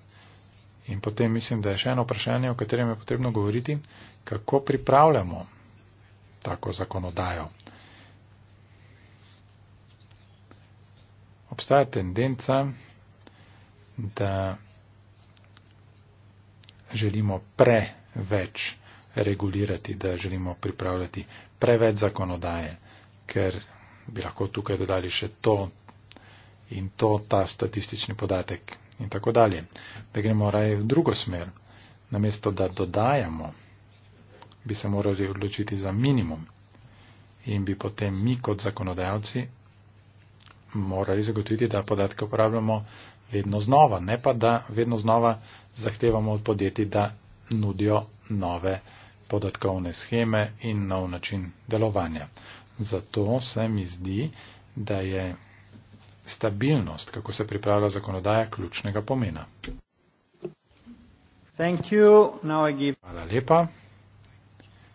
In potem mislim, da je še eno vprašanje, o katerem je potrebno govoriti, kako pripravljamo tako zakonodajo. Obstaja tendenca, da želimo preveč regulirati, da želimo pripravljati preveč zakonodaje, ker bi lahko tukaj dodali še to in to, ta statistični podatek in tako dalje. Da gremo raje v drugo smer. Namesto, da dodajamo, bi se morali odločiti za minimum in bi potem mi kot zakonodajalci morali zagotoviti, da podatke uporabljamo vedno znova, ne pa da vedno znova zahtevamo od podjetij, da nudijo nove podatkovne scheme in nov način delovanja. Zato se mi zdi, da je stabilnost, kako se pripravlja zakonodaja, ključnega pomena. Hvala lepa.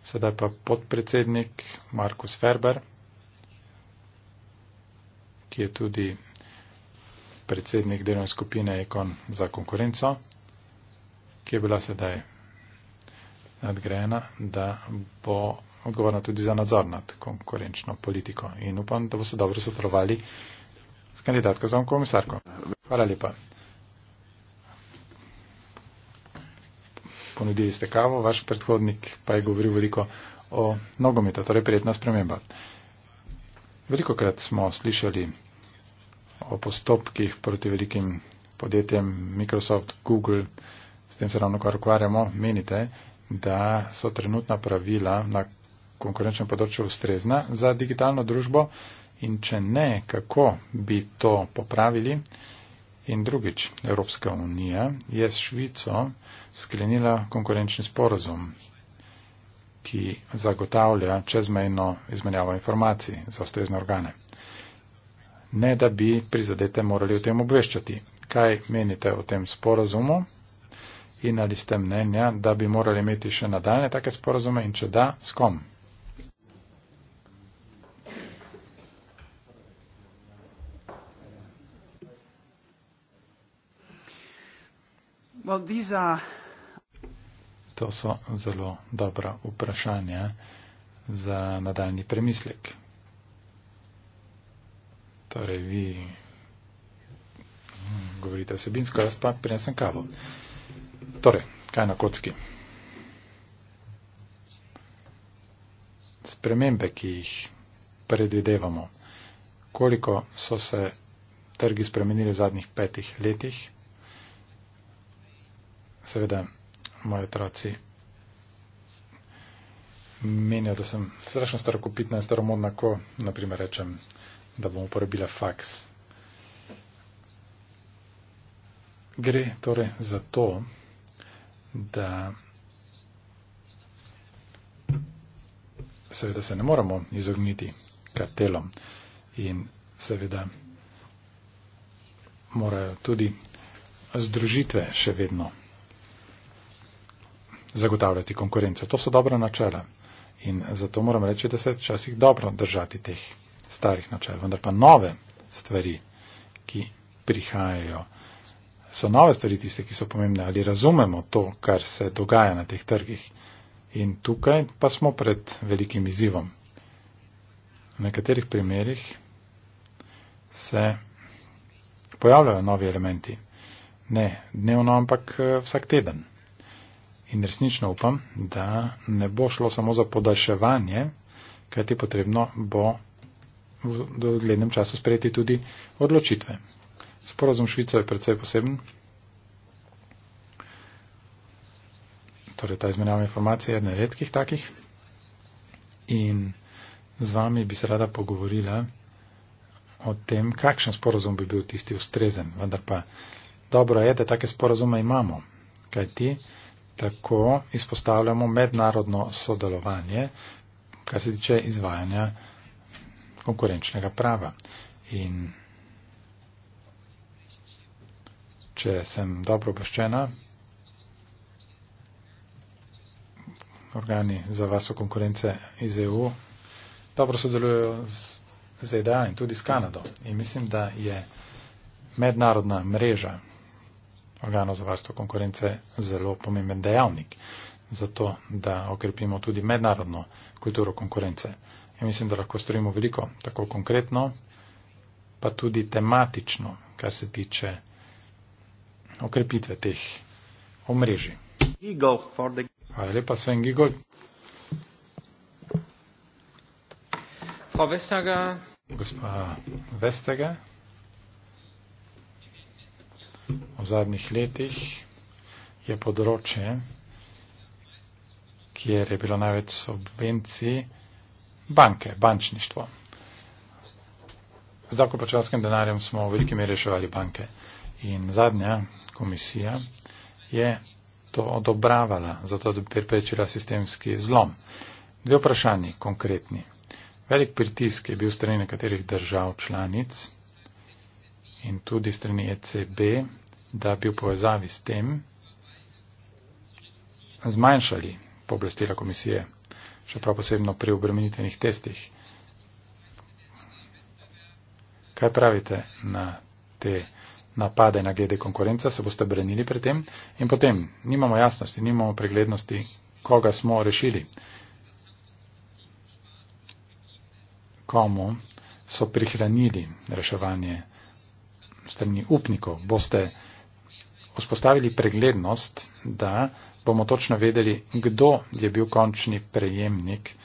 Sedaj pa podpredsednik Markus Ferber, ki je tudi predsednik delovne skupine Ekon za konkurenco, ki je bila sedaj nadgrajena, da bo odgovorna tudi za nadzor nad konkurenčno politiko in upam, da boste dobro sodelovali s kandidatko za komisarko. Hvala lepa. Ponudili ste kavo, vaš predhodnik pa je govoril veliko o nogometu, torej prijetna sprememba. Veliko krat smo slišali o postopkih proti velikim podjetjem Microsoft, Google, s tem se ravno kar ukvarjamo, menite, da so trenutna pravila na konkurenčnem področju ustrezna za digitalno družbo in če ne, kako bi to popravili. In drugič, Evropska unija je s Švico sklenila konkurenčni sporozum, ki zagotavlja čezmejno izmenjavo informacij za ustrezne organe. Ne, da bi prizadete morali o tem obveščati. Kaj menite o tem sporozumu in ali ste mnenja, da bi morali imeti še nadaljne take sporozume in če da, s kom? To so zelo dobra vprašanja za nadaljni premislek. Torej, vi hm, govorite osebinsko, jaz pa prinesem kavo. Torej, kaj na kocki? Spremembe, ki jih predvidevamo, koliko so se trgi spremenili v zadnjih petih letih, seveda moji otroci menijo, da sem strašno starokopitna in staromodna, ko naprimer rečem, da bom uporabila faks. Gre torej za to, da seveda se ne moramo izogniti kartelom in seveda morajo tudi združitve še vedno zagotavljati konkurenco. To so dobra načela in zato moram reči, da se včasih dobro držati teh starih načel. Vendar pa nove stvari, ki prihajajo, so nove stvari tiste, ki so pomembne ali razumemo to, kar se dogaja na teh trgih. In tukaj pa smo pred velikim izzivom. V nekaterih primerjih se pojavljajo novi elementi. Ne dnevno, ampak eh, vsak teden. In resnično upam, da ne bo šlo samo za podaljševanje, kaj ti potrebno bo v doglednem času sprejeti tudi odločitve. Sporazum Švico je predvsej poseben. Torej, ta izmenjava informacije je ena redkih takih. In z vami bi se rada pogovorila o tem, kakšen sporazum bi bil tisti ustrezen. Vendar pa dobro je, da take sporazume imamo. Kaj ti? tako izpostavljamo mednarodno sodelovanje, kar se tiče izvajanja konkurenčnega prava. In če sem dobro obveščena, organi za vaso konkurence iz EU dobro sodelujejo z ZDA in tudi s Kanado. In mislim, da je mednarodna mreža organo za varstvo konkurence zelo pomemben dejavnik za to, da okrepimo tudi mednarodno kulturo konkurence. Ja mislim, da lahko storimo veliko, tako konkretno, pa tudi tematično, kar se tiče okrepitve teh omrežij. The... Hvala lepa, Sven Gigol. Gospa Vestega. Gospa Vestega. zadnjih letih je področje, kjer je bilo največ subvencij, banke, bančništvo. Z davkoplačevalskim denarjem smo v veliki meri reševali banke. In zadnja komisija je to odobravala, zato da bi preprečila sistemski zlom. Dve vprašanji konkretni. Velik pritisk je bil strani nekaterih držav članic in tudi strani ECB, da bi v povezavi s tem zmanjšali pooblastila komisije, še prav posebno pri obremenitvenih testih. Kaj pravite na te napade na glede konkurenca, se boste brenili pred tem in potem nimamo jasnosti, nimamo preglednosti, koga smo rešili, komu so prihranili reševanje strani upnikov. Boste vzpostavili preglednost, da bomo točno vedeli, kdo je bil končni prejemnik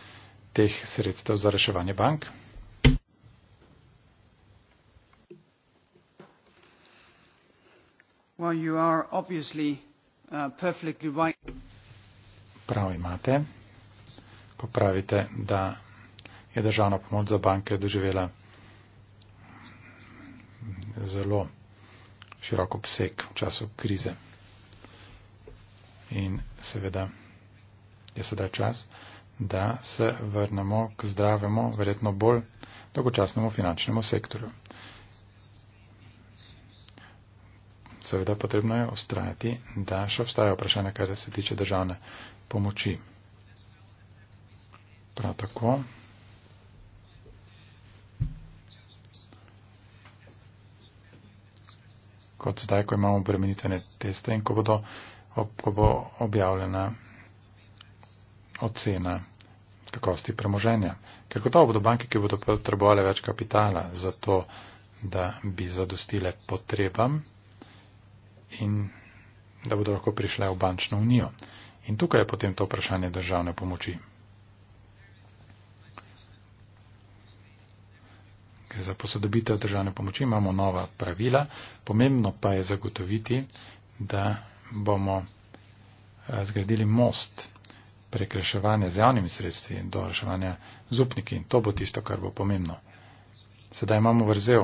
teh sredstev za reševanje bank. Well, you are obviously uh, perfectly right. Prav imate. Popravite, da je državna pomoč za banke doživela zelo širok obseg v času krize. In seveda je sedaj čas, da se vrnemo k zdravemu, verjetno bolj dolgočasnemu finančnemu sektorju. Seveda potrebno je ustrajati, da še obstaja vprašanje, kar se tiče državne pomoči. Prav tako. kot zdaj, ko imamo obremenitvene teste in ko, bodo, ko bo objavljena ocena kakosti premoženja. Ker gotovo bodo banke, ki bodo potrebovali več kapitala za to, da bi zadostile potrebam in da bodo lahko prišle v bančno unijo. In tukaj je potem to vprašanje državne pomoči. za posodobitev državne pomoči imamo nova pravila. Pomembno pa je zagotoviti, da bomo eh, zgradili most prek reševanja z javnimi sredstvi in do reševanja z upniki. In to bo tisto, kar bo pomembno. Sedaj imamo vrzel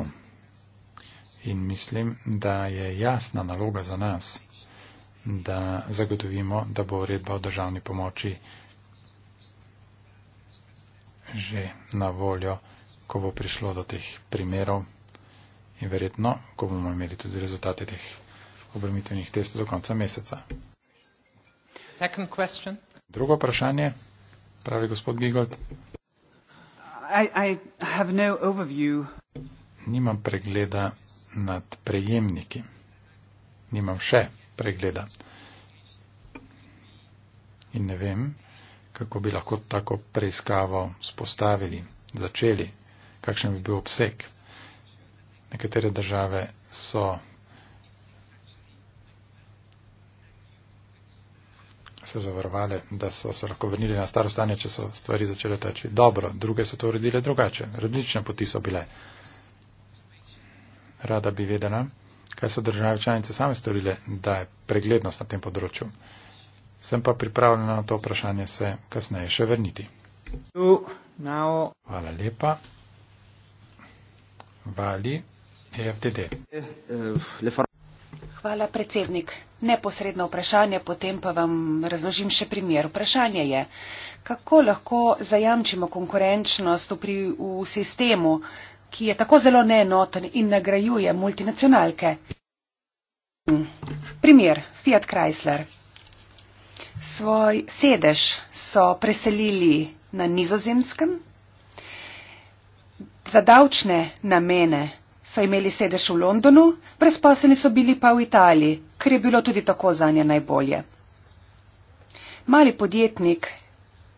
in mislim, da je jasna naloga za nas, da zagotovimo, da bo uredba o državni pomoči že na voljo ko bo prišlo do teh primerov in verjetno, ko bomo imeli tudi rezultate teh obremitvenih testov do konca meseca. Drugo vprašanje, pravi gospod Gigold. I, I have no overview. Nimam pregleda nad prejemniki. Nimam še pregleda. In ne vem, kako bi lahko tako preiskavo spostavili, začeli kakšen bi bil obseg. Nekatere države so se zavarovale, da so se lahko vrnili na staro stanje, če so stvari začele teči dobro, druge so to uredile drugače, različne poti so bile. Rada bi vedela, kaj so države članice same storile, da je preglednost na tem področju. Sem pa pripravljena na to vprašanje se kasneje še vrniti. Hvala lepa. Bali, e FDD. Hvala, predsednik. Neposredno vprašanje, potem pa vam razložim še primer. Vprašanje je, kako lahko zajamčimo konkurenčnost v, pri, v sistemu, ki je tako zelo neenoten in nagrajuje multinacionalke. Primer, Fiat Chrysler. Svoj sedež so preselili na nizozemskem, Za davčne namene so imeli sedež v Londonu, brezposelni so bili pa v Italiji, ker je bilo tudi tako za nje najbolje. Mali podjetnik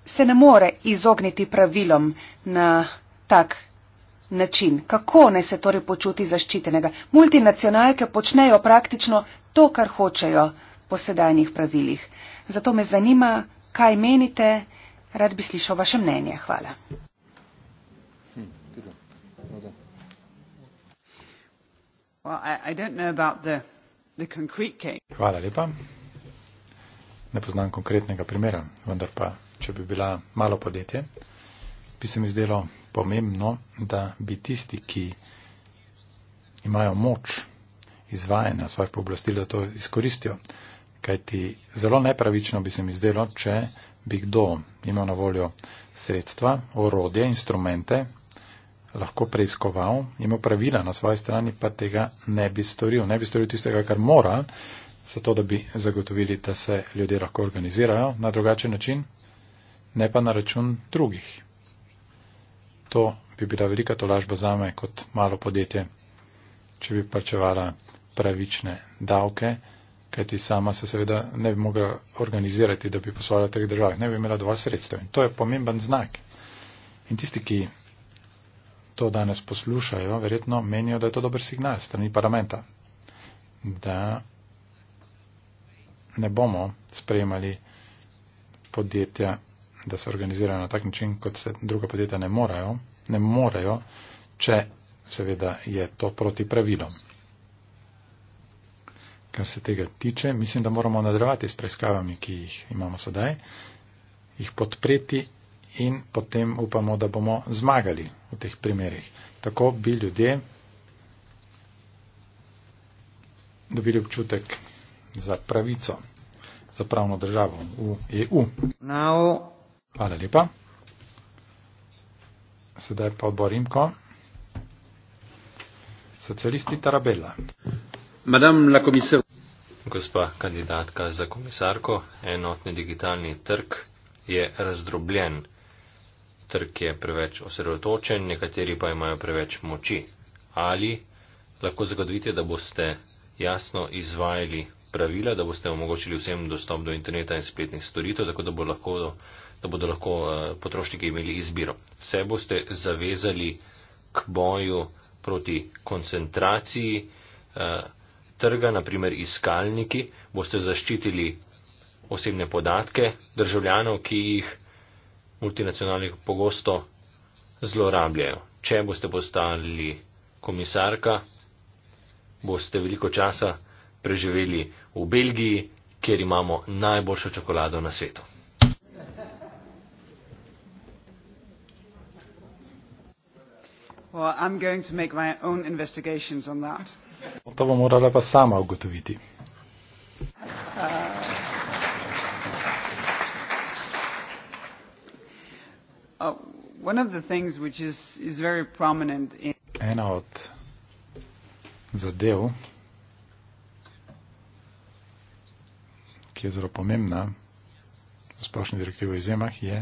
se ne more izogniti pravilom na tak način. Kako naj se torej počuti zaščitenega? Multinacionalke počnejo praktično to, kar hočejo po sedajnih pravilih. Zato me zanima, kaj menite, rad bi slišal vaše mnenje. Hvala. Hvala lepa. Ne poznam konkretnega primera, vendar pa, če bi bila malo podjetje, bi se mi zdelo pomembno, da bi tisti, ki imajo moč izvajanja svojih pooblastil, da to izkoristijo. Kajti zelo nepravično bi se mi zdelo, če bi kdo imel na voljo sredstva, orodje, instrumente, lahko preiskoval, imel pravila na svoji strani, pa tega ne bi storil. Ne bi storil tistega, kar mora, zato da bi zagotovili, da se ljudje lahko organizirajo na drugačen način, ne pa na račun drugih. To bi bila velika tolažba za me kot malo podjetje, če bi plačevala pravične davke, kajti sama se seveda ne bi mogla organizirati, da bi poslala v teh državah, ne bi imela dovolj sredstev. In to je pomemben znak. In tisti, ki to danes poslušajo, verjetno menijo, da je to dober signal strani parlamenta, da ne bomo sprejemali podjetja, da se organizirajo na tak način, kot se druga podjetja ne morajo, ne morajo, če seveda je to proti pravilom. Kar se tega tiče, mislim, da moramo nadaljevati s preiskavami, ki jih imamo sedaj, jih podpreti in potem upamo, da bomo zmagali v teh primerih. Tako bi ljudje dobili občutek za pravico, za pravno državo v EU. Now. Hvala lepa. Sedaj pa odbor Imko. Socialisti Tarabella. Madame la commissaire. Gospa kandidatka za komisarko, enotni digitalni trg je razdrobljen trg je preveč osredotočen, nekateri pa imajo preveč moči. Ali lahko zagotovite, da boste jasno izvajali pravila, da boste omogočili vsem dostop do interneta in spletnih storitev, tako da, bo lahko, da bodo lahko eh, potrošniki imeli izbiro. Vse boste zavezali k boju proti koncentraciji eh, trga, naprimer iskalniki, boste zaščitili osebne podatke državljanov, ki jih multinacionalnih pogosto zlorabljajo. Če boste postali komisarka, boste veliko časa preživeli v Belgiji, kjer imamo najboljšo čokolado na svetu. Well, to bom morala pa sama ugotoviti. Ena od zadev, ki je zelo pomembna v splošni direktivi o izjemah, je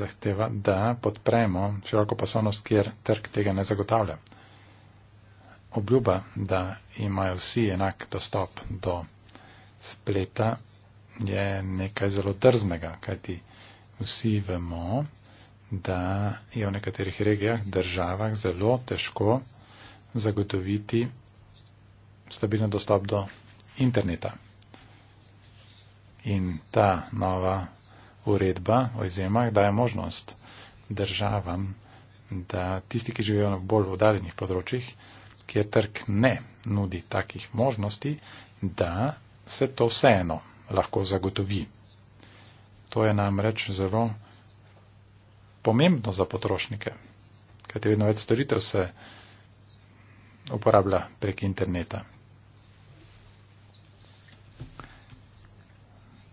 zahteva, da podpremo široko pasovnost, kjer trg tega ne zagotavlja. Obljuba, da imajo vsi enak dostop do spleta je nekaj zelo drznega, kajti vsi vemo, da je v nekaterih regijah, državah zelo težko zagotoviti stabilen dostop do interneta. In ta nova uredba o izjemah daje možnost državam, da tisti, ki živijo na bolj oddaljenih področjih, kjer trg ne nudi takih možnosti, da se to vseeno lahko zagotovi. To je namreč zelo pomembno za potrošnike, kajte vedno več storitev se uporablja prek interneta.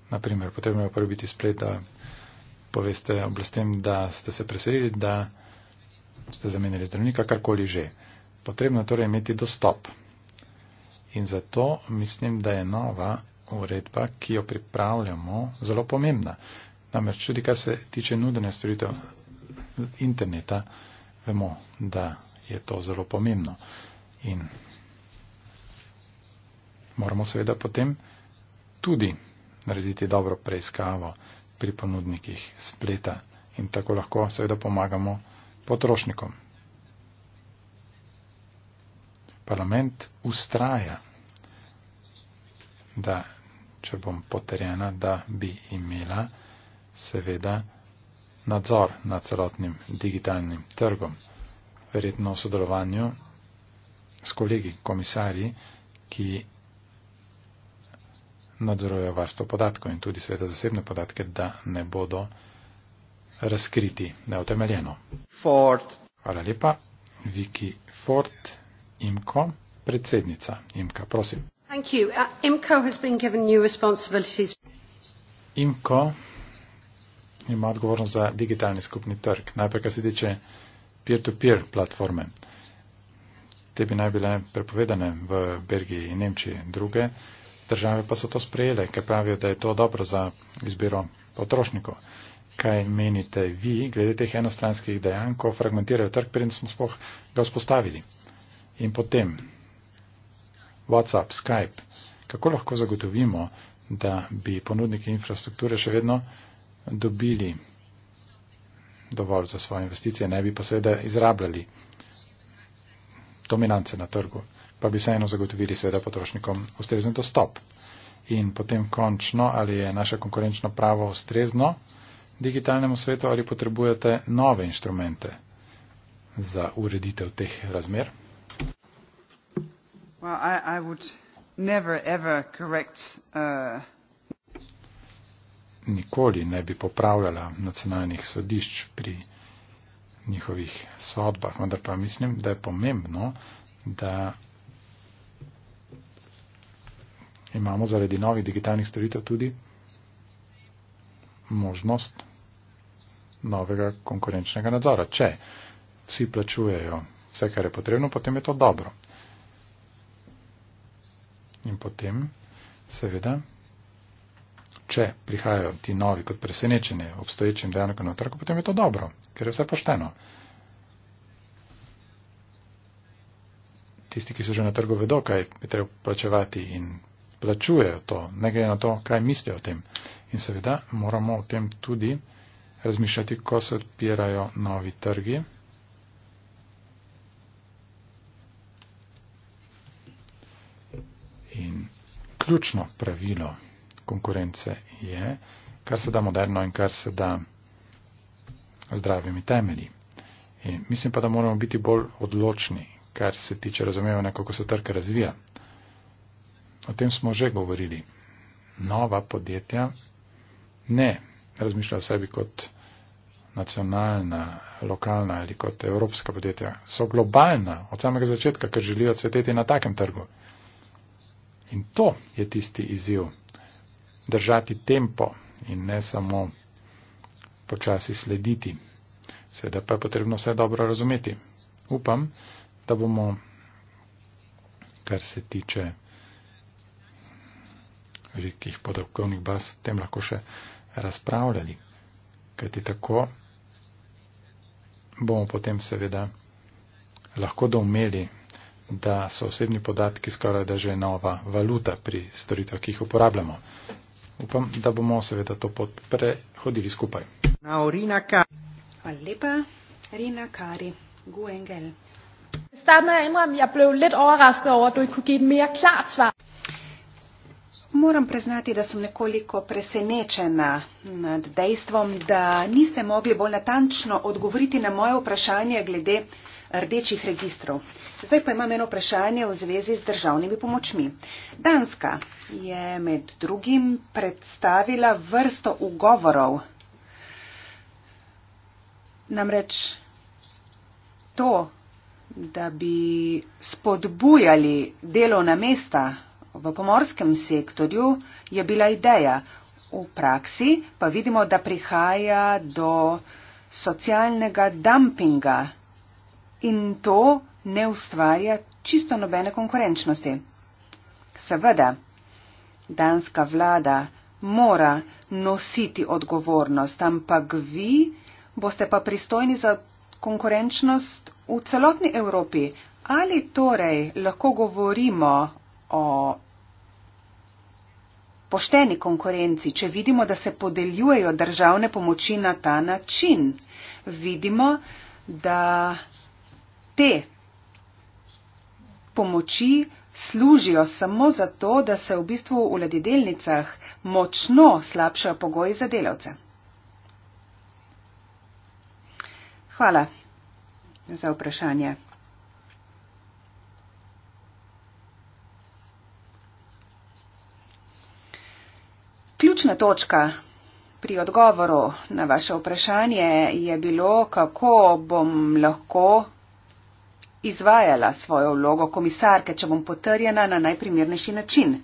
Naprimer, potrebno je uporabiti splet, da poveste oblastem, da ste se preselili, da ste zamenjali zdravnika, karkoli že. Potrebno je torej imeti dostop. In zato mislim, da je nova uredba, ki jo pripravljamo, zelo pomembna. Namreč tudi, kar se tiče nudene storitev interneta, vemo, da je to zelo pomembno. In moramo seveda potem tudi narediti dobro preiskavo pri ponudnikih spleta in tako lahko seveda pomagamo potrošnikom. Parlament ustraja, da če bom potrjena, da bi imela seveda nadzor nad celotnim digitalnim trgom. Verjetno v sodelovanju s kolegi komisarji, ki nadzorujejo varstvo podatkov in tudi seveda zasebne podatke, da ne bodo razkriti neotemeljeno. Ford. Hvala lepa. Viki Ford, Imko, predsednica. Imka, prosim. Thank you. Uh, IMCO has been given new responsibilities. IMCO ima odgovornost za digitalni skupni trg. Najprej, kar se tiče peer-to-peer platforme. Te bi naj bile prepovedane v Belgiji in Nemčiji. Druge države pa so to sprejele, ker pravijo, da je to dobro za izbiro potrošnikov. Kaj menite vi glede teh enostranskih dejanj, ko fragmentirajo trg, preden smo sploh ga vzpostavili? In potem, WhatsApp, Skype. Kako lahko zagotovimo, da bi ponudniki infrastrukture še vedno dobili dovolj za svoje investicije, ne bi pa seveda izrabljali dominance na trgu, pa bi vseeno zagotovili seveda potrošnikom ustrezen dostop. In potem končno, ali je naše konkurenčno pravo ustrezno digitalnemu svetu ali potrebujete nove inštrumente za ureditev teh razmer. Well, I, I would never ever correct. Uh... Nikoli ne bi popravljala nacionalnih sodišč pri njihovih sodbah, vendar pa mislim, da je pomembno, da imamo zaradi novih digitalnih storitev tudi možnost novega konkurenčnega nadzora. Če vsi plačujejo vse, kar je potrebno, potem je to dobro. In potem, seveda, če prihajajo ti novi kot presenečenje obstoječim dejavnikom na trgu, potem je to dobro, ker je vse pošteno. Tisti, ki so že na trgu, vedo, kaj je treba plačevati in plačujejo to, ne glede na to, kaj mislijo o tem. In seveda moramo o tem tudi razmišljati, ko se odpirajo novi trgi. ključno pravilo konkurence je, kar se da moderno in kar se da zdravimi temelji. In mislim pa, da moramo biti bolj odločni, kar se tiče razumevanja, kako se trg razvija. O tem smo že govorili. Nova podjetja ne razmišljajo o sebi kot nacionalna, lokalna ali kot evropska podjetja. So globalna od samega začetka, ker želijo cveteti na takem trgu. In to je tisti izziv. Držati tempo in ne samo počasi slediti. Seveda pa je potrebno vse dobro razumeti. Upam, da bomo, kar se tiče velikih podavkovnih baz, tem lahko še razpravljali. Kajti tako bomo potem seveda lahko doumeli, da so osebni podatki skoraj da že nova valuta pri storitvah, ki jih uporabljamo. Upam, da bomo seveda to pot prehodili skupaj. Moram priznati, da sem nekoliko presenečena nad dejstvom, da niste mogli bolj natančno odgovoriti na moje vprašanje glede rdečih registrov. Zdaj pa imam eno vprašanje v zvezi z državnimi pomočmi. Danska je med drugim predstavila vrsto ugovorov. Namreč to, da bi spodbujali delovna mesta v pomorskem sektorju, je bila ideja. V praksi pa vidimo, da prihaja do socialnega dumpinga in to ne ustvarja čisto nobene konkurenčnosti. Seveda, danska vlada mora nositi odgovornost, ampak vi boste pa pristojni za konkurenčnost v celotni Evropi. Ali torej lahko govorimo o pošteni konkurenci, če vidimo, da se podeljujejo državne pomoči na ta način? Vidimo, da te pomoči služijo samo zato, da se v bistvu v ladjedelnicah močno slabšajo pogoji za delavce. Hvala za vprašanje. Ključna točka pri odgovoru na vaše vprašanje je bilo, kako bom lahko izvajala svojo vlogo komisarke, če bom potrjena na najprimernejši način.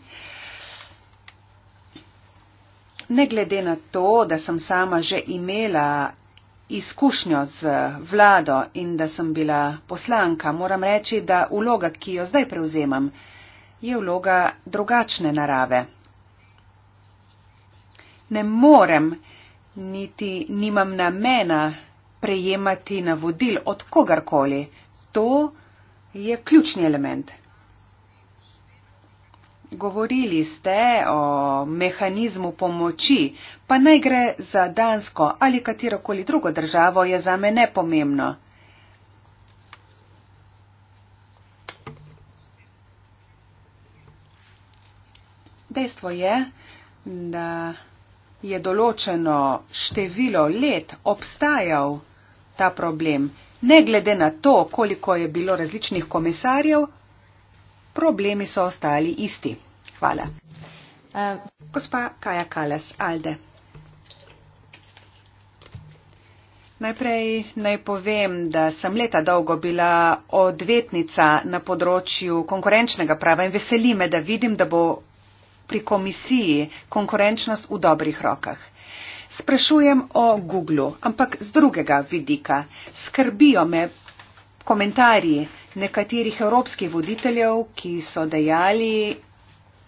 Ne glede na to, da sem sama že imela izkušnjo z vlado in da sem bila poslanka, moram reči, da vloga, ki jo zdaj prevzemam, je vloga drugačne narave. Ne morem, niti nimam namena prejemati navodil od kogarkoli to je ključni element. Govorili ste o mehanizmu pomoči, pa naj gre za Dansko ali katerokoli drugo državo, je za me nepomembno. Dejstvo je, da je določeno število let obstajal ta problem Ne glede na to, koliko je bilo različnih komisarjev, problemi so ostali isti. Hvala. Eh. Gospa Kaja Kales, Alde. Najprej naj povem, da sem leta dolgo bila odvetnica na področju konkurenčnega prava in veseli me, da vidim, da bo pri komisiji konkurenčnost v dobrih rokah sprašujem o Google, ampak z drugega vidika. Skrbijo me komentarji nekaterih evropskih voditeljev, ki so dejali,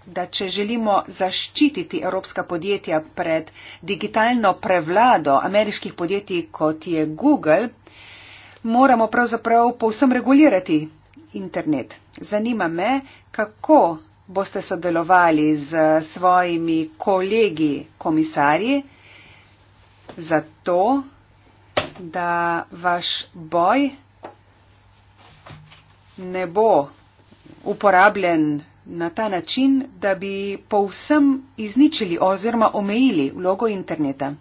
da če želimo zaščititi evropska podjetja pred digitalno prevlado ameriških podjetij, kot je Google, moramo pravzaprav povsem regulirati internet. Zanima me, kako boste sodelovali z svojimi kolegi komisarji, zato, da vaš boj ne bo uporabljen na ta način, da bi povsem izničili oziroma omejili vlogo interneta.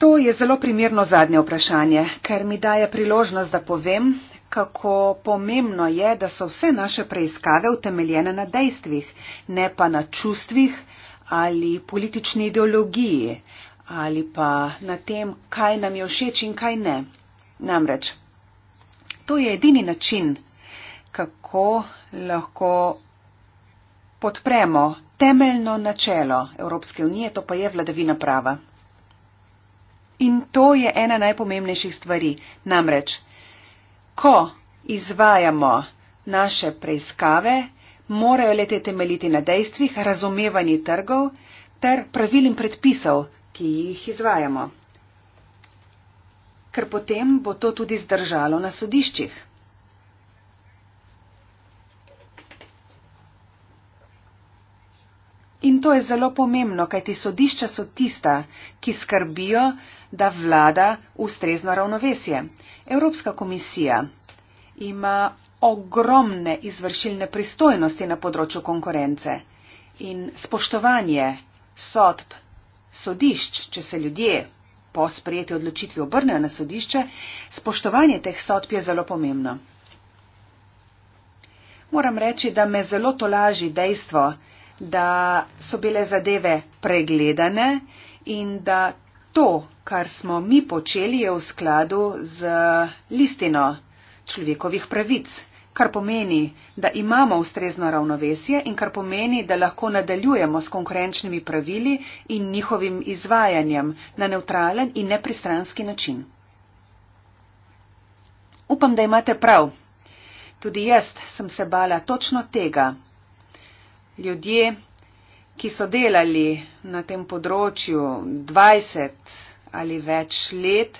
To je zelo primerno zadnje vprašanje, ker mi daje priložnost, da povem, kako pomembno je, da so vse naše preiskave utemeljene na dejstvih, ne pa na čustvih ali politični ideologiji ali pa na tem, kaj nam je všeč in kaj ne. Namreč, to je edini način, kako lahko podpremo temeljno načelo Evropske unije, to pa je vladavina prava. In to je ena najpomembnejših stvari. Namreč, ko izvajamo naše preiskave, morajo lete temeljiti na dejstvih, razumevanji trgov ter pravil in predpisov, ki jih izvajamo. Ker potem bo to tudi zdržalo na sodiščih. In to je zelo pomembno, kajti sodišča so tista, ki skrbijo, da vlada ustrezno ravnovesje. Evropska komisija ima ogromne izvršilne pristojnosti na področju konkurence in spoštovanje sodb sodišč, če se ljudje po sprejeti odločitvi obrnejo na sodišče, spoštovanje teh sodb je zelo pomembno. Moram reči, da me zelo tolaži dejstvo, da so bile zadeve pregledane in da to, kar smo mi počeli, je v skladu z listino človekovih pravic, kar pomeni, da imamo ustrezno ravnovesje in kar pomeni, da lahko nadaljujemo s konkurenčnimi pravili in njihovim izvajanjem na neutralen in nepristranski način. Upam, da imate prav. Tudi jaz sem se bala točno tega, ljudje, ki so delali na tem področju 20 ali več let,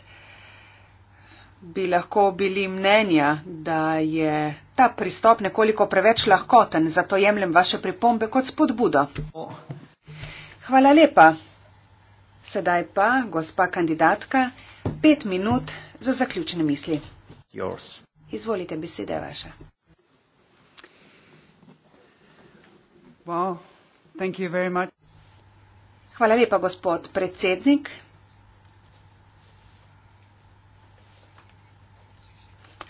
bi lahko bili mnenja, da je ta pristop nekoliko preveč lahkoten. Zato jemljem vaše pripombe kot spodbudo. Hvala lepa. Sedaj pa, gospa kandidatka, pet minut za zaključne misli. Yours. Izvolite besede vaše. Well, thank you very much. Hvala lepa, gospod predsednik.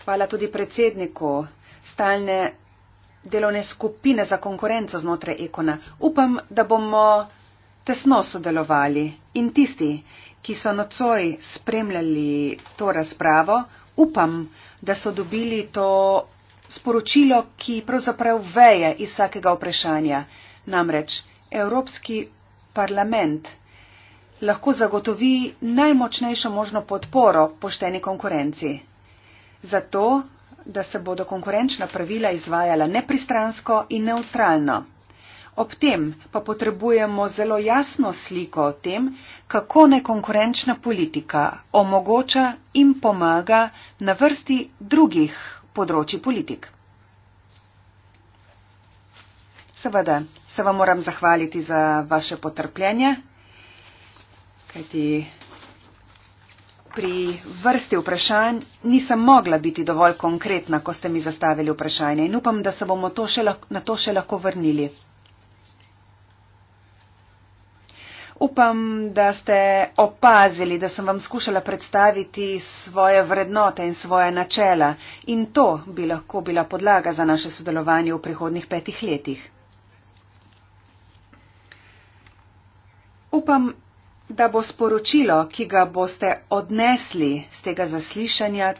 Hvala tudi predsedniku stalne delovne skupine za konkurenco znotraj Ekona. Upam, da bomo tesno sodelovali in tisti, ki so nocoj spremljali to razpravo, upam, da so dobili to sporočilo, ki pravzaprav veje iz vsakega vprašanja. Namreč Evropski parlament lahko zagotovi najmočnejšo možno podporo pošteni konkurenci. Zato, da se bodo konkurenčna pravila izvajala nepristransko in neutralno. Ob tem pa potrebujemo zelo jasno sliko o tem, kako nekonkurenčna politika omogoča in pomaga na vrsti drugih področji politik. Seveda se vam moram zahvaliti za vaše potrpljenje, kajti pri vrsti vprašanj nisem mogla biti dovolj konkretna, ko ste mi zastavili vprašanje in upam, da se bomo to še, na to še lahko vrnili. Upam, da ste opazili, da sem vam skušala predstaviti svoje vrednote in svoje načela in to bi lahko bila podlaga za naše sodelovanje v prihodnih petih letih. Upam, da bo sporočilo, ki ga boste odnesli z tega zaslišanja,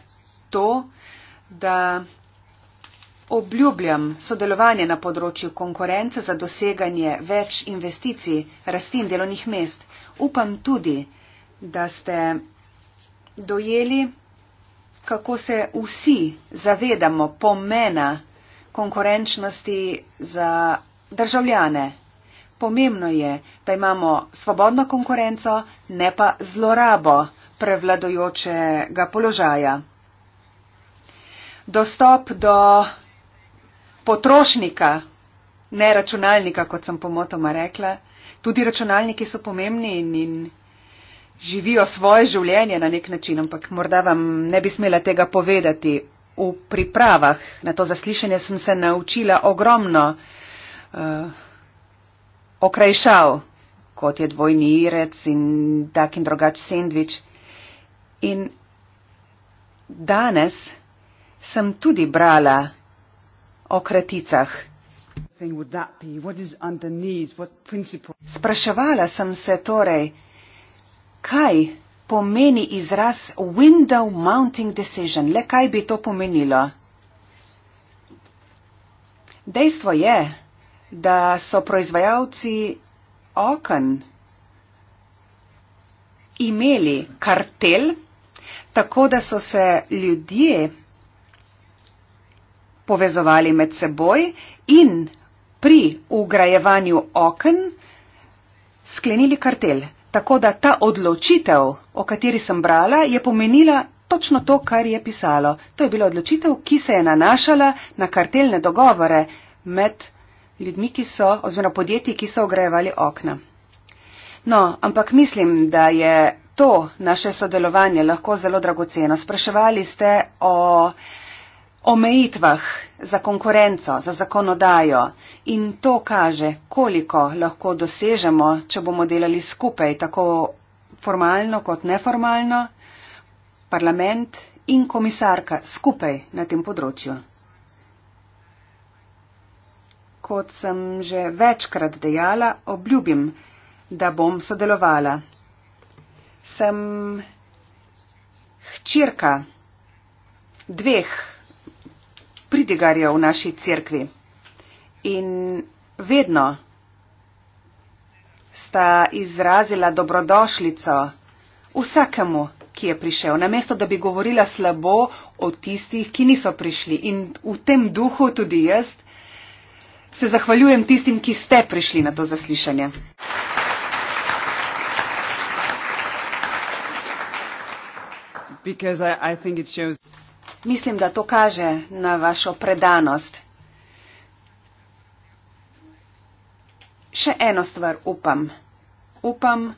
to, da Obljubljam sodelovanje na področju konkurence za doseganje več investicij, rasti in delovnih mest. Upam tudi, da ste dojeli, kako se vsi zavedamo pomena konkurenčnosti za državljane. Pomembno je, da imamo svobodno konkurenco, ne pa zlorabo prevladojočega položaja. Dostop do potrošnika, ne računalnika, kot sem pomotoma rekla. Tudi računalniki so pomembni in, in živijo svoje življenje na nek način, ampak morda vam ne bi smela tega povedati. V pripravah na to zaslišanje sem se naučila ogromno uh, okrajšav, kot je dvojni irec in tak in drugač sendvič. In danes sem tudi brala o kraticah. Spraševala sem se torej, kaj pomeni izraz window mounting decision, le kaj bi to pomenilo. Dejstvo je, da so proizvajalci oken imeli kartel, tako da so se ljudje povezovali med seboj in pri ugrajevanju oken sklenili kartel. Tako da ta odločitev, o kateri sem brala, je pomenila točno to, kar je pisalo. To je bila odločitev, ki se je nanašala na kartelne dogovore med ljudmi, ki so, oziroma podjetji, ki so ogrejevali okna. No, ampak mislim, da je to naše sodelovanje lahko zelo dragoceno. Spraševali ste o omejitvah za konkurenco, za zakonodajo in to kaže, koliko lahko dosežemo, če bomo delali skupaj, tako formalno kot neformalno, parlament in komisarka skupaj na tem področju. Kot sem že večkrat dejala, obljubim, da bom sodelovala. Sem hčerka dveh pridigarjev v naši cerkvi. In vedno sta izrazila dobrodošlico vsakemu, ki je prišel, namesto da bi govorila slabo o tistih, ki niso prišli. In v tem duhu tudi jaz se zahvaljujem tistim, ki ste prišli na to zaslišanje. Because I, I think it shows Mislim, da to kaže na vašo predanost. Še eno stvar upam. Upam,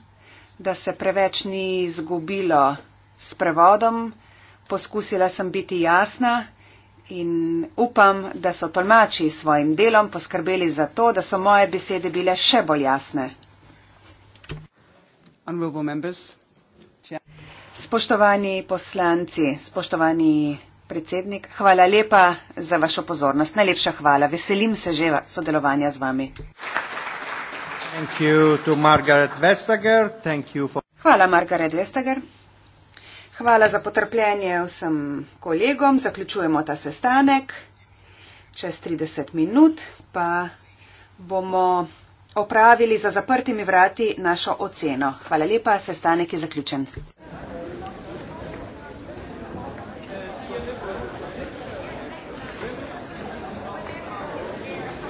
da se preveč ni izgubilo s prevodom. Poskusila sem biti jasna in upam, da so tolmači s svojim delom poskrbeli za to, da so moje besede bile še bolj jasne. Spoštovani poslanci, spoštovani predsednik. Hvala lepa za vašo pozornost. Najlepša hvala. Veselim se že sodelovanja z vami. Hvala, Margaret Vestager. Hvala za potrpljenje vsem kolegom. Zaključujemo ta sestanek. Čez 30 minut pa bomo opravili za zaprtimi vrati našo oceno. Hvala lepa, sestanek je zaključen.